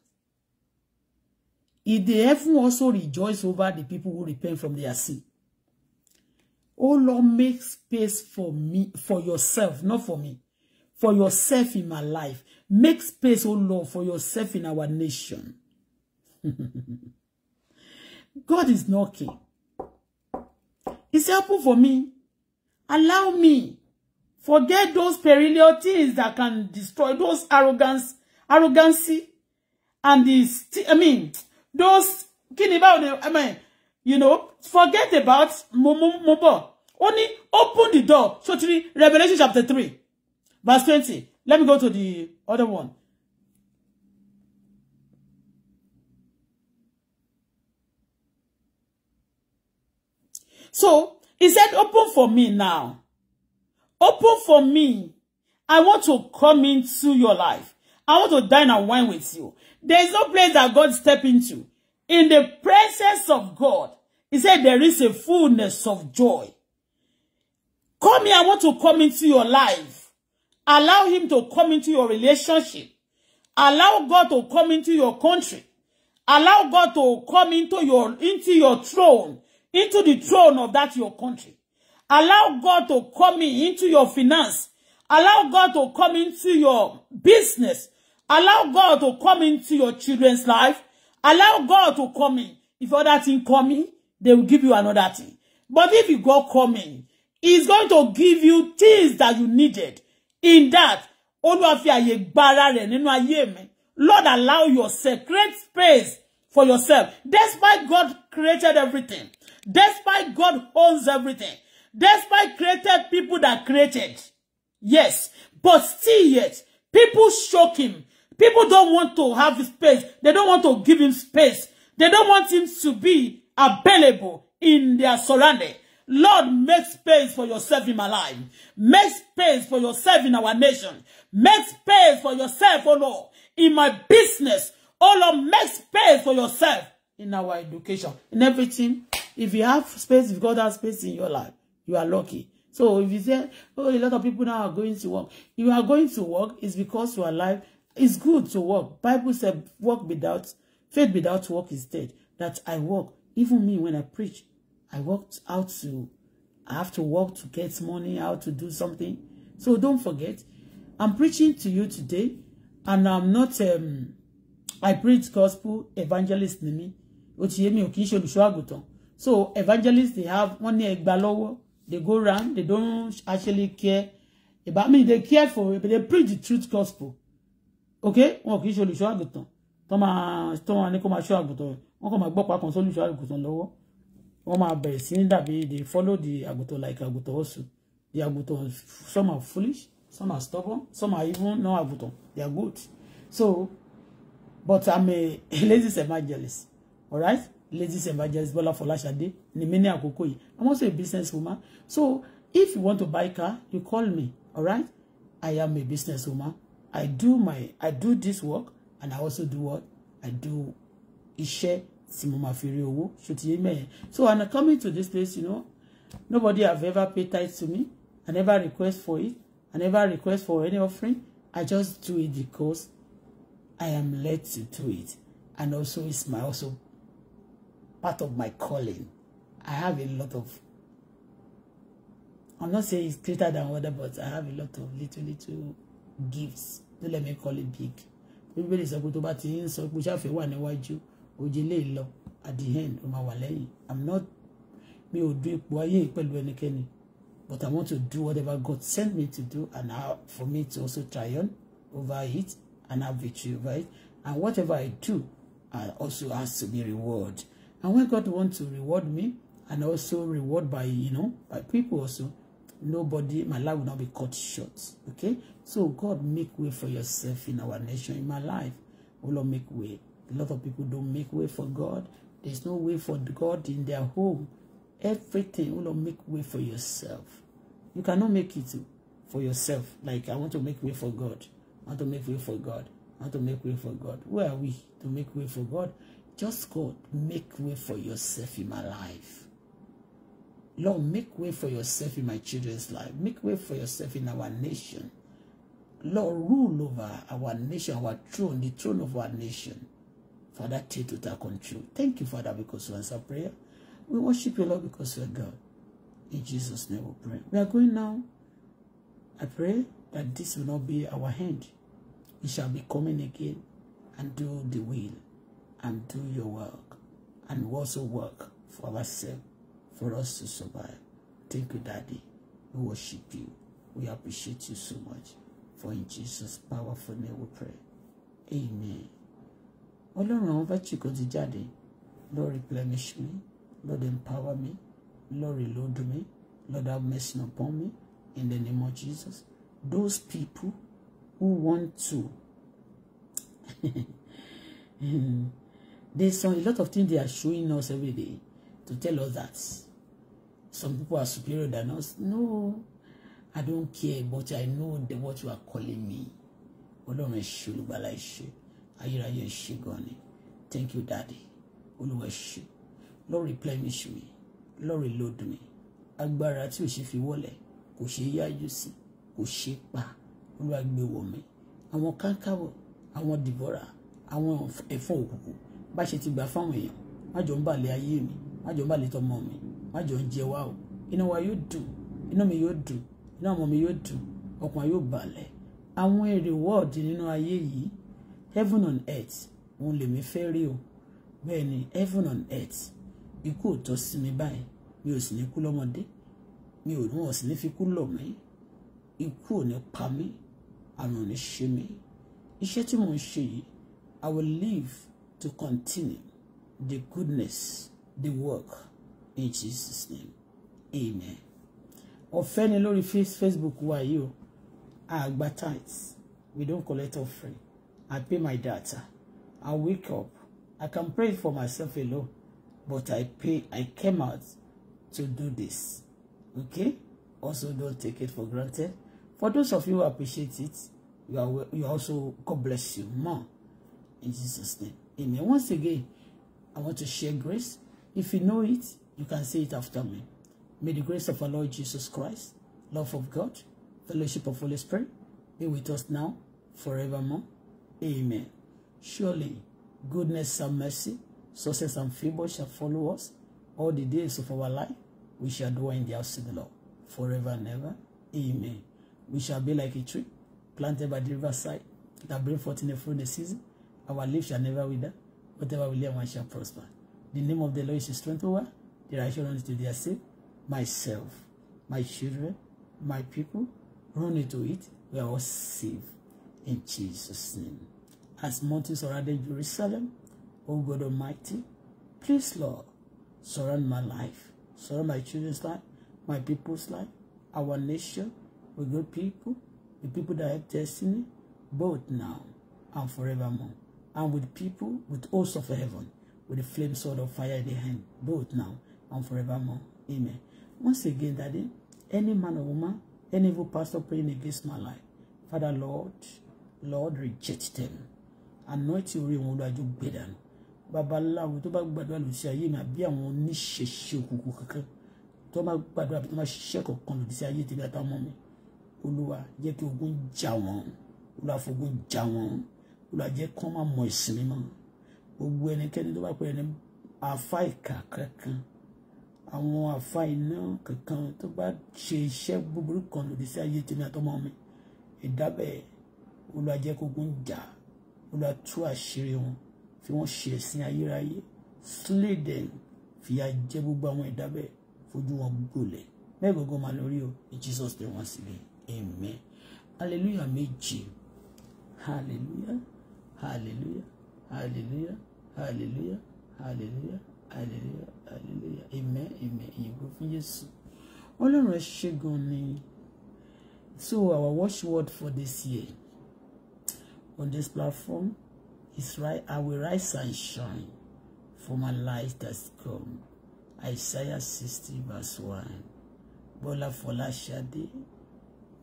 He the heaven also rejoice over the people who repent from their sin. Oh Lord, make space for me, for yourself, not for me, for yourself in my life. Make space, oh Lord, for yourself in our nation. [laughs] God is knocking. It's helpful for me. Allow me. Forget those perennial things that can destroy those arrogance, arrogancy, and this. I mean, those. I mean, you know, forget about mobo. Only open the door. So, three, Revelation chapter three, verse twenty. Let me go to the other one. So, he said, open for me now. Open for me. I want to come into your life. I want to dine and wine with you. There is no place that God step into. In the presence of God, he said, there is a fullness of joy. Come here, I want to come into your life. Allow him to come into your relationship. Allow God to come into your country. Allow God to come into your into your throne, into the throne of that your country. Allow God to come in, into your finance. Allow God to come into your business. Allow God to come into your children's life. Allow God to come in. If other thing come in, they will give you another thing. But if you go coming, He's going to give you things that you needed in that olúwa fi àyè gba ara rẹ̀ nínú ayé mi lord allow yourself create space for yourself despite god created everything despite god owns everything despite created people that created yes but still yet people shock him people don't want to have space they don't want to give him space they don't want him to be available in their surrounding Lord, make space for yourself in my life. Make space for yourself in our nation. Make space for yourself, oh Lord, in my business. Oh Lord, make space for yourself in our education, in everything. If you have space, if God has space in your life, you are lucky. So if you say, oh, a lot of people now are going to work. If you are going to work, it's because you are alive. It's good to work. Bible said, work without, faith without work is dead. That I work. Even me, when I preach, I worked out to, I have to work to get money, how to do something. So don't forget, I'm preaching to you today, and I'm not, um, I preach gospel evangelist ni mi. Ó ti yé mi, ò kì í ṣe So evangelists, they have wọ́n ní ẹgbàá They go round, they don't actually care about me. they care for it, but they preach the truth gospel. Okay? okay. kì í ṣe olùṣọ́ àgùntàn. Tọ́ máa tọ́ wọn ní kó máa ṣọ́ àgùntàn. Wọ́n kàn máa gbọ́ pa kan sólùṣọ́ àgùntàn lọ́wọ́ wọ́n máa bẹ̀rẹ̀ sí ní dàbí they follow the àgùntàn like àgùntàn also the àgùntàn some are foolish some are stubborn some are even no àgùntàn they are good so but i'm a lazy evangelist all right ladies evangelist Bola Folashade ni mi ní àkókò yìí i'm also a business woman so if you want to buy car you call me all right i am a business woman i do my i do this work and i also do what i do iṣẹ́ tí mo máa fi rí owó ṣòtì yé so when I come to this place you know nobody have ever paid tithe to me I never request for it I never request for any offering I just do it because I am led to do it and also it's my also part of my calling I have a lot of I'm not saying it's greater than other, but I have a lot of little, little gifts. Don't let me call it big. Everybody is sọ pé tó bá which I feel one and why you òjèlè lọ at the end ó máa wà lẹ́yìn i'm not mi ò du ipò ayé pẹ̀lú ẹnikẹ́ni but i want to do whatever god sent me to do and how for me to also triumph over it and have victory over it and whatever i do i also has to be reward and when god want to reward me and also reward by you know by people also nobody my life will not be cut short okay so god make way for yourself in our nation in my life o lord make way A lot of people don't make way for God. There's no way for God in their home. Everything will not make way for yourself. You cannot make it for yourself. Like, I want to make way for God. I want to make way for God. I want to make way for God. Where are we to make way for God? Just God, make way for yourself in my life. Lord, make way for yourself in my children's life. Make way for yourself in our nation. Lord, rule over our nation, our throne, the throne of our nation. Father, take total control. Thank you, Father, because you answer prayer. We worship you, Lord, because you are God. In Jesus' name we pray. We are going now. I pray that this will not be our hand. We shall be coming again and do the will and do your work and also work for ourselves, for us to survive. Thank you, Daddy. We worship you. We appreciate you so much. For in Jesus' powerful name we pray. Amen. ọlọ́run àwọn virtue ti jáde lord replenish me lord empower me lord reload me lord have mercy upon me in the name of jesus those people who want to [laughs] there's some, a lot of things they are showing us every day to tell us that some people are superior than us no i don't care but i know the, what you are calling me ọlọ́run ẹ̀ ṣe olùgbàlà ẹ̀ ṣe ayérayé ṣe gan ni thank you daddy olúwa ṣe lord replenish me lord reload me agbára tí ò ṣe fi wọlẹ̀ kò ṣe yájú sí kò ṣe pa olúwa gbé wọ̀ mí àwọn káńkáwọ̀ àwọn dìbọ̀rà àwọn ẹ̀fọn òkùnkùn bá ṣe ti gbà fáwọn èèyàn má jọ ń balẹ̀ ayé mi má jọ ń balẹ̀ tọmọ mi má jọ ń jẹ wá o inú wa yóò dùn inú mi yóò dùn inú ọmọ mi yóò dùn ọkàn yóò balẹ̀ àwọn èrè wọ́ọ̀dì nínú ayé yìí heaven on earth òun lèmi fẹ́ rí o bẹ́ẹ̀ ni heaven on earth ikú ò tọ́ sí mi báyìí mi ò sì ní kú lọ́mọdé mi ò níwọ̀n sì ní fi kú lọ̀ mí ikú ò ní pa mí àrùn ò ní ṣe mí iṣẹ́ tí mò ń ṣe yìí I will live to continue the goodness the work in Jesus name amen ọ̀fẹ́ ni lórí Facebook wa yìí o àgbà tithes we don't collect offering I pay my data. I wake up. I can pray for myself alone, but I pay. I came out to do this. Okay. Also, don't take it for granted. For those of you who appreciate it, you are you also God bless you more in Jesus' name. Amen. Once again, I want to share grace. If you know it, you can say it after me. May the grace of our Lord Jesus Christ, love of God, fellowship of Holy Spirit be with us now, forevermore. Amen. Surely, goodness and mercy, success and favor shall follow us all the days of our life. We shall dwell in the house of the Lord forever and ever. Amen. We shall be like a tree planted by the riverside that bring forth in the fruit of the season. Our leaves shall never wither. Whatever we lay on shall prosper. The name of the Lord is a strength over. The righteous run to their safe. Myself, my children, my people, run into it. We are all saved in Jesus' name. As mountains surrounded Jerusalem, O God Almighty, please, Lord, surround my life, surround my children's life, my people's life, our nation, with good people, the people that have destiny, both now and forevermore, and with people with hosts of heaven, with the flame sword of fire in the hand, both now and forevermore. Amen. Once again, Daddy, any man or woman, any evil pastor praying against my life, Father Lord, Lord reject them Anoint your ring olùwàjò gbẹdànù babaláwo tó bá gbàdúrà toba sí ayé mi àbí àwọn oníṣẹ̀ṣe òkùnkùn kankan Toma bá gbàdúrà àbí tó bá ṣiṣẹ́ kankan lòdì sí ayé tèmi àtàwọn ọmọ mi olúwa jẹ́ kí ogun jà wọ́n olúwa fogun jà wọ́n olúwa jẹ́ kí wọ́n má mọ ìsinmi mọ́ gbogbo ẹnikẹ́ni tó bá pẹ́ ẹni àfa ìkà kankan àwọn àfa iná kankan tó bá ṣe iṣẹ́ búburú kan lòdì sí ayé Olúwa jẹ́ kógun jà Olúwa àṣírí wọn fi wọ́n ṣe ẹ̀sín ayérayé slay them fìyà gbogbo àwọn ẹ̀dá bẹ́ẹ̀ fojú wọn gbolẹ̀ bẹ́ẹ̀ gbogbo máa lórí o in Jesus name once again amen hallelujah méje hallelujah hallelujah hallelujah hallelujah hallelujah hallelujah hallelujah amen amen ìyìnbó fún Jésù Ọlọ́run ẹ ṣé gan ni so our watchword for this year on this platform is right. I will rise and shine for my light that's come. Isaiah 60 verse 1. Bola Fola Shade.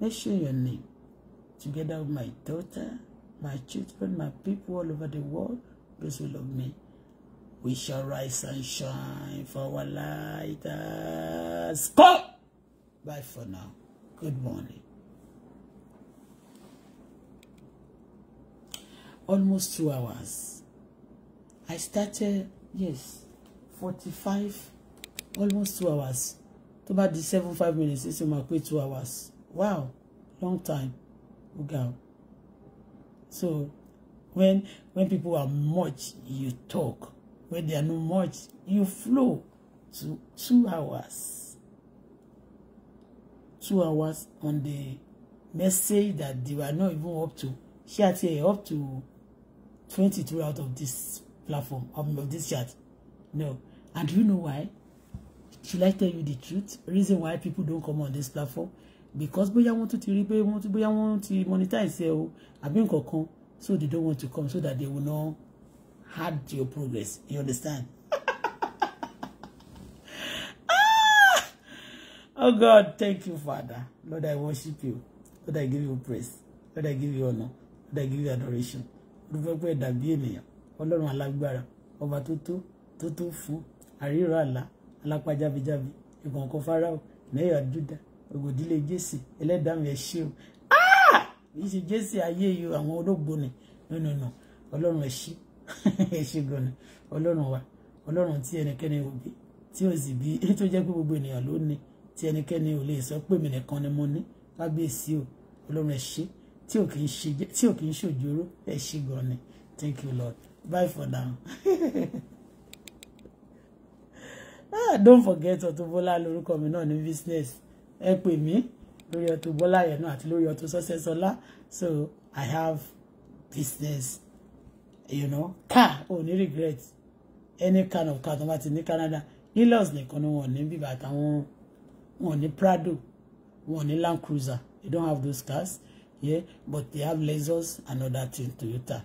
Mention your name. Together with my daughter, my children, my people all over the world, those who love me. We shall rise and shine for our light Go. Bye for now. Good morning. almost two hours. I started, yes, 45, almost two hours. Tó bá di seven five minutes, it's in my quick two hours. Wow, long time. Oga. So, when when people are much, you talk. When they are not much, you flow to two hours. Two hours on the message that they were not even up to. She had say up to 22 out of this platform, um, of this chat, No. And do you know why? Should I tell you the truth? Reason why people don't come on this platform? Because bóyá want to repay. rí pé wọ́n tún bóyá wọ́n ti monetize ẹ o àbí nǹkan kan so they don't want to come so that they will not hard your progress. You understand? ah! [laughs] Oh God, thank you, Father. Lord, I worship you. Lord, I give you praise. Lord, I give you honor. Lord, I give you adoration dúpẹ́pẹ́ dàbí ènìyàn ọlọ́run alágbára ọba tó tó tó tó fún àríra àlá alápá jábíjábí ìkọ̀ǹkan fáráò mẹ́yà dúdà ògòdílé jésì ẹlẹ́dàmì ẹ̀ṣẹ́ o yìí ah! ṣe jésì ayé yìí àwọn olóògbò ni nínú nà ọlọ́run ẹ̀ṣẹ́ [laughs] ẹ̀ṣẹ́ gan ni ọlọ́run wa ọlọ́run tí ẹnikẹ́ni ò bí tí ò sì bí tó jẹ́ pé gbogbo ènìyàn ló ní tí ẹnikẹ́ni ò lè sọ pé mi nìkan ni mo ní lábẹ́ẹ̀sì o ọlọ́run ẹ̀ṣẹ́ tí ò kì í ṣe tí ò kì í ṣòjóró ẹ ṣe gan ni thank you lord bye for now [laughs] ah don't forget Auto Bola lórúkọ mi náà ní business ẹ pè mí lórí Auto Bola yẹn náà àti lórí Auto Success Ola so i have business you know car ò ní regret any kind of car tó bá ti ní Canada nílọ́ọ̀sì nìkan ni wọ́n ní bíbá àtàwọn wọ́n ní Prado wọ́n ní Land Cruiser you don't have those cars Yeah, but they have lasers and other things, to Toyota.